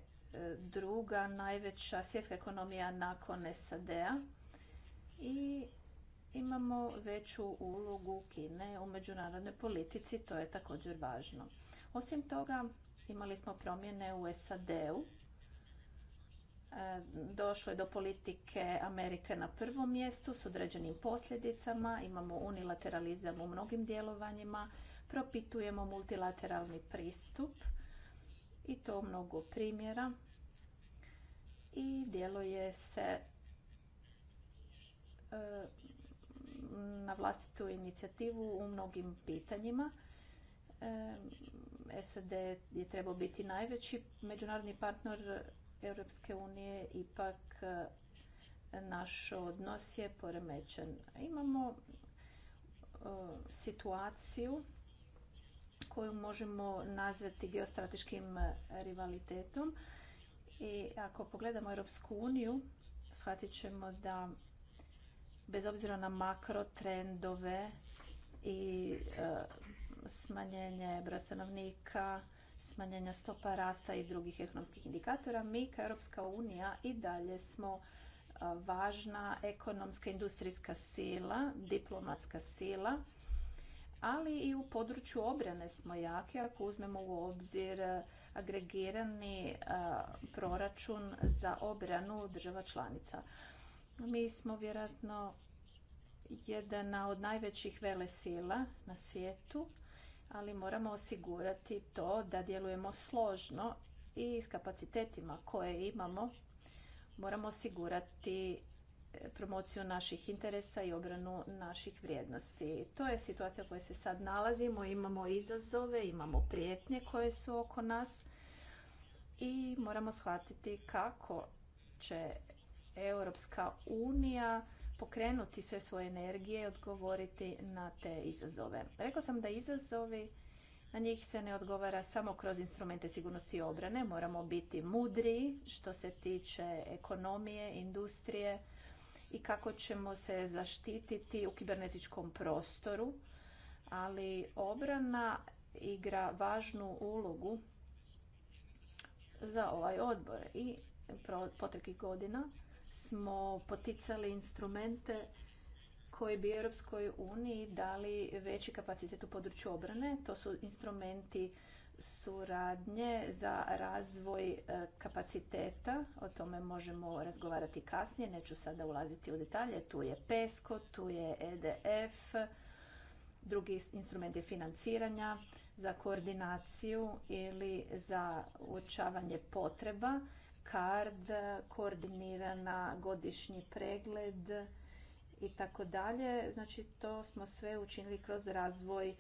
Speaker 2: druga najveća svjetska ekonomija nakon SAD-a i imamo veću ulogu Kine u međunarodnoj politici, to je također važno. Osim toga, imali smo promjene u SAD-u. E, došlo je do politike Amerike na prvom mjestu s određenim posljedicama. Imamo unilateralizam u mnogim djelovanjima. Propitujemo multilateralni pristup i to mnogo primjera. I djeluje se e, Mm, na vlastitu inicijativu u mnogim pitanjima. SAD je trebao biti najveći međunarodni partner Europske unije, ipak eh, naš odnos je poremećen. Imamo eh, situaciju koju možemo nazvati geostrateškim eh, rivalitetom. I ako pogledamo Europsku uniju, shvatit ćemo da bez obzira na makrotrendove i e, smanjenje broja stanovnika, smanjenja stopa rasta i drugih ekonomskih indikatora, mi kao Europska unija i dalje smo e, važna ekonomska industrijska sila, diplomatska sila, ali i u području obrane smo jaki ako uzmemo u obzir agregirani e, proračun za obranu država članica. Mi smo vjerojatno jedna od najvećih velesila na svijetu, ali moramo osigurati to da djelujemo složno i s kapacitetima koje imamo moramo osigurati e, promociju naših interesa i obranu naših vrijednosti. To je situacija u kojoj se sad nalazimo, imamo izazove, imamo prijetnje koje su oko nas i moramo shvatiti kako će Europska unija pokrenuti sve svoje energije i odgovoriti na te izazove. Rekao sam da izazovi na njih se ne odgovara samo kroz instrumente sigurnosti i obrane. Moramo biti mudri što se tiče ekonomije, industrije i kako ćemo se zaštititi u kibernetičkom prostoru. Ali obrana igra važnu ulogu za ovaj odbor i proteklih godina smo poticali instrumente koji bi Europskoj uniji dali veći kapacitet u području obrane. To su instrumenti suradnje za razvoj e, kapaciteta. O tome možemo razgovarati kasnije, neću sada ulaziti u detalje. Tu je PESCO, tu je EDF, drugi instrument je financiranja za koordinaciju ili za uočavanje potreba CARD, koordinirana godišnji pregled i tako dalje. Znači to smo sve učinili kroz razvoj e,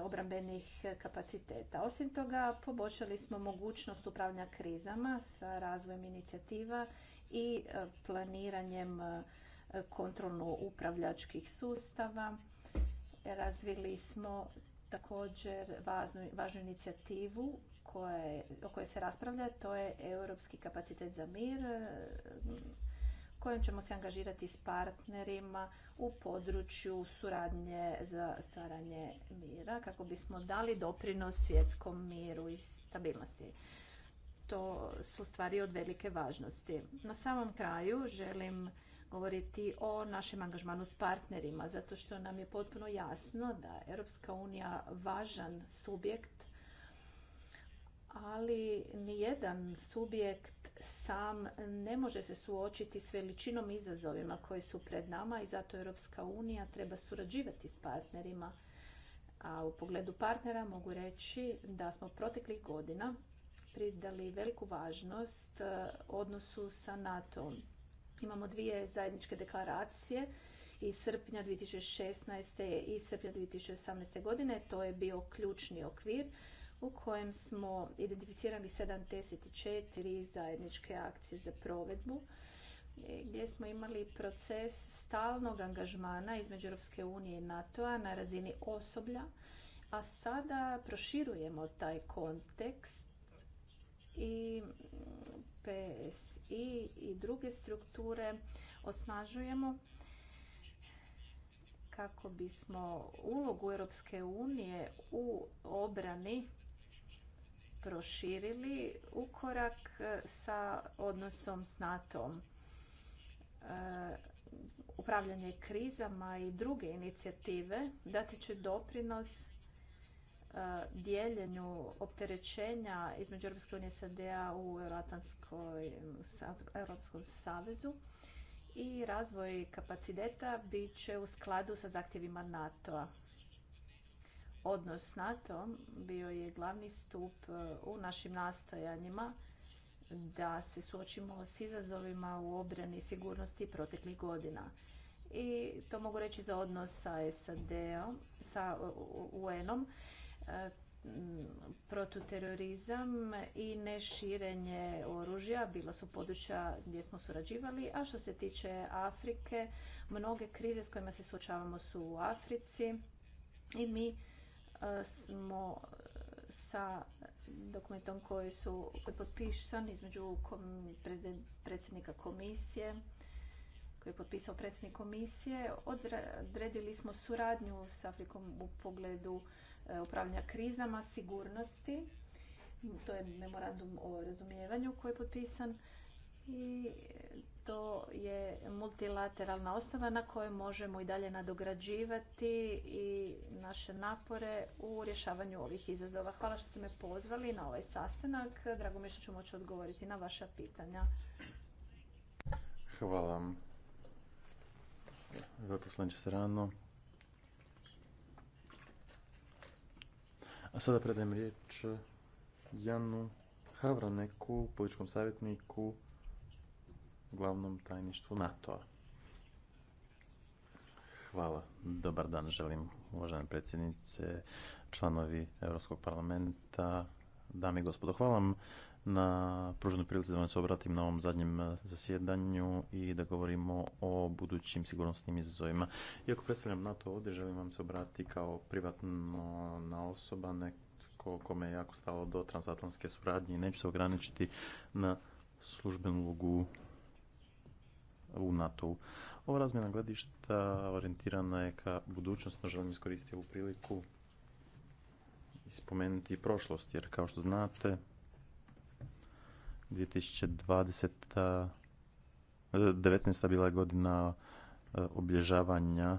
Speaker 2: obrambenih kapaciteta. Osim toga, poboljšali smo mogućnost upravljanja krizama sa razvojem inicijativa i e, planiranjem e, kontrolno-upravljačkih sustava. Razvili smo također važnu inicijativu koje, o kojoj se raspravlja, to je Europski kapacitet za mir e, kojim ćemo se angažirati s partnerima u području suradnje za stvaranje mira kako bismo dali doprinos svjetskom miru i stabilnosti. To su stvari od velike važnosti. Na samom kraju želim govoriti o našem angažmanu s partnerima, zato što nam je potpuno jasno da Europska unija važan subjekt ali nijedan subjekt sam ne može se suočiti s veličinom izazovima koji su pred nama i zato Europska unija treba surađivati s partnerima. A u pogledu partnera mogu reći da smo proteklih godina pridali veliku važnost e, odnosu sa NATO-om. Imamo dvije zajedničke deklaracije iz srpnja 2016. i srpnja 2018. godine. To je bio ključni okvir u kojem smo identificirali 74 zajedničke akcije za provedbu gdje smo imali proces stalnog angažmana između Europske unije i NATO-a na razini osoblja, a sada proširujemo taj kontekst i PSI i druge strukture osnažujemo kako bismo ulogu Europske unije u obrani proširili ukorak e, sa odnosom s NATO-om. E, upravljanje krizama i druge inicijative dati će doprinos e, dijeljenju opterećenja između Europske unije SAD-a u Europskom savezu i razvoj kapaciteta bit će u skladu sa zahtjevima NATO-a odnos s NATO bio je glavni stup e, u našim nastojanjima da se suočimo s izazovima u obrani sigurnosti proteklih godina. I to mogu reći za odnos sa sad sa UN-om, e, protuterorizam i neširenje oružja bila su područja gdje smo surađivali, a što se tiče Afrike, mnoge krize s kojima se suočavamo su u Africi i mi smo eh, sa dokumentom koji su koji je potpisan između predsjednika komisije koji je potpisao predsjednik komisije odredili smo suradnju s Afrikom u pogledu eh, upravljanja krizama, sigurnosti. To je memorandum o razumijevanju koji je potpisan i eh, to je multilateralna osnova na kojoj možemo i dalje nadograđivati i naše napore u rješavanju ovih izazova. Hvala što ste me pozvali na ovaj sastanak. Drago mi je što ću moći odgovoriti na vaša pitanja.
Speaker 3: Hvala vam. Serano. A sada predajem riječ Janu Havraneku, političkom savjetniku glavnom tajništvu NATO-a. Hvala. Dobar dan želim, uvažene predsjednice, članovi Europskog parlamenta, dame i gospodo. Hvala vam na pruženoj prilici da vam se obratim na ovom zadnjem eh, zasjedanju i da govorimo o budućim sigurnosnim izazovima. Iako predstavljam NATO ovdje, želim vam se obratiti kao privatno na osoba, netko kome je jako stalo do transatlantske suradnje i neću se ograničiti na službenu ulogu u NATO-u. Ova razmjena gledišta orijentirana je ka budućnosti, želim iskoristiti ovu priliku i spomenuti prošlost, jer kao što znate, 2020. 19. bila je godina e, obježavanja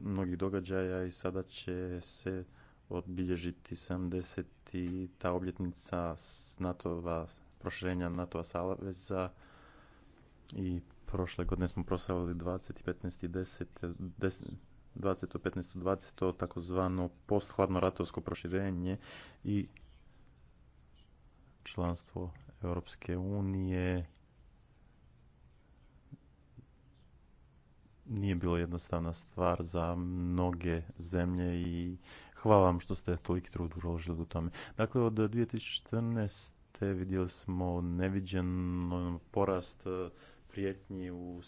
Speaker 3: mnogih događaja i sada će se obilježiti 70. ta obljetnica NATO-va, proširenja NATO-a saveza i prošle godine smo proslavili 20. 15. 10. 10 20. 15. takozvano posthladno ratovsko proširenje i članstvo Europske unije nije bilo jednostavna stvar za mnoge zemlje i hvala vam što ste toliki trud uložili u tome. Dakle, od 2014. vidjeli smo neviđen porast prijetnji, u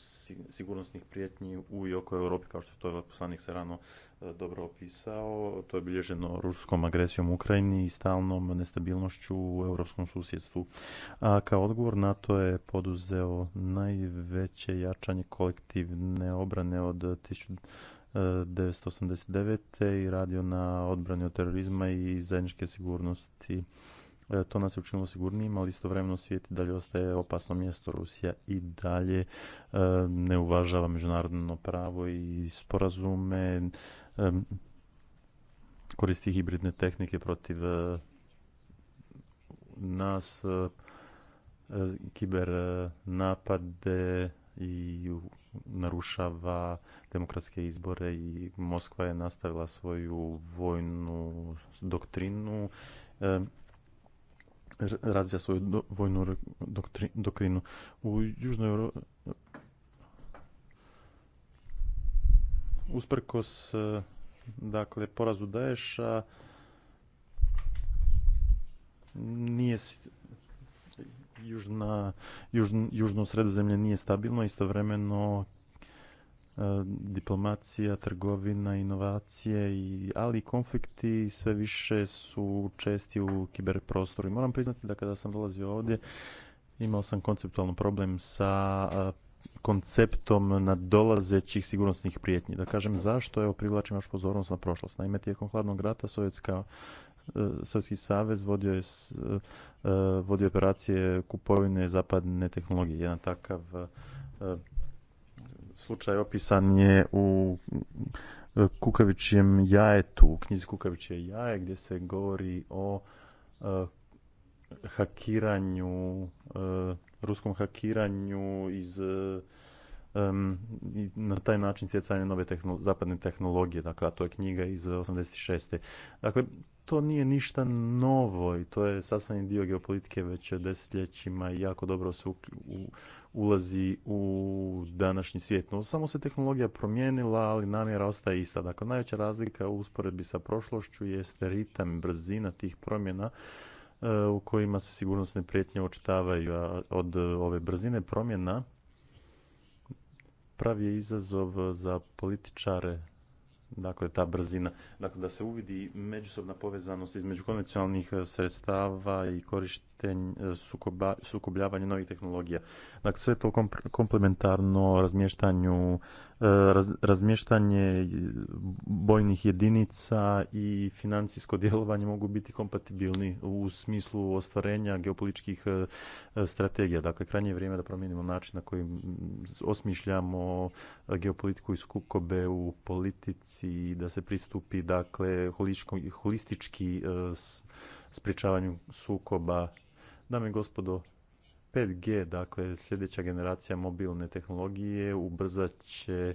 Speaker 3: sigurnosnih prijetnji u i oko Europi, kao što to je poslanik se rano e, dobro opisao. To je bilježeno ruskom agresijom u Ukrajini i stalnom nestabilnošću u europskom susjedstvu. A kao odgovor NATO je poduzeo najveće jačanje kolektivne obrane od 1989. E, i radio na odbrani od terorizma i zajedničke sigurnosti E, to nas je učinilo sigurnijim, ali istovremeno svijet dalje ostaje opasno mjesto. Rusija i dalje e, ne uvažava međunarodno pravo i sporazume, e, koristi hibridne tehnike protiv nas, kiber napade i narušava demokratske izbore i Moskva je nastavila svoju vojnu doktrinu razvija svoju vojnu doktrinu. U Južnoj Euro... Usprkos e, dakle, porazu daješa, nije južno sredozemlje nije stabilno, istovremeno E, diplomacija, trgovina, inovacije, i, ali konflikti sve više su česti u kiberprostoru. I moram priznati da kada sam dolazio ovdje, imao sam konceptualno problem sa e, konceptom nadolazećih sigurnosnih prijetnji. Da kažem zašto, evo privlačim još pozornost na prošlost. Naime, tijekom hladnog rata Sovjetska e, Sovjetski savez vodio je, vodio operacije kupovine zapadne tehnologije. Jedan takav slučaj opisan je u e, Kukavićem jajetu, u knjizi Kukavićem jaje, gdje se govori o e, hakiranju, e, ruskom hakiranju iz i na taj način stjecanje nove zapadne tehnologije, dakle, a to je knjiga iz 86. Dakle, to nije ništa novo i to je sastavni dio geopolitike već desetljećima i jako dobro se u, ulazi u današnji svijet. No, samo se tehnologija promijenila, ali namjera ostaje ista. Dakle, najveća razlika u usporedbi sa prošlošću jeste ritam, brzina tih promjena e, u kojima se sigurnosne prijetnje očitavaju od ove brzine promjena pravi je izazov za političare dakle ta brzina. Dakle, da se uvidi međusobna povezanost između konvencionalnih sredstava i korištenja E, sukoba, sukobljavanje novih tehnologija. Dakle, sve to komplementarno razmještanju, e, razmještanje bojnih jedinica i financijsko djelovanje mogu biti kompatibilni u smislu ostvarenja geopolitičkih e, strategija. Dakle, krajnje je vrijeme da promijenimo način na koji osmišljamo geopolitiku i sukobe u politici, da se pristupi dakle holistički sprječavanju sukoba Dame i gospodo, 5G, dakle sljedeća generacija mobilne tehnologije, ubrzat će e,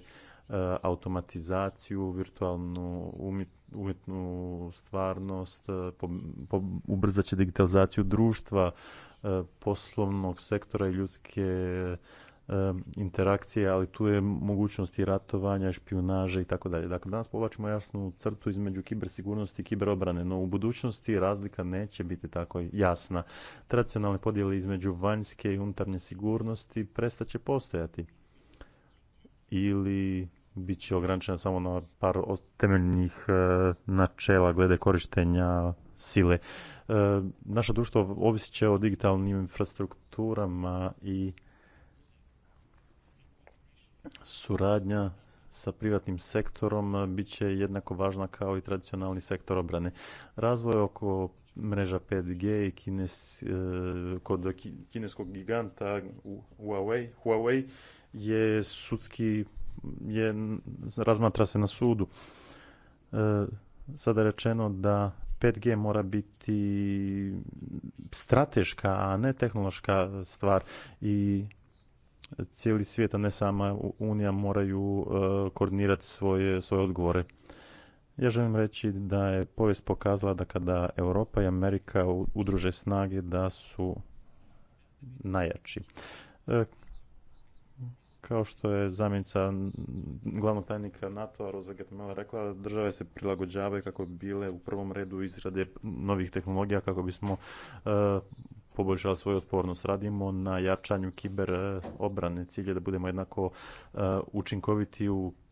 Speaker 3: automatizaciju, virtualnu umjetnu stvarnost, e, po, ubrzat će digitalizaciju društva, e, poslovnog sektora i ljudske interakcije, ali tu je mogućnosti ratovanja, špionaže i tako dalje. Dakle, danas povlačimo jasnu crtu između kibersigurnosti i kiberobrane, no u budućnosti razlika neće biti tako jasna. Tradicionalne podjele između vanjske i unutarnje sigurnosti prestaće postojati ili bit će ograničena samo na par od temeljnih e, načela glede korištenja sile. E, Naša društvo ovisit će o digitalnim infrastrukturama i suradnja sa privatnim sektorom eh, bit će jednako važna kao i tradicionalni sektor obrane. Razvoj oko mreža 5G i kines, eh, kod kineskog giganta Huawei, Huawei je sudski je, razmatra se na sudu. Eh, sada je rečeno da 5G mora biti strateška, a ne tehnološka stvar i cijeli svijet, a ne sama Unija, moraju e, koordinirati svoje, svoje odgovore. Ja želim reći da je povijest pokazala da kada Europa i Amerika udruže snage da su najjači. E, kao što je zamjenica glavnog tajnika nato Rosa rekla, države se prilagođavaju kako bi bile u prvom redu izrade novih tehnologija kako bismo e, poboljšali svoju otpornost. Radimo na jačanju kiber e, obrane. Cilj je da budemo jednako e, učinkoviti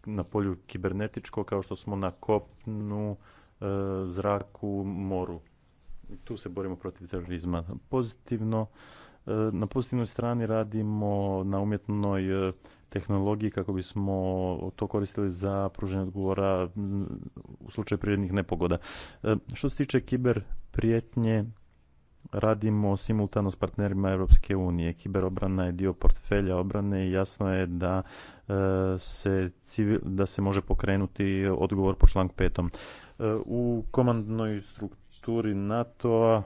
Speaker 3: na polju kibernetičko kao što smo na kopnu, e, zraku, moru. Tu se borimo protiv terorizma. Pozitivno, na pozitivnoj strani radimo na umjetnoj tehnologiji kako bismo to koristili za pružanje odgovora u slučaju prirodnih nepogoda. Što se tiče kiber prijetnje, radimo simultano s partnerima Europske unije. Kiberobrana je dio portfelja obrane i jasno je da e, se, da se može pokrenuti odgovor po članku petom. E, u komandnoj strukturi NATO-a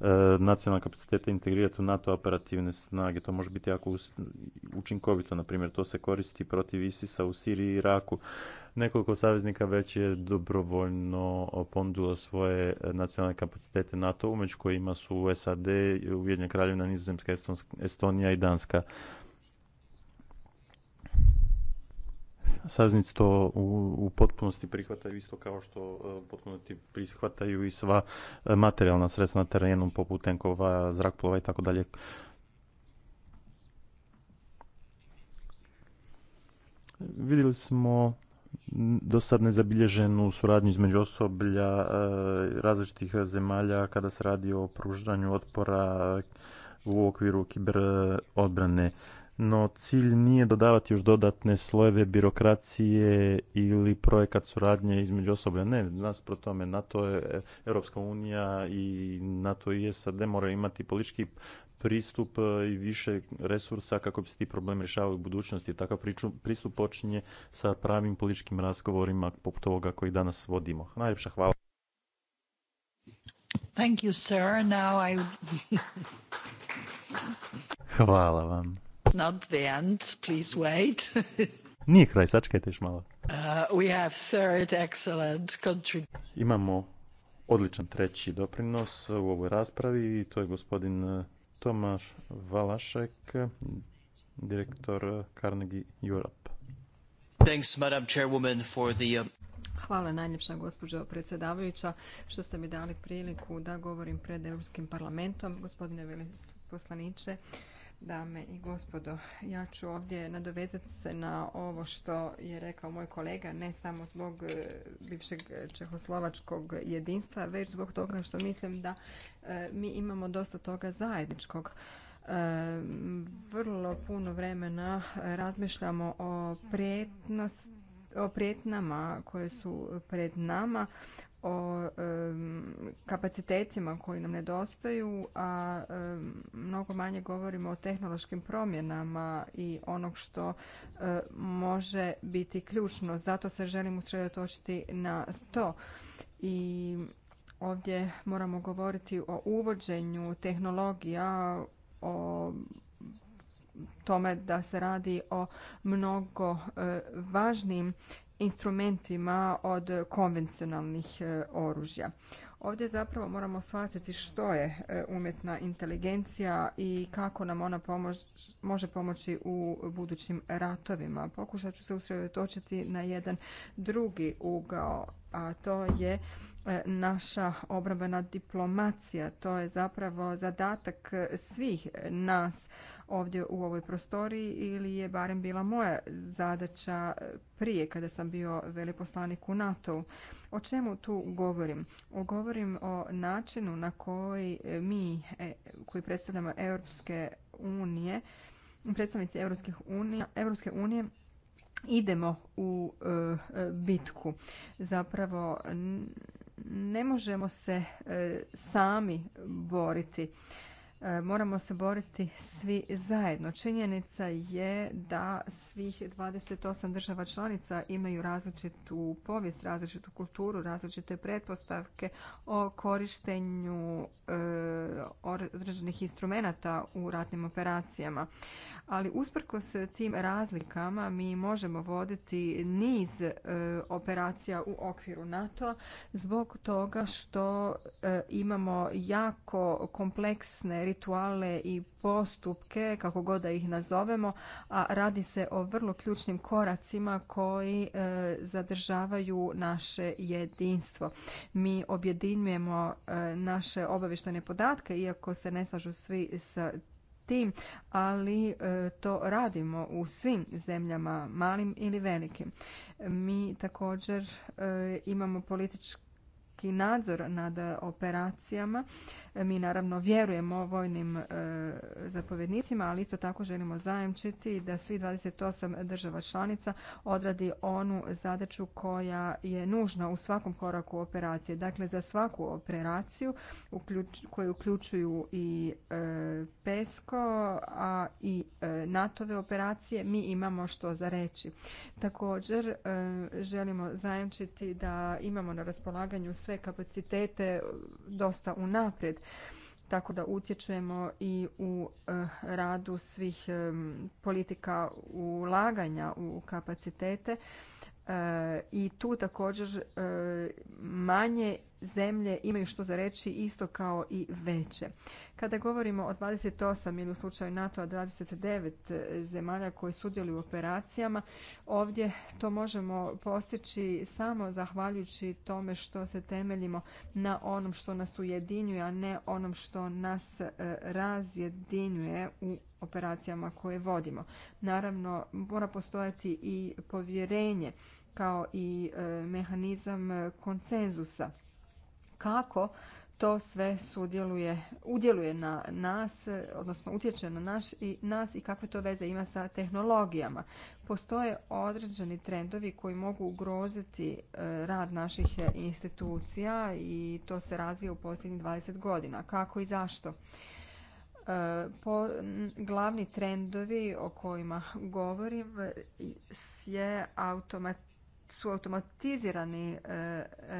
Speaker 3: E, nacionalne kapacitete integrirati u NATO operativne snage. To može biti jako učinkovito. Na primjer, to se koristi protiv ISIS-a u Siriji i Iraku. Nekoliko saveznika već je dobrovoljno ponudilo svoje nacionalne kapacitete NATO, među kojima su SAD, Ujedinjena kraljevina, Nizozemska, Estonija i Danska. saveznici to u, potpunosti prihvataju isto kao što e, u potpunosti prihvataju i sva e, materijalna sredstva na terenu poput tenkova, zrakoplova i tako dalje. Vidjeli smo do sad nezabilježenu suradnju između osoblja e, različitih zemalja kada se radi o pružanju otpora u okviru kiber obrane no cilj nije dodavati još dodatne slojeve birokracije ili projekat suradnje između osoblja. Ne, nas pro tome, NATO je, Europska unija i NATO i SAD moraju imati politički pristup e, i više resursa kako bi se ti problemi rješavali u budućnosti. Takav pristup počinje sa pravim političkim razgovorima poput ovoga koji danas vodimo. Najljepša hvala.
Speaker 1: Thank you, sir. Now I...
Speaker 3: hvala vam.
Speaker 1: Not the please wait.
Speaker 3: Nije kraj, sačekajte još malo. Uh, Imamo odličan treći doprinos u ovoj raspravi i to je gospodin uh, Tomaš Valašek, direktor uh, Carnegie Europe. Thanks, Madam Chairwoman,
Speaker 1: Hvala najljepša gospođo predsjedavajuća što ste mi dali priliku da govorim pred Europskim parlamentom. Gospodine veleposlaniče, dame i gospodo. Ja ću ovdje nadovezati se na ovo što je rekao moj kolega, ne samo zbog e, bivšeg čehoslovačkog jedinstva, već zbog toga što mislim da e, mi imamo dosta toga zajedničkog. E, vrlo puno vremena razmišljamo o prijetnosti o prijetnama koje su pred nama, o kapacitetima koji nam nedostaju, a mnogo manje govorimo o tehnološkim promjenama i onog što e, može biti ključno. Zato se želim usredotočiti na to. I ovdje moramo govoriti o uvođenju tehnologija, o tome da se radi o mnogo e, važnim instrumentima od konvencionalnih e, oružja. Ovdje zapravo moramo shvatiti što je e, umjetna inteligencija i kako nam ona može pomoći u budućim ratovima. Pokušat ću se usredotočiti na jedan drugi ugao, a to je e, naša obrambena diplomacija. To je zapravo zadatak svih nas ovdje u ovoj prostoriji ili je barem bila moja zadaća e, prije kada sam bio veleposlanik u NATO-u. O čemu tu govorim? Govorim o načinu na koji e, mi, e, koji predstavljamo Europske unije, predstavnici Europskih Europske unije idemo u bitku. Zapravo ne možemo se sami boriti. E, moramo se boriti svi zajedno. Činjenica je da svih 28 država članica imaju različitu povijest, različitu kulturu, različite pretpostavke o korištenju e, određenih instrumenata u ratnim operacijama. Ali usprkos tim razlikama mi možemo voditi niz e, operacija u okviru NATO zbog toga što imamo jako kompleksne rituale i postupke, kako god da ih nazovemo, a radi se o vrlo ključnim koracima koji e, zadržavaju naše jedinstvo. Mi objedinjujemo e, naše obavištene podatke, iako se ne slažu svi sa tim, ali e, to radimo u svim zemljama, malim ili velikim. Mi također imamo politički nadzor nad operacijama mi naravno vjerujemo vojnim e, zapovjednicima, ali isto tako želimo zajamčiti da svi 28 država članica odradi onu zadaću koja je nužna u svakom koraku operacije. Dakle, za svaku operaciju koju uključuju i e, PESCO, a i e, NATO-ve operacije, mi imamo što za reći. Također, želimo zajamčiti da imamo na raspolaganju sve kapacitete dosta unaprijed tako da utječemo i u eh, radu svih eh, politika ulaganja u kapacitete eh, i tu također manje zemlje imaju što za reći isto kao i veće. Kada govorimo o 28 ili u slučaju NATO-a 29 zemalja koji sudjeluju u operacijama, ovdje to možemo postići samo zahvaljujući tome što se temeljimo na onom što nas ujedinjuje, a ne onom što nas e, razjedinjuje u operacijama koje vodimo. Naravno, mora postojati i povjerenje kao i e, mehanizam konsenzusa kako to sve sudjeluje, udjeluje na nas, odnosno utječe na i nas i kakve to veze ima sa tehnologijama. Postoje određeni trendovi koji mogu ugroziti e, rad naših institucija i to se razvija u posljednjih 20 godina. Kako i zašto? E, po, glavni trendovi o kojima govorim je automat, su automatizirani e,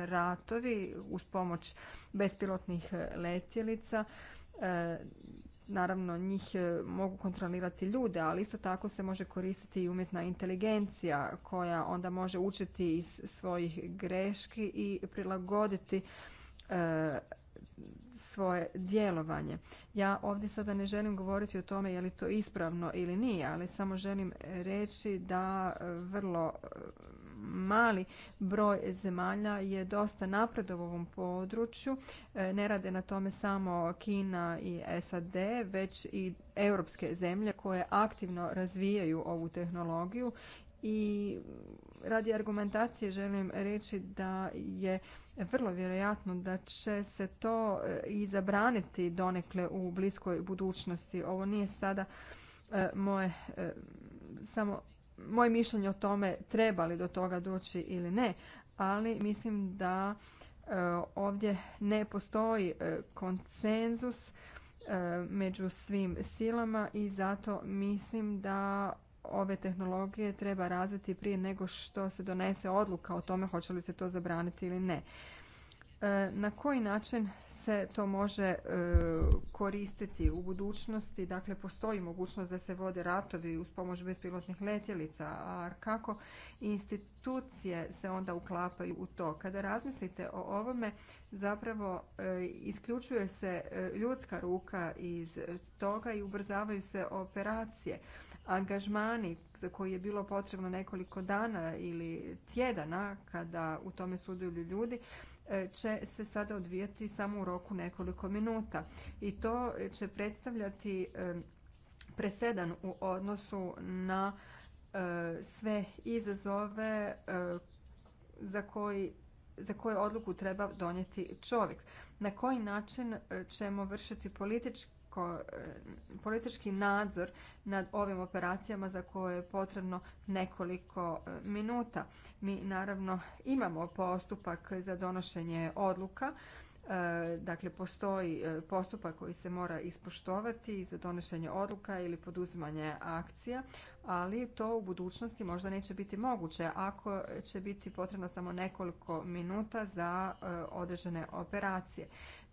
Speaker 1: ratovi uz pomoć bespilotnih e, letjelica. E, naravno, njih mogu kontrolirati ljude, ali isto tako se može koristiti i umjetna inteligencija koja onda može učiti iz svojih greški i prilagoditi svoje djelovanje. Ja ovdje sada ne želim govoriti o tome je li to ispravno ili nije, ali samo želim reći da vrlo mali broj zemalja je dosta napredo u ovom području. E, ne rade na tome samo Kina i SAD, već i europske zemlje koje aktivno razvijaju ovu tehnologiju i radi argumentacije želim reći da je vrlo vjerojatno da će se to e, i zabraniti donekle u bliskoj budućnosti. Ovo nije sada e, moje samo moje mišljenje o tome treba li do toga doći ili ne, ali mislim da e, ovdje ne postoji e, konsenzus e, među svim silama i zato mislim da ove tehnologije treba razviti prije nego što se donese odluka o tome hoće li se to zabraniti ili ne. E, na koji način se to može e, koristiti u budućnosti? Dakle, postoji mogućnost da se vode ratovi uz pomoć bespilotnih letjelica, a kako institucije se onda uklapaju u to? Kada razmislite o ovome, zapravo e, isključuje se ljudska ruka iz toga i ubrzavaju se operacije. Angažmani za koji je bilo potrebno nekoliko dana ili tjedana kada u tome sudjeluju ljudi, će se sada odvijati samo u roku nekoliko minuta i to će predstavljati e, presedan u odnosu na e, sve izazove e, za, koji, za koje odluku treba donijeti čovjek. Na koji način ćemo vršiti politički E, politički nadzor nad ovim operacijama za koje je potrebno nekoliko e, minuta. Mi naravno imamo postupak za donošenje odluka, e, dakle postoji postupak koji se mora ispoštovati za donošenje odluka ili poduzimanje akcija, ali to u budućnosti možda neće biti moguće ako će biti potrebno samo nekoliko minuta za određene operacije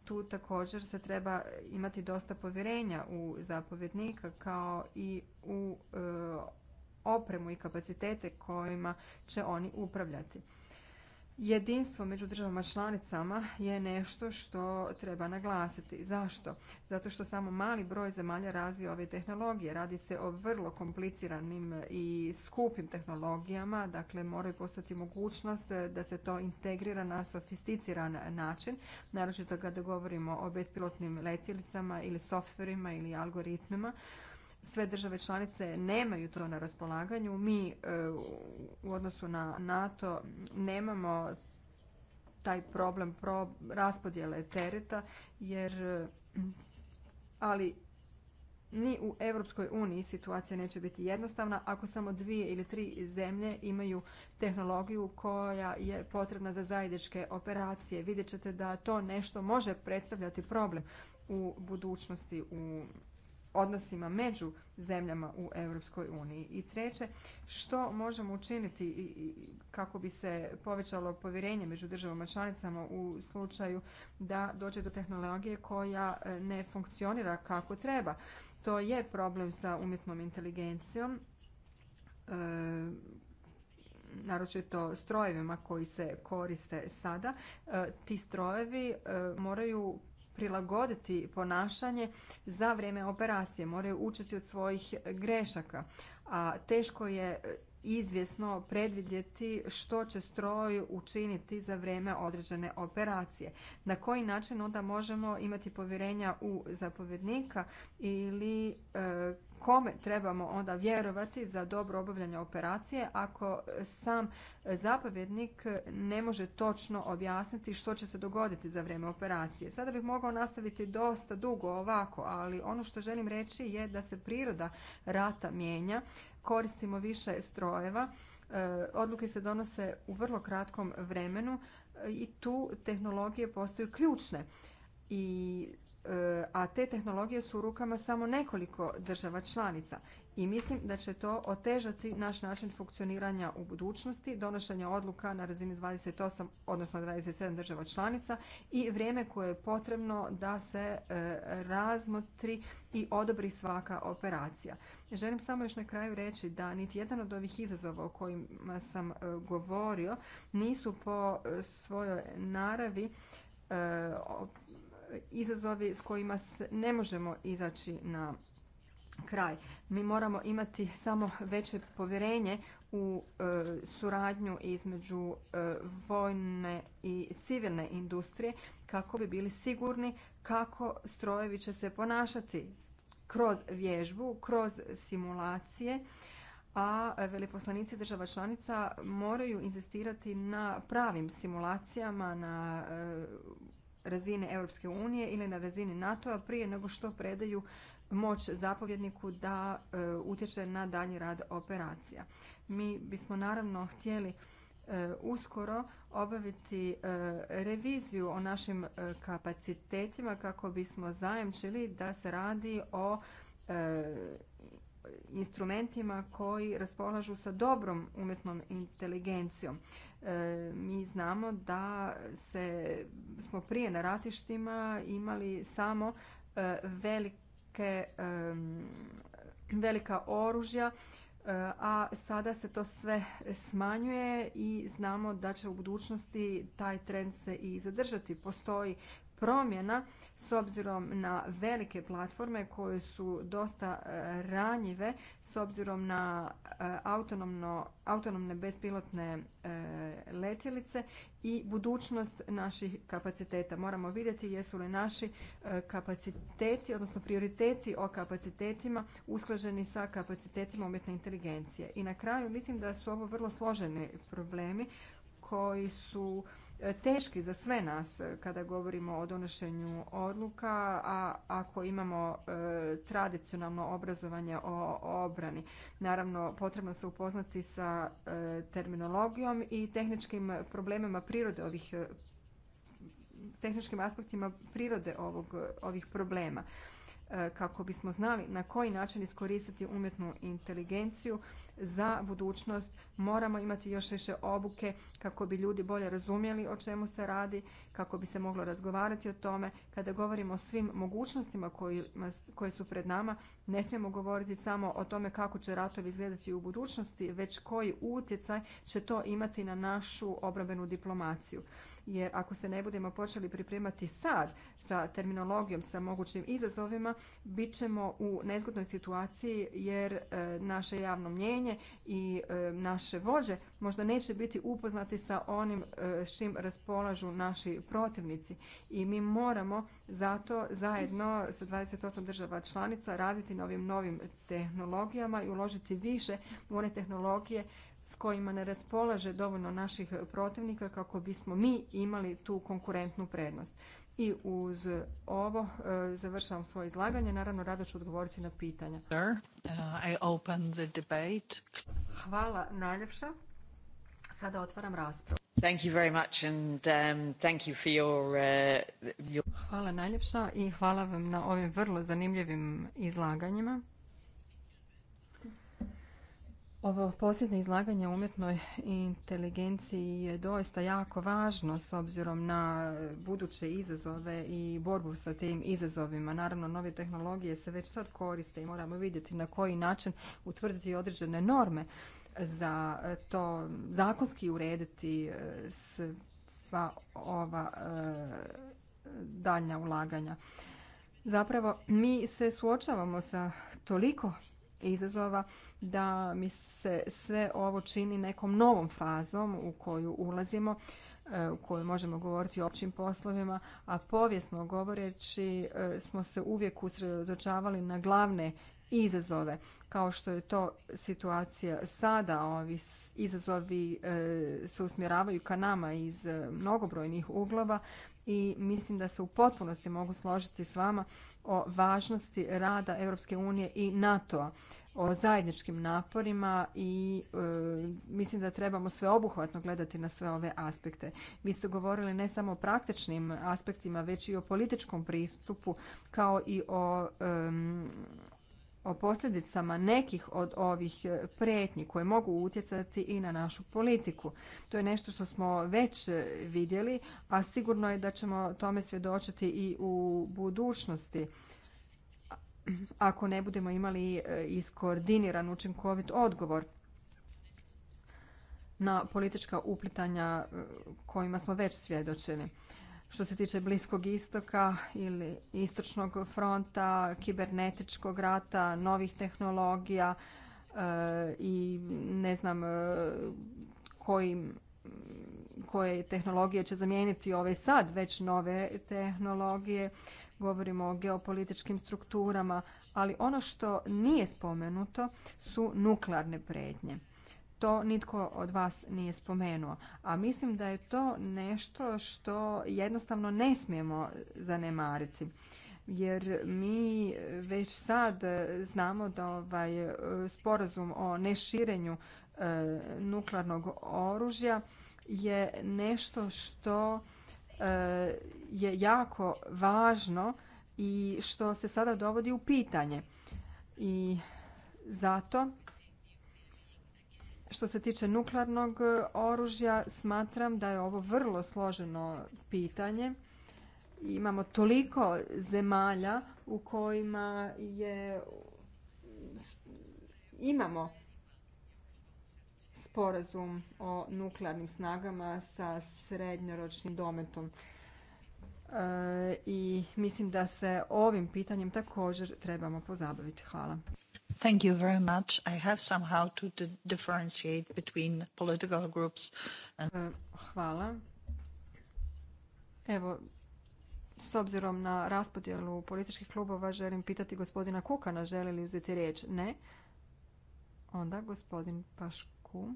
Speaker 1: tu također se treba imati dosta povjerenja u zapovjednika kao i u e, opremu i kapacitete kojima će oni upravljati. Jedinstvo među državama članicama je nešto što treba naglasiti. Zašto? Zato što samo mali broj zemalja razvija ove tehnologije. Radi se o vrlo kompliciranim i skupim tehnologijama, dakle moraju postati mogućnost da se to integrira na sofisticiran način, naročito kada govorimo o bespilotnim letjelicama ili softverima ili algoritmima sve države članice nemaju to na raspolaganju. Mi e, u odnosu na NATO nemamo taj problem raspodjele tereta jer e, ali ni u Europskoj uniji situacija neće biti jednostavna ako samo dvije ili tri zemlje imaju tehnologiju koja je potrebna za zajedničke operacije. Vidjet ćete da to nešto može predstavljati problem u budućnosti u odnosima među zemljama u Europskoj uniji. I treće, što možemo učiniti kako bi se povećalo povjerenje među državama članicama u slučaju da dođe do tehnologije koja e, ne funkcionira kako treba. To je problem sa umjetnom inteligencijom, e, naročito strojevima koji se koriste sada. E, ti strojevi moraju prilagoditi ponašanje za vrijeme operacije, moraju učiti od svojih grešaka, a teško je e, izvjesno predvidjeti što će stroj učiniti za vrijeme određene operacije. Na koji način onda možemo imati povjerenja u zapovjednika ili e, kome trebamo onda vjerovati za dobro obavljanje operacije ako sam zapovjednik ne može točno objasniti što će se dogoditi za vrijeme operacije. Sada bih mogao nastaviti dosta dugo ovako, ali ono što želim reći je da se priroda rata mijenja, koristimo više strojeva, e, odluke se donose u vrlo kratkom vremenu e, i tu tehnologije postaju ključne i a te tehnologije su u rukama samo nekoliko država članica i mislim da će to otežati naš način funkcioniranja u budućnosti, donošenja odluka na razini 28, odnosno 27 država članica i vrijeme koje je potrebno da se e, razmotri i odobri svaka operacija. Želim samo još na kraju reći da niti jedan od ovih izazova o kojima sam e, govorio nisu po e, svojoj naravi izazovi s kojima ne možemo izaći na kraj. Mi moramo imati samo veće povjerenje u e, suradnju između e, vojne i civilne industrije kako bi bili sigurni kako strojevi će se ponašati kroz vježbu, kroz simulacije, a veleposlanici država članica moraju inzistirati na pravim simulacijama, na e, razine Europske unije ili na razini NATO-a prije nego što predaju moć zapovjedniku da e, utječe na dalji rad operacija. Mi bismo naravno htjeli e, uskoro obaviti e, reviziju o našim kapacitetima kako bismo zajemčili da se radi o instrumentima koji raspolažu sa dobrom umjetnom inteligencijom. E, mi znamo da se, smo prije na ratištima imali samo e, velike, velika oružja, e, a sada se to sve smanjuje i znamo da će u budućnosti taj trend se i zadržati. Postoji promjena s obzirom na velike platforme koje su dosta e, ranjive s obzirom na e, autonomne bespilotne e, letjelice i budućnost naših kapaciteta. Moramo vidjeti jesu li naši kapaciteti, odnosno prioriteti o kapacitetima usklađeni sa kapacitetima umjetne inteligencije. I na kraju mislim da su ovo vrlo složeni problemi koji su e, teški za sve nas e, kada govorimo o donošenju odluka, a ako imamo e, tradicionalno obrazovanje o obrani. Naravno, potrebno se upoznati sa terminologijom i tehničkim problemima prirode ovih tehničkim aspektima prirode ovog, ovih problema. E, kako bismo znali na koji način iskoristiti umjetnu inteligenciju za budućnost moramo imati još više obuke kako bi ljudi bolje razumjeli o čemu se radi, kako bi se moglo razgovarati o tome. Kada govorimo o svim mogućnostima koje su pred nama, ne smijemo govoriti samo o tome kako će ratovi izgledati u budućnosti, već koji utjecaj će to imati na našu obrambenu diplomaciju jer ako se ne budemo počeli pripremati sad sa terminologijom, sa mogućim izazovima, bit ćemo u nezgodnoj situaciji jer e, naše javno mnjenje i e, naše vođe možda neće biti upoznati sa onim e, s čim raspolažu naši protivnici. I mi moramo zato zajedno sa 28 država članica raditi na ovim novim tehnologijama i uložiti više u one tehnologije s kojima ne raspolaže dovoljno naših protivnika kako bismo mi imali tu konkurentnu prednost. I uz ovo e, završavam svoje izlaganje. Naravno, rado ću odgovoriti na pitanja. Uh, hvala najljepša. Sada otvaram raspravu. Hvala najljepša i hvala vam na ovim vrlo zanimljivim izlaganjima. Ovo posljednje izlaganje umjetnoj inteligenciji je doista jako važno s obzirom na buduće izazove i borbu sa tim izazovima. Naravno, nove tehnologije se već sad koriste i moramo vidjeti na koji način utvrditi određene norme za to zakonski urediti e, sva ova e, daljnja ulaganja. Zapravo, mi se suočavamo sa toliko izazova da mi se sve ovo čini nekom novom fazom u koju ulazimo e, u kojoj možemo govoriti o općim poslovima, a povijesno govoreći e, smo se uvijek usredočavali na glavne izazove, kao što je to situacija sada. Ovi izazovi e, se usmjeravaju ka nama iz mnogobrojnih uglova, i mislim da se u potpunosti mogu složiti s vama o važnosti rada Europske unije i NATO-a o zajedničkim naporima i e, mislim da trebamo sveobuhvatno gledati na sve ove aspekte. Vi ste govorili ne samo o praktičnim aspektima, već i o političkom pristupu kao i o o posljedicama nekih od ovih e, prijetnji koje mogu utjecati i na našu politiku. To je nešto što smo već e, vidjeli, a sigurno je da ćemo tome svjedočiti i u budućnosti ako ne budemo imali e, iskoordiniran učinkovit odgovor na politička uplitanja kojima smo već svjedočili što se tiče Bliskog istoka ili istočnog fronta, kibernetičkog rata, novih tehnologija eh, i ne znam eh, koje tehnologije će zamijeniti ove sad već nove tehnologije. Govorimo o geopolitičkim strukturama, ali ono što nije spomenuto su nuklearne prednje to nitko od vas nije spomenuo. A mislim da je to nešto što jednostavno ne smijemo zanemariti. Jer mi već sad znamo da ovaj e, sporazum o neširenju e, nuklearnog oružja je nešto što e, je jako važno i što se sada dovodi u pitanje. I zato što se tiče nuklearnog e, oružja, smatram da je ovo vrlo složeno pitanje. Imamo toliko zemalja u kojima je imamo sporazum o nuklearnim snagama sa srednjoročnim dometom. E, I mislim da se ovim pitanjem također trebamo pozabaviti. Hvala. Thank you very much. I have somehow to differentiate between political groups e, Hvala. Evo, s obzirom na raspodjelu političkih klubova želim pitati gospodina Kukana želi li uzeti riječ? Ne. Onda gospodin Pašku.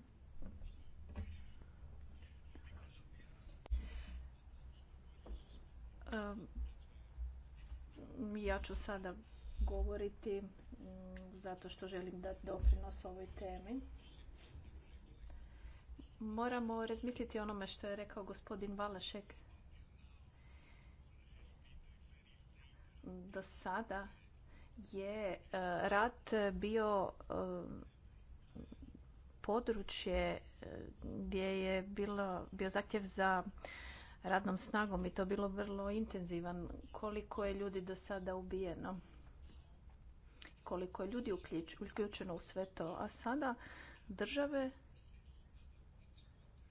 Speaker 2: Um, ja ću sada govoriti Mm, zato što želim dati doprinos ovoj temi. Moramo razmisliti onome što je rekao gospodin Valašek. Do sada je e, rat bio e, područje e, gdje je bilo, bio zahtjev za radnom snagom i to bilo vrlo intenzivan. Koliko je ljudi do sada ubijeno? koliko je ljudi uključeno u sve to. A sada države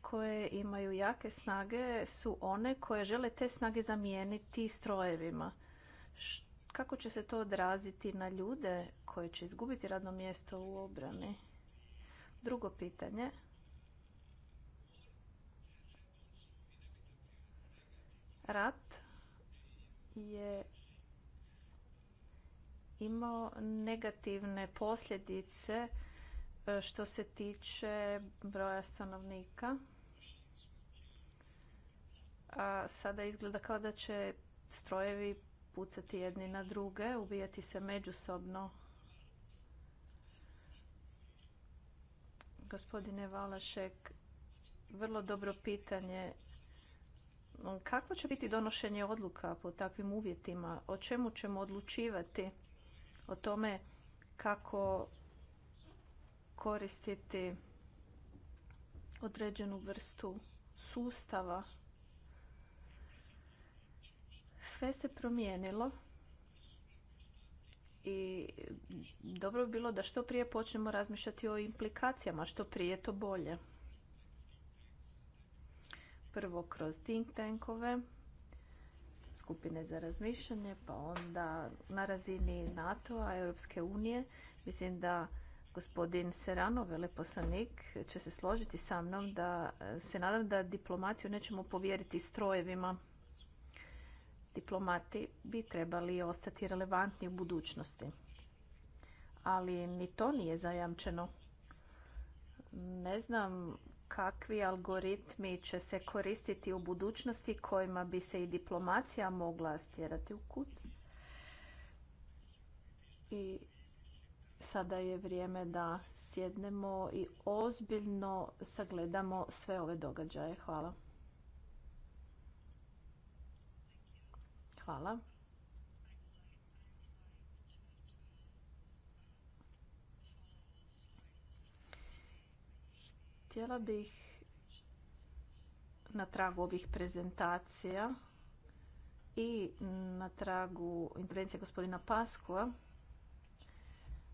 Speaker 2: koje imaju jake snage su one koje žele te snage zamijeniti strojevima. Kako će se to odraziti na ljude koji će izgubiti radno mjesto u obrani? Drugo pitanje. Rat je imao negativne posljedice e, što se tiče broja stanovnika. A sada izgleda kao da će strojevi pucati jedni na druge, ubijati se međusobno. Gospodine Valašek, vrlo dobro pitanje. Kako će biti donošenje odluka po takvim uvjetima? O čemu ćemo odlučivati? o tome kako koristiti određenu vrstu sustava. Sve se promijenilo i dobro bi bilo da što prije počnemo razmišljati o implikacijama, što prije to bolje. Prvo kroz think tankove, skupine za razmišljanje, pa onda na razini NATO-a, Europske unije. Mislim da gospodin Serano, veleposlanik, će se složiti sa mnom da se nadam da diplomaciju nećemo povjeriti strojevima. Diplomati bi trebali ostati relevantni u budućnosti. Ali ni to nije zajamčeno. Ne znam kakvi algoritmi će se koristiti u budućnosti kojima bi se i diplomacija mogla stjerati u kut. I sada je vrijeme da sjednemo i ozbiljno sagledamo sve ove događaje. Hvala. Hvala. Htjela bih na tragu ovih prezentacija i na tragu intervencije gospodina Paskova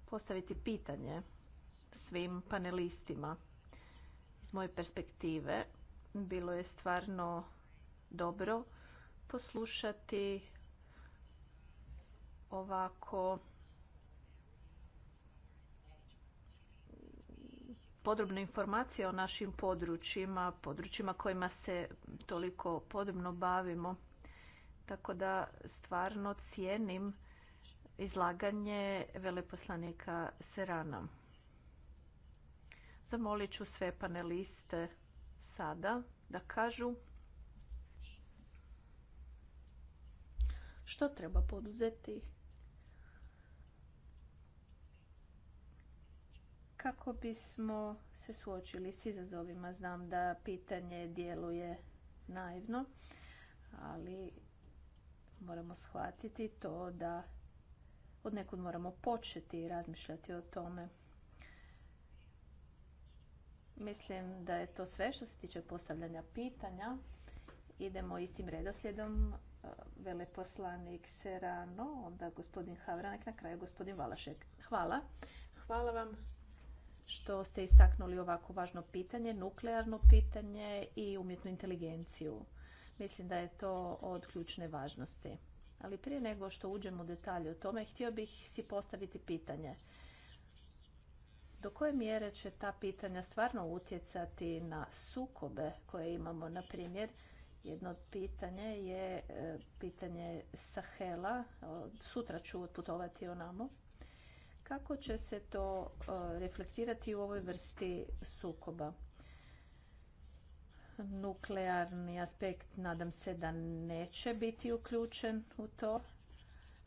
Speaker 2: postaviti pitanje svim panelistima. Iz moje perspektive bilo je stvarno dobro poslušati ovako podrobne informacije o našim područjima, područjima kojima se toliko podrobno bavimo. Tako da stvarno cijenim izlaganje veleposlanika Serana. Zamolit ću sve paneliste sada da kažu što treba poduzeti kako bismo se suočili s izazovima. Znam da pitanje djeluje naivno, ali moramo shvatiti to da od nekud moramo početi razmišljati o tome. Mislim da je to sve što se tiče postavljanja pitanja. Idemo istim redoslijedom. Veleposlanik Serano, onda gospodin Havranek, na kraju gospodin Valašek. Hvala. Hvala vam što ste istaknuli ovako važno pitanje, nuklearno pitanje i umjetnu inteligenciju. Mislim da je to od ključne važnosti. Ali prije nego što uđemo u detalje o tome, htio bih si postaviti pitanje. Do koje mjere će ta pitanja stvarno utjecati na sukobe koje imamo? Na primjer, jedno od pitanja je e, pitanje Sahela. Sutra ću otputovati onamo. Kako će se to e, reflektirati u ovoj vrsti sukoba? Nuklearni aspekt nadam se da neće biti uključen u to.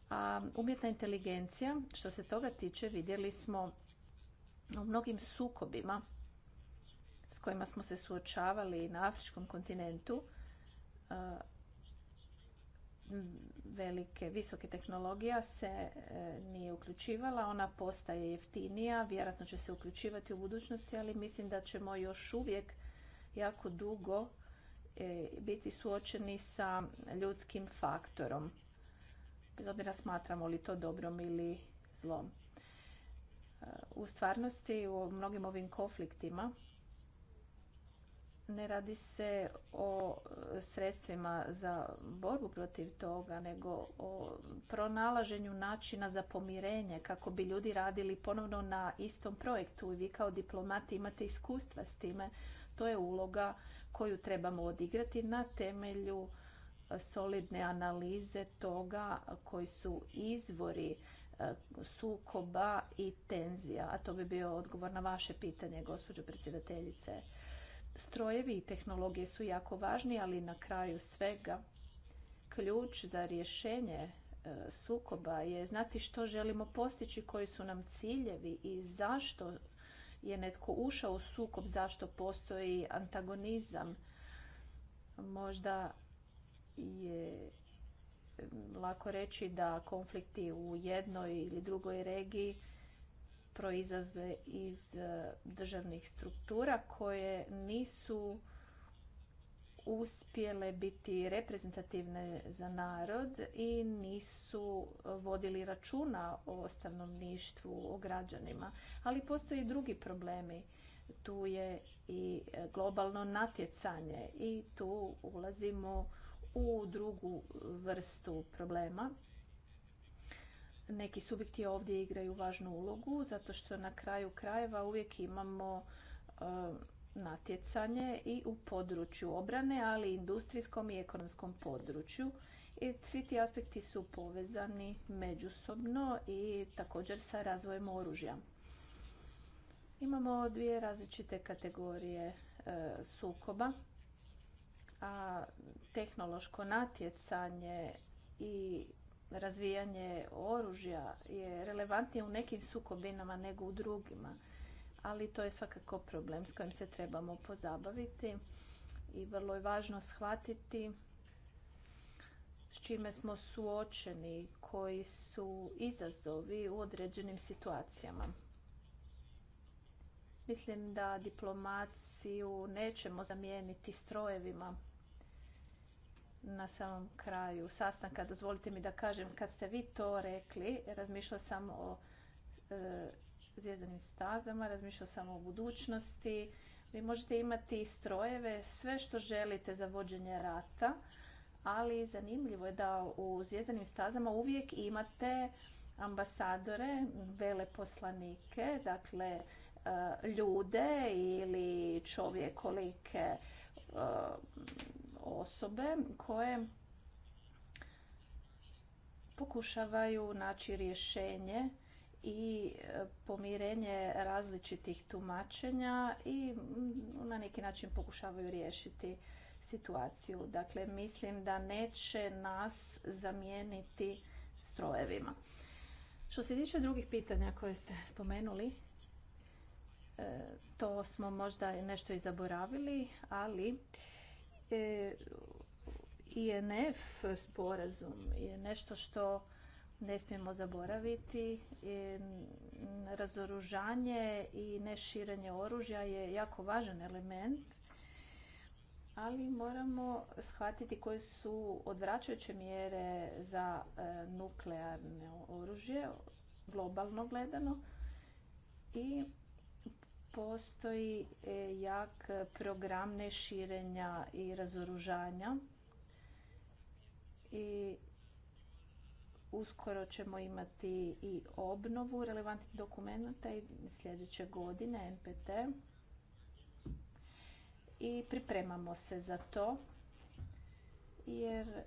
Speaker 2: A umjetna inteligencija, što se toga tiče, vidjeli smo u mnogim sukobima s kojima smo se suočavali na afričkom kontinentu e, velike, visoke tehnologija se e, nije uključivala. Ona postaje jeftinija, vjerojatno će se uključivati u budućnosti, ali mislim da ćemo još uvijek jako dugo e, biti suočeni sa ljudskim faktorom. Bez obzira smatramo li to dobrom ili zlom. E, u stvarnosti, u mnogim ovim konfliktima, ne radi se o e, sredstvima za borbu protiv toga, nego o pronalaženju načina za pomirenje kako bi ljudi radili ponovno na istom projektu. I vi kao diplomati imate iskustva s time. To je uloga koju trebamo odigrati na temelju e, solidne analize toga koji su izvori e, sukoba i tenzija. A to bi bio odgovor na vaše pitanje, gospođo predsjedateljice. Strojevi i tehnologije su jako važni, ali na kraju svega ključ za rješenje e, sukoba je znati što želimo postići, koji su nam ciljevi i zašto je netko ušao u sukob, zašto postoji antagonizam. Možda je e, lako reći da konflikti u jednoj ili drugoj regiji proizaze iz e, državnih struktura koje nisu uspjele biti reprezentativne za narod i nisu vodili računa o stanovništvu, o građanima. Ali postoje i drugi problemi. Tu je i e, globalno natjecanje i tu ulazimo u drugu vrstu problema neki subjekti ovdje igraju važnu ulogu zato što na kraju krajeva uvijek imamo eh, natjecanje i u području obrane, ali i industrijskom i ekonomskom području. I svi ti aspekti su povezani međusobno i također sa razvojem oružja. Imamo dvije različite kategorije eh, sukoba, a tehnološko natjecanje i razvijanje oružja je relevantnije u nekim sukobinama nego u drugima. Ali to je svakako problem s kojim se trebamo pozabaviti i vrlo je važno shvatiti s čime smo suočeni, koji su izazovi u određenim situacijama. Mislim da diplomaciju nećemo zamijeniti strojevima na samom kraju sastanka. Dozvolite mi da kažem, kad ste vi to rekli, razmišljala sam o e, zvijezdanim stazama, razmišljala sam o budućnosti. Vi možete imati strojeve, sve što želite za vođenje rata, ali zanimljivo je da u zvijezdanim stazama uvijek imate ambasadore, veleposlanike, dakle e, ljude ili čovjekolike e, osobe koje pokušavaju naći rješenje i e, pomirenje različitih tumačenja i mm, na neki način pokušavaju riješiti situaciju. Dakle, mislim da neće nas zamijeniti strojevima. Što se tiče drugih pitanja koje ste spomenuli, e, to smo možda nešto i zaboravili, ali E, INF sporazum je nešto što ne smijemo zaboraviti. E, razoružanje i širenje oružja je jako važan element, ali moramo shvatiti koje su odvraćajuće mjere za e, nuklearno oružje, globalno gledano. I postoji e, jak program neširenja i razoružanja i uskoro ćemo imati i obnovu relevantnih dokumenta i sljedeće godine NPT i pripremamo se za to jer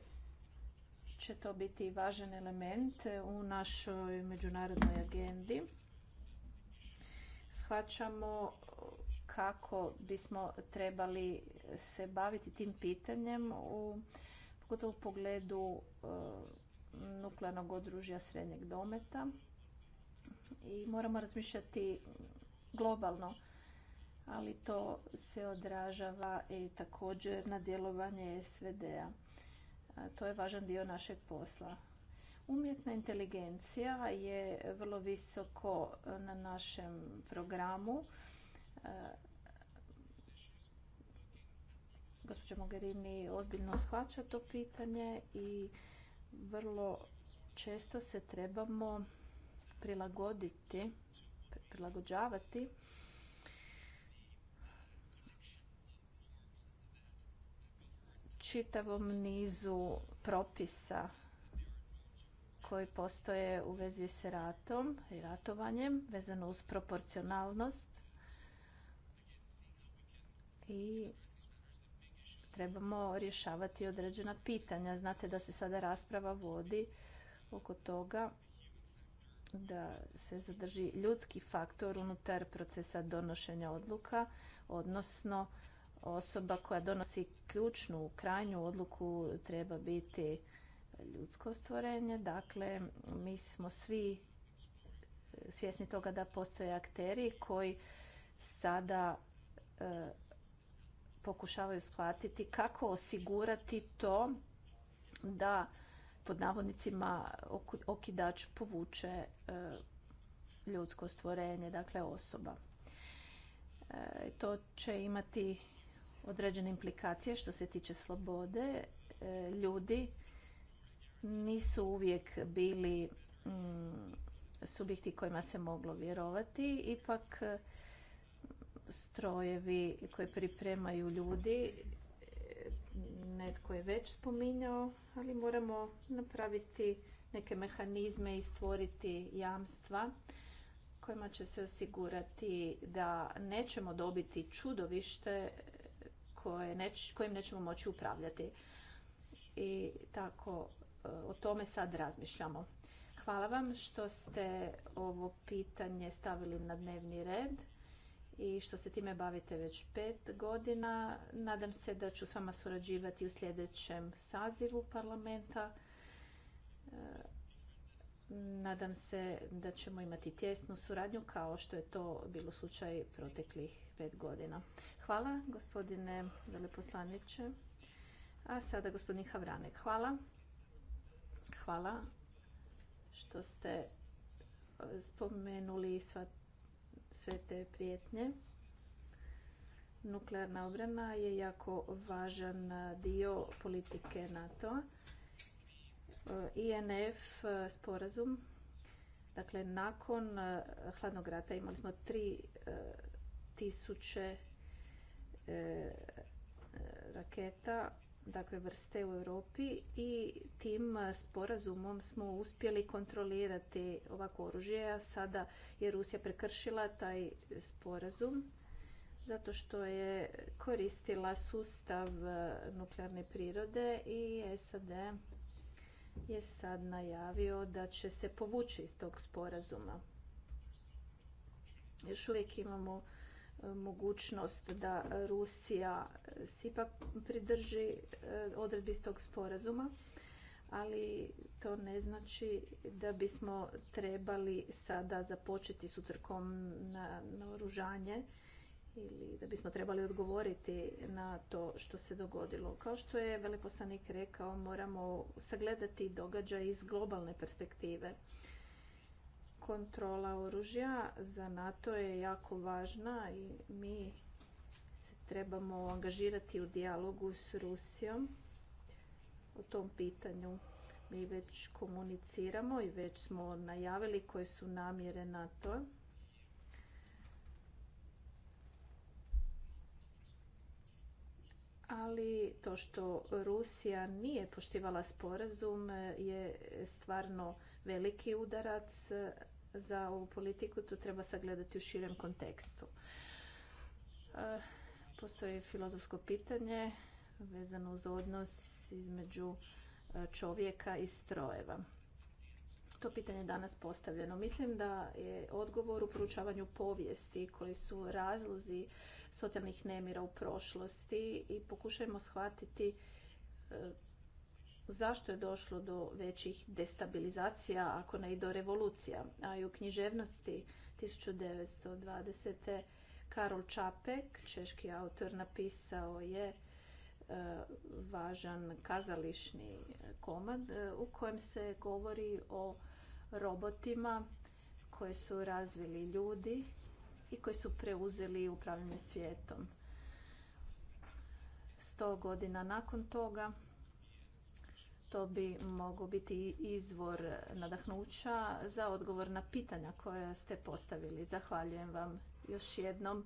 Speaker 2: će to biti važan element u našoj međunarodnoj agendi shvaćamo kako bismo trebali se baviti tim pitanjem u pogotovo u pogledu e, nuklearnog odružja srednjeg dometa i moramo razmišljati globalno ali to se odražava i također na djelovanje SVD-a. To je važan dio našeg posla. Umjetna inteligencija je vrlo visoko na našem programu. E, gospođa Mogherini ozbiljno shvaća to pitanje i vrlo često se trebamo prilagoditi, prilagođavati čitavom nizu propisa koji postoje u vezi s ratom i ratovanjem vezano uz proporcionalnost i trebamo rješavati određena pitanja. Znate da se sada rasprava vodi oko toga da se zadrži ljudski faktor unutar procesa donošenja odluka, odnosno osoba koja donosi ključnu, krajnju odluku treba biti ljudsko stvorenje. Dakle, mi smo svi e, svjesni toga da postoje akteri koji sada e, pokušavaju shvatiti kako osigurati to da pod navodnicima okidač povuče e, ljudsko stvorenje, dakle osoba. E, to će imati određene implikacije što se tiče slobode ljudi nisu uvijek bili mm, subjekti kojima se moglo vjerovati. Ipak strojevi koje pripremaju ljudi, netko je već spominjao, ali moramo napraviti neke mehanizme i stvoriti jamstva kojima će se osigurati da nećemo dobiti čudovište kojim nećemo moći upravljati. I tako o tome sad razmišljamo. Hvala vam što ste ovo pitanje stavili na dnevni red i što se time bavite već pet godina. Nadam se da ću s vama surađivati u sljedećem sazivu parlamenta. E, nadam se da ćemo imati tjesnu suradnju kao što je to bilo slučaj proteklih pet godina. Hvala gospodine veleposlaniče. A sada gospodin Havranek. Hvala hvala što ste spomenuli sve te prijetnje. Nuklearna obrana je jako važan dio politike nato INF sporazum, dakle nakon eh, hladnog rata imali smo 3000 eh, tisuće eh, raketa dakle, vrste u Europi i tim sporazumom smo uspjeli kontrolirati ovako oružje, a sada je Rusija prekršila taj sporazum zato što je koristila sustav nuklearne prirode i SAD je sad najavio da će se povući iz tog sporazuma. Još uvijek imamo mogućnost da Rusija se ipak pridrži e, odredbi iz tog sporazuma, ali to ne znači da bismo trebali sada započeti s utrkom na oružanje ili da bismo trebali odgovoriti na to što se dogodilo. Kao što je veleposlanik rekao, moramo sagledati događaj iz globalne perspektive kontrola oružja za NATO je jako važna i mi se trebamo angažirati u dijalogu s Rusijom o tom pitanju. Mi već komuniciramo i već smo najavili koje su namjere NATO. ali to što Rusija nije poštivala sporazum je stvarno veliki udarac za ovu politiku, to treba sagledati u širem kontekstu. E, postoji filozofsko pitanje vezano uz odnos između e, čovjeka i strojeva. To pitanje je danas postavljeno. Mislim da je odgovor u proučavanju povijesti koji su razlozi socijalnih nemira u prošlosti i pokušajmo shvatiti e, zašto je došlo do većih destabilizacija, ako ne i do revolucija. A i u književnosti 1920. Karol Čapek, češki autor, napisao je e, važan kazališni komad e, u kojem se govori o robotima koje su razvili ljudi i koji su preuzeli upravljanje svijetom. Sto godina nakon toga to bi mogao biti izvor nadahnuća za odgovor na pitanja koja ste postavili. Zahvaljujem vam još jednom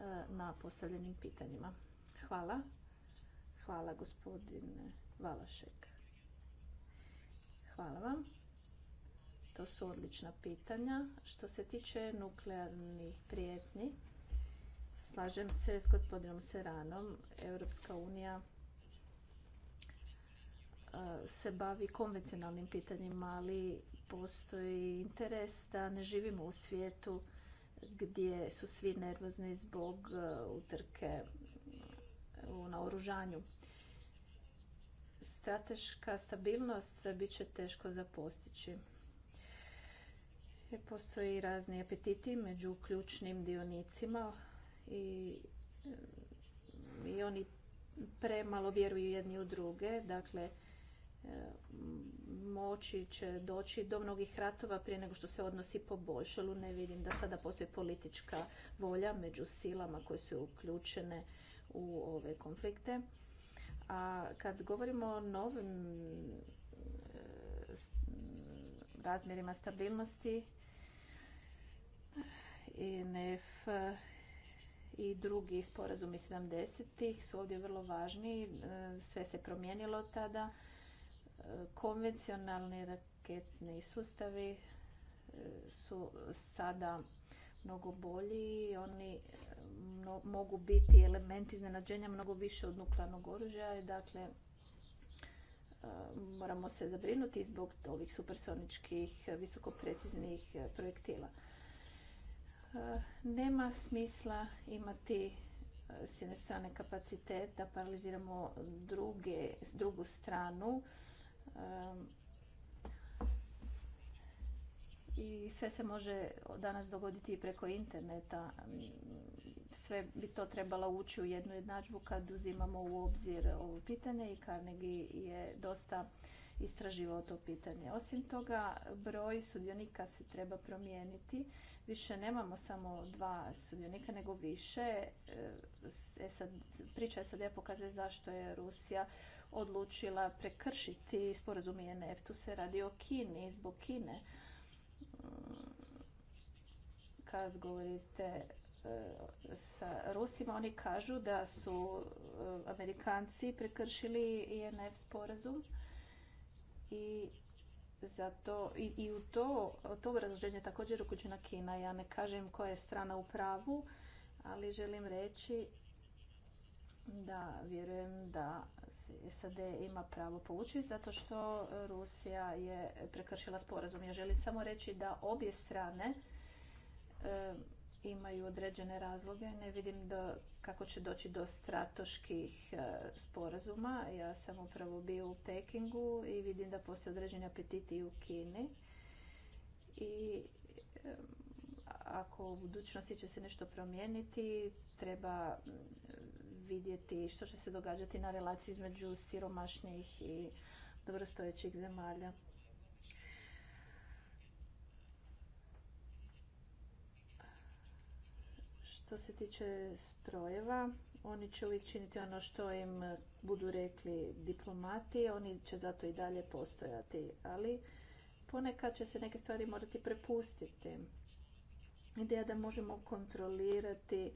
Speaker 2: e, na postavljenim pitanjima. Hvala. Hvala gospodine Valašek. Hvala vam. To su odlična pitanja. Što se tiče nuklearnih prijetnji, slažem se s gospodinom Seranom. Europska unija se bavi konvencionalnim pitanjima, ali postoji interes da ne živimo u svijetu gdje su svi nervozni zbog utrke na oružanju. Strateška stabilnost bit će teško zapostići. postići. E, postoji razni apetiti među ključnim dionicima e, i oni premalo vjeruju jedni u druge. Dakle, E, moći će doći do mnogih ratova prije nego što se odnosi poboljšalu. Ne vidim da sada postoji politička volja među silama koje su uključene u ove konflikte. A kad govorimo o novim e, razmjerima stabilnosti, INF i drugi sporazumi 70-ih su ovdje vrlo važni. E, sve se promijenilo tada Konvencionalni raketni sustavi e, su sada mnogo bolji i oni e, mogu biti elementi iznenađenja mnogo više od nuklearnog oružja. Dakle, e, moramo se zabrinuti zbog ovih supersoničkih, visokopreciznih projektila. Nema smisla imati s jedne strane kapacitet da paraliziramo druge, drugu stranu i sve se može danas dogoditi i preko interneta. Sve bi to trebalo ući u jednu jednadžbu kad uzimamo u obzir ovo pitanje i Carnegie je dosta istraživao to pitanje. Osim toga, broj sudionika se treba promijeniti. Više nemamo samo dva sudionika, nego više. sad, priča SAD pokazuje zašto je Rusija odlučila prekršiti sporazum INF. Tu se radi o Kini, zbog Kine. Kad govorite e, sa Rusima, oni kažu da su e, Amerikanci prekršili INF sporazum i zato i, i u to, to je također uključena Kina. Ja ne kažem koja je strana u pravu, ali želim reći da vjerujem da SAD ima pravo povući zato što Rusija je prekršila sporazum. Ja želim samo reći da obje strane e, imaju određene razloge. Ne vidim da kako će doći do stratoških e, sporazuma. Ja sam upravo bio u Pekingu i vidim da postoje određeni apetiti u Kini. I e, ako u budućnosti će se nešto promijeniti, treba vidjeti što će se događati na relaciji između siromašnih i dobrostojećih zemalja. Što se tiče strojeva, oni će uvijek činiti ono što im budu rekli diplomati, oni će zato i dalje postojati, ali ponekad će se neke stvari morati prepustiti. Ideja da možemo kontrolirati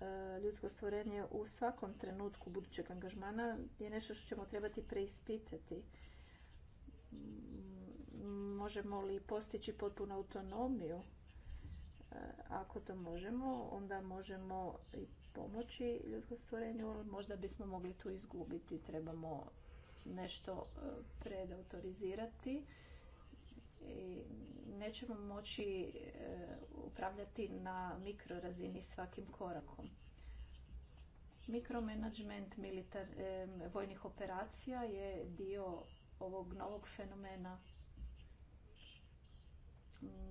Speaker 2: E, ljudsko stvorenje u svakom trenutku budućeg angažmana je nešto što ćemo trebati preispitati. Možemo li postići potpunu autonomiju? E, ako to možemo, onda možemo i pomoći ljudskom stvorenju, možda bismo mogli tu izgubiti. Trebamo nešto e, predautorizirati i nećemo moći e, upravljati na mikrorazini svakim korakom. Mikromanagement militar, e, vojnih operacija je dio ovog novog fenomena.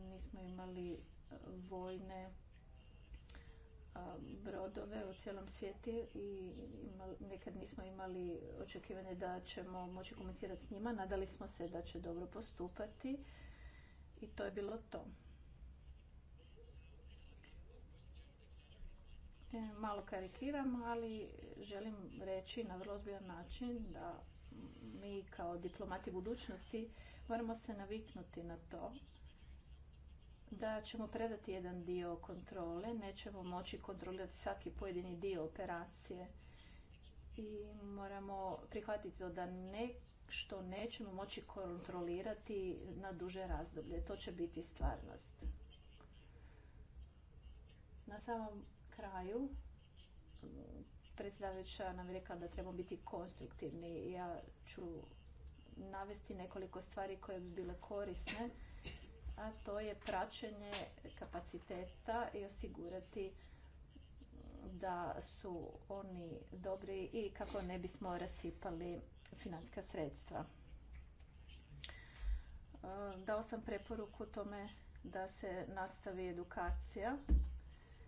Speaker 2: Mi smo imali vojne brodove u cijelom svijetu i nekad nismo imali očekivanje da ćemo moći komunicirati s njima. Nadali smo se da će dobro postupati i to je bilo to. E, malo karikiram, ali želim reći na vrlo ozbiljan način da mi kao diplomati budućnosti moramo se naviknuti na to da ćemo predati jedan dio kontrole, nećemo moći kontrolirati svaki pojedini dio operacije i moramo prihvatiti to da nešto što nećemo moći kontrolirati na duže razdoblje. To će biti stvarnost. Na samom kraju predsjedavajuća nam je rekla da trebamo biti konstruktivni. Ja ću navesti nekoliko stvari koje bi bile korisne a to je praćenje kapaciteta i osigurati da su oni dobri i kako ne bismo rasipali financijska sredstva. E, dao sam preporuku tome da se nastavi edukacija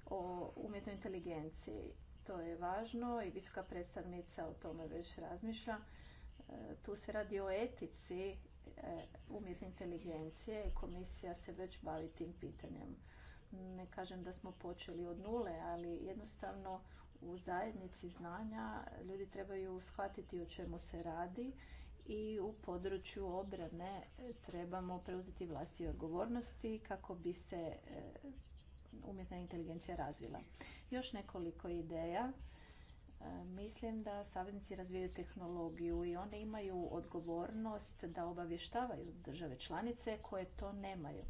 Speaker 2: o umjetnoj inteligenciji. To je važno i visoka predstavnica o tome već razmišlja. E, tu se radi o etici E, umjetne inteligencije i komisija se već bavi tim pitanjem. Ne kažem da smo počeli od nule, ali jednostavno u zajednici znanja ljudi trebaju shvatiti o čemu se radi i u području obrane trebamo preuzeti vlasti odgovornosti kako bi se e, umjetna inteligencija razvila. Još nekoliko ideja E, mislim da saveznici razvijaju tehnologiju i one imaju odgovornost da obavještavaju države članice koje to nemaju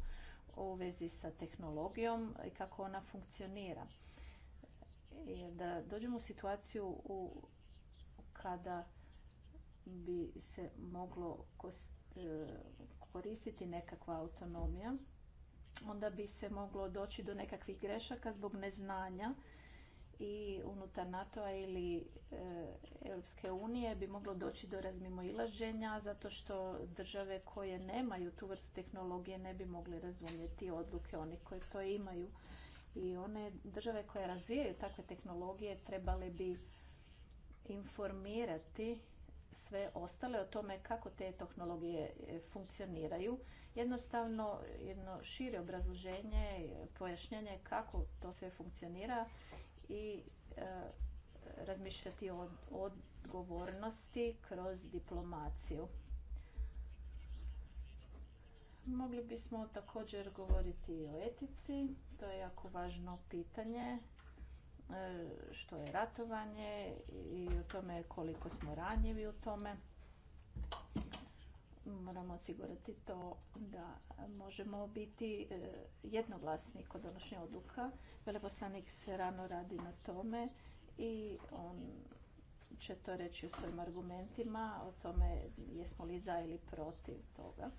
Speaker 2: u vezi sa tehnologijom i kako ona funkcionira. Jer da dođemo u situaciju u, kada bi se moglo e, koristiti nekakva autonomija, onda bi se moglo doći do nekakvih grešaka zbog neznanja i unutar NATO-a ili e, Europske unije bi moglo doći do razmimoilaženja zato što države koje nemaju tu vrstu tehnologije ne bi mogli razumjeti odluke oni koji to imaju. I one države koje razvijaju takve tehnologije trebale bi informirati sve ostale o tome kako te tehnologije e, funkcioniraju. Jednostavno jedno šire obrazloženje, pojašnjenje kako to sve funkcionira i e, razmišljati o odgovornosti kroz diplomaciju. Mogli bismo također govoriti i o etici, to je jako važno pitanje e, što je ratovanje i o tome koliko smo ranjivi u tome moramo osigurati to da možemo biti e, jednoglasni kod donošenja odluka. Veleposlanik se rano radi na tome i on će to reći u svojim argumentima o tome jesmo li za ili protiv toga.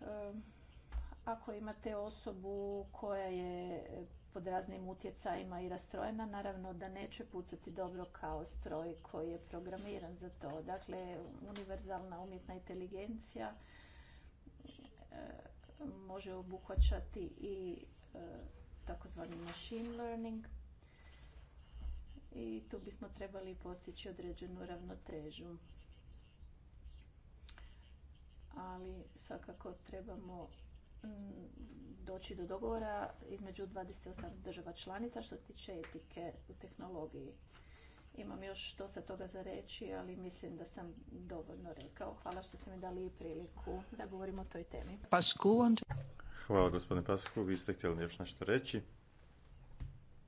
Speaker 2: Um, ako imate osobu koja je pod raznim utjecajima i rastrojena, naravno da neće pucati dobro kao stroj koji je programiran za to. Dakle, univerzalna umjetna inteligencija e, može obuhvaćati i e, takozvani machine learning i tu bismo trebali postići određenu ravnotežu. Ali svakako trebamo Mm, doći do dogovora između 28 država članica što se tiče etike u tehnologiji. Imam još dosta toga za reći, ali mislim da sam dovoljno rekao. Hvala što ste mi dali priliku da govorimo o toj temi.
Speaker 3: Hvala gospodine Pasku, vi ste htjeli još nešto reći.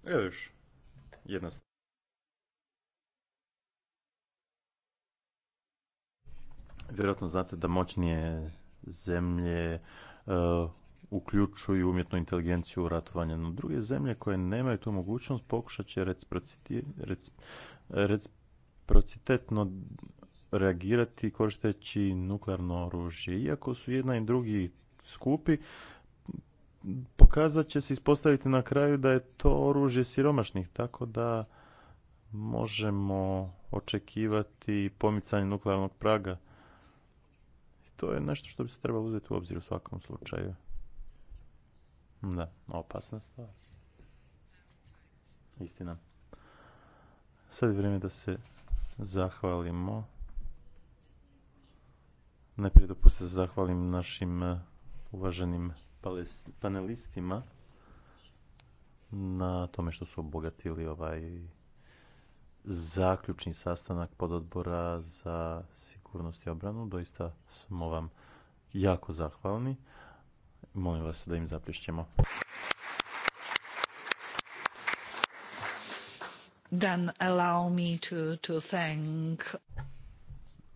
Speaker 3: Evo još Vjerojatno znate da moćnije zemlje E, uključuju umjetnu inteligenciju u ratovanje. No, druge zemlje koje nemaju tu mogućnost pokušat će reciprocitetno reagirati koristeći nuklearno oružje. Iako su jedna i drugi skupi, pokazat će se ispostaviti na kraju da je to oružje siromašnih, tako da možemo očekivati pomicanje nuklearnog praga to je nešto što bi se trebalo uzeti u obzir u svakom slučaju. Da, opasna stvar. Istina. Sad je vrijeme da se zahvalimo. Najprije dopustite da se zahvalim našim eh, uvaženim panelistima na tome što su obogatili ovaj zaključni sastanak pod odbora za sigurnost i obranu. Doista smo vam jako zahvalni. Molim vas da im zaplišćemo.
Speaker 2: Then allow me to, to thank...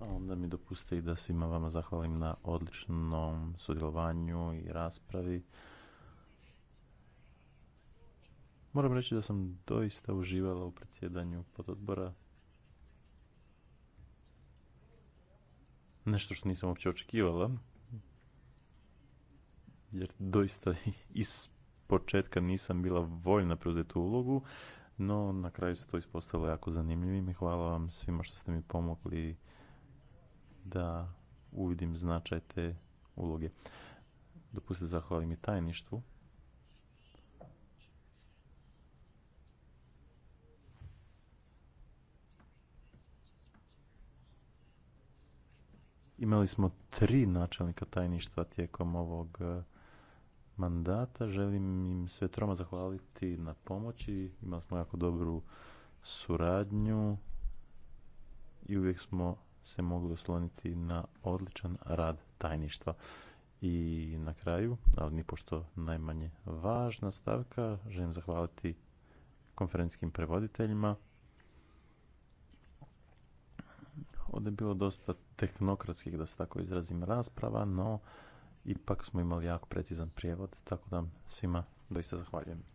Speaker 3: A onda mi dopuste i da svima vama zahvalim na odličnom sudjelovanju i raspravi. Moram reći da sam doista uživala u predsjedanju pododbora nešto što nisam uopće očekivala, jer doista iz početka nisam bila voljna preuzeti ulogu, no na kraju se to ispostavilo jako zanimljivim i hvala vam svima što ste mi pomogli da uvidim značaj te uloge. Dopustite zahvalim i tajništvu Imali smo tri načelnika tajništva tijekom ovog e, mandata. Želim im sve troma zahvaliti na pomoći. Imali smo jako dobru suradnju i uvijek smo se mogli osloniti na odličan rad tajništva. I na kraju, ali ni pošto najmanje važna stavka, želim zahvaliti konferencijskim prevoditeljima. Ovdje je bilo dosta tehnokratskih, da se tako izrazim, rasprava, no ipak smo imali jako precizan prijevod, tako da svima doista zahvaljujem.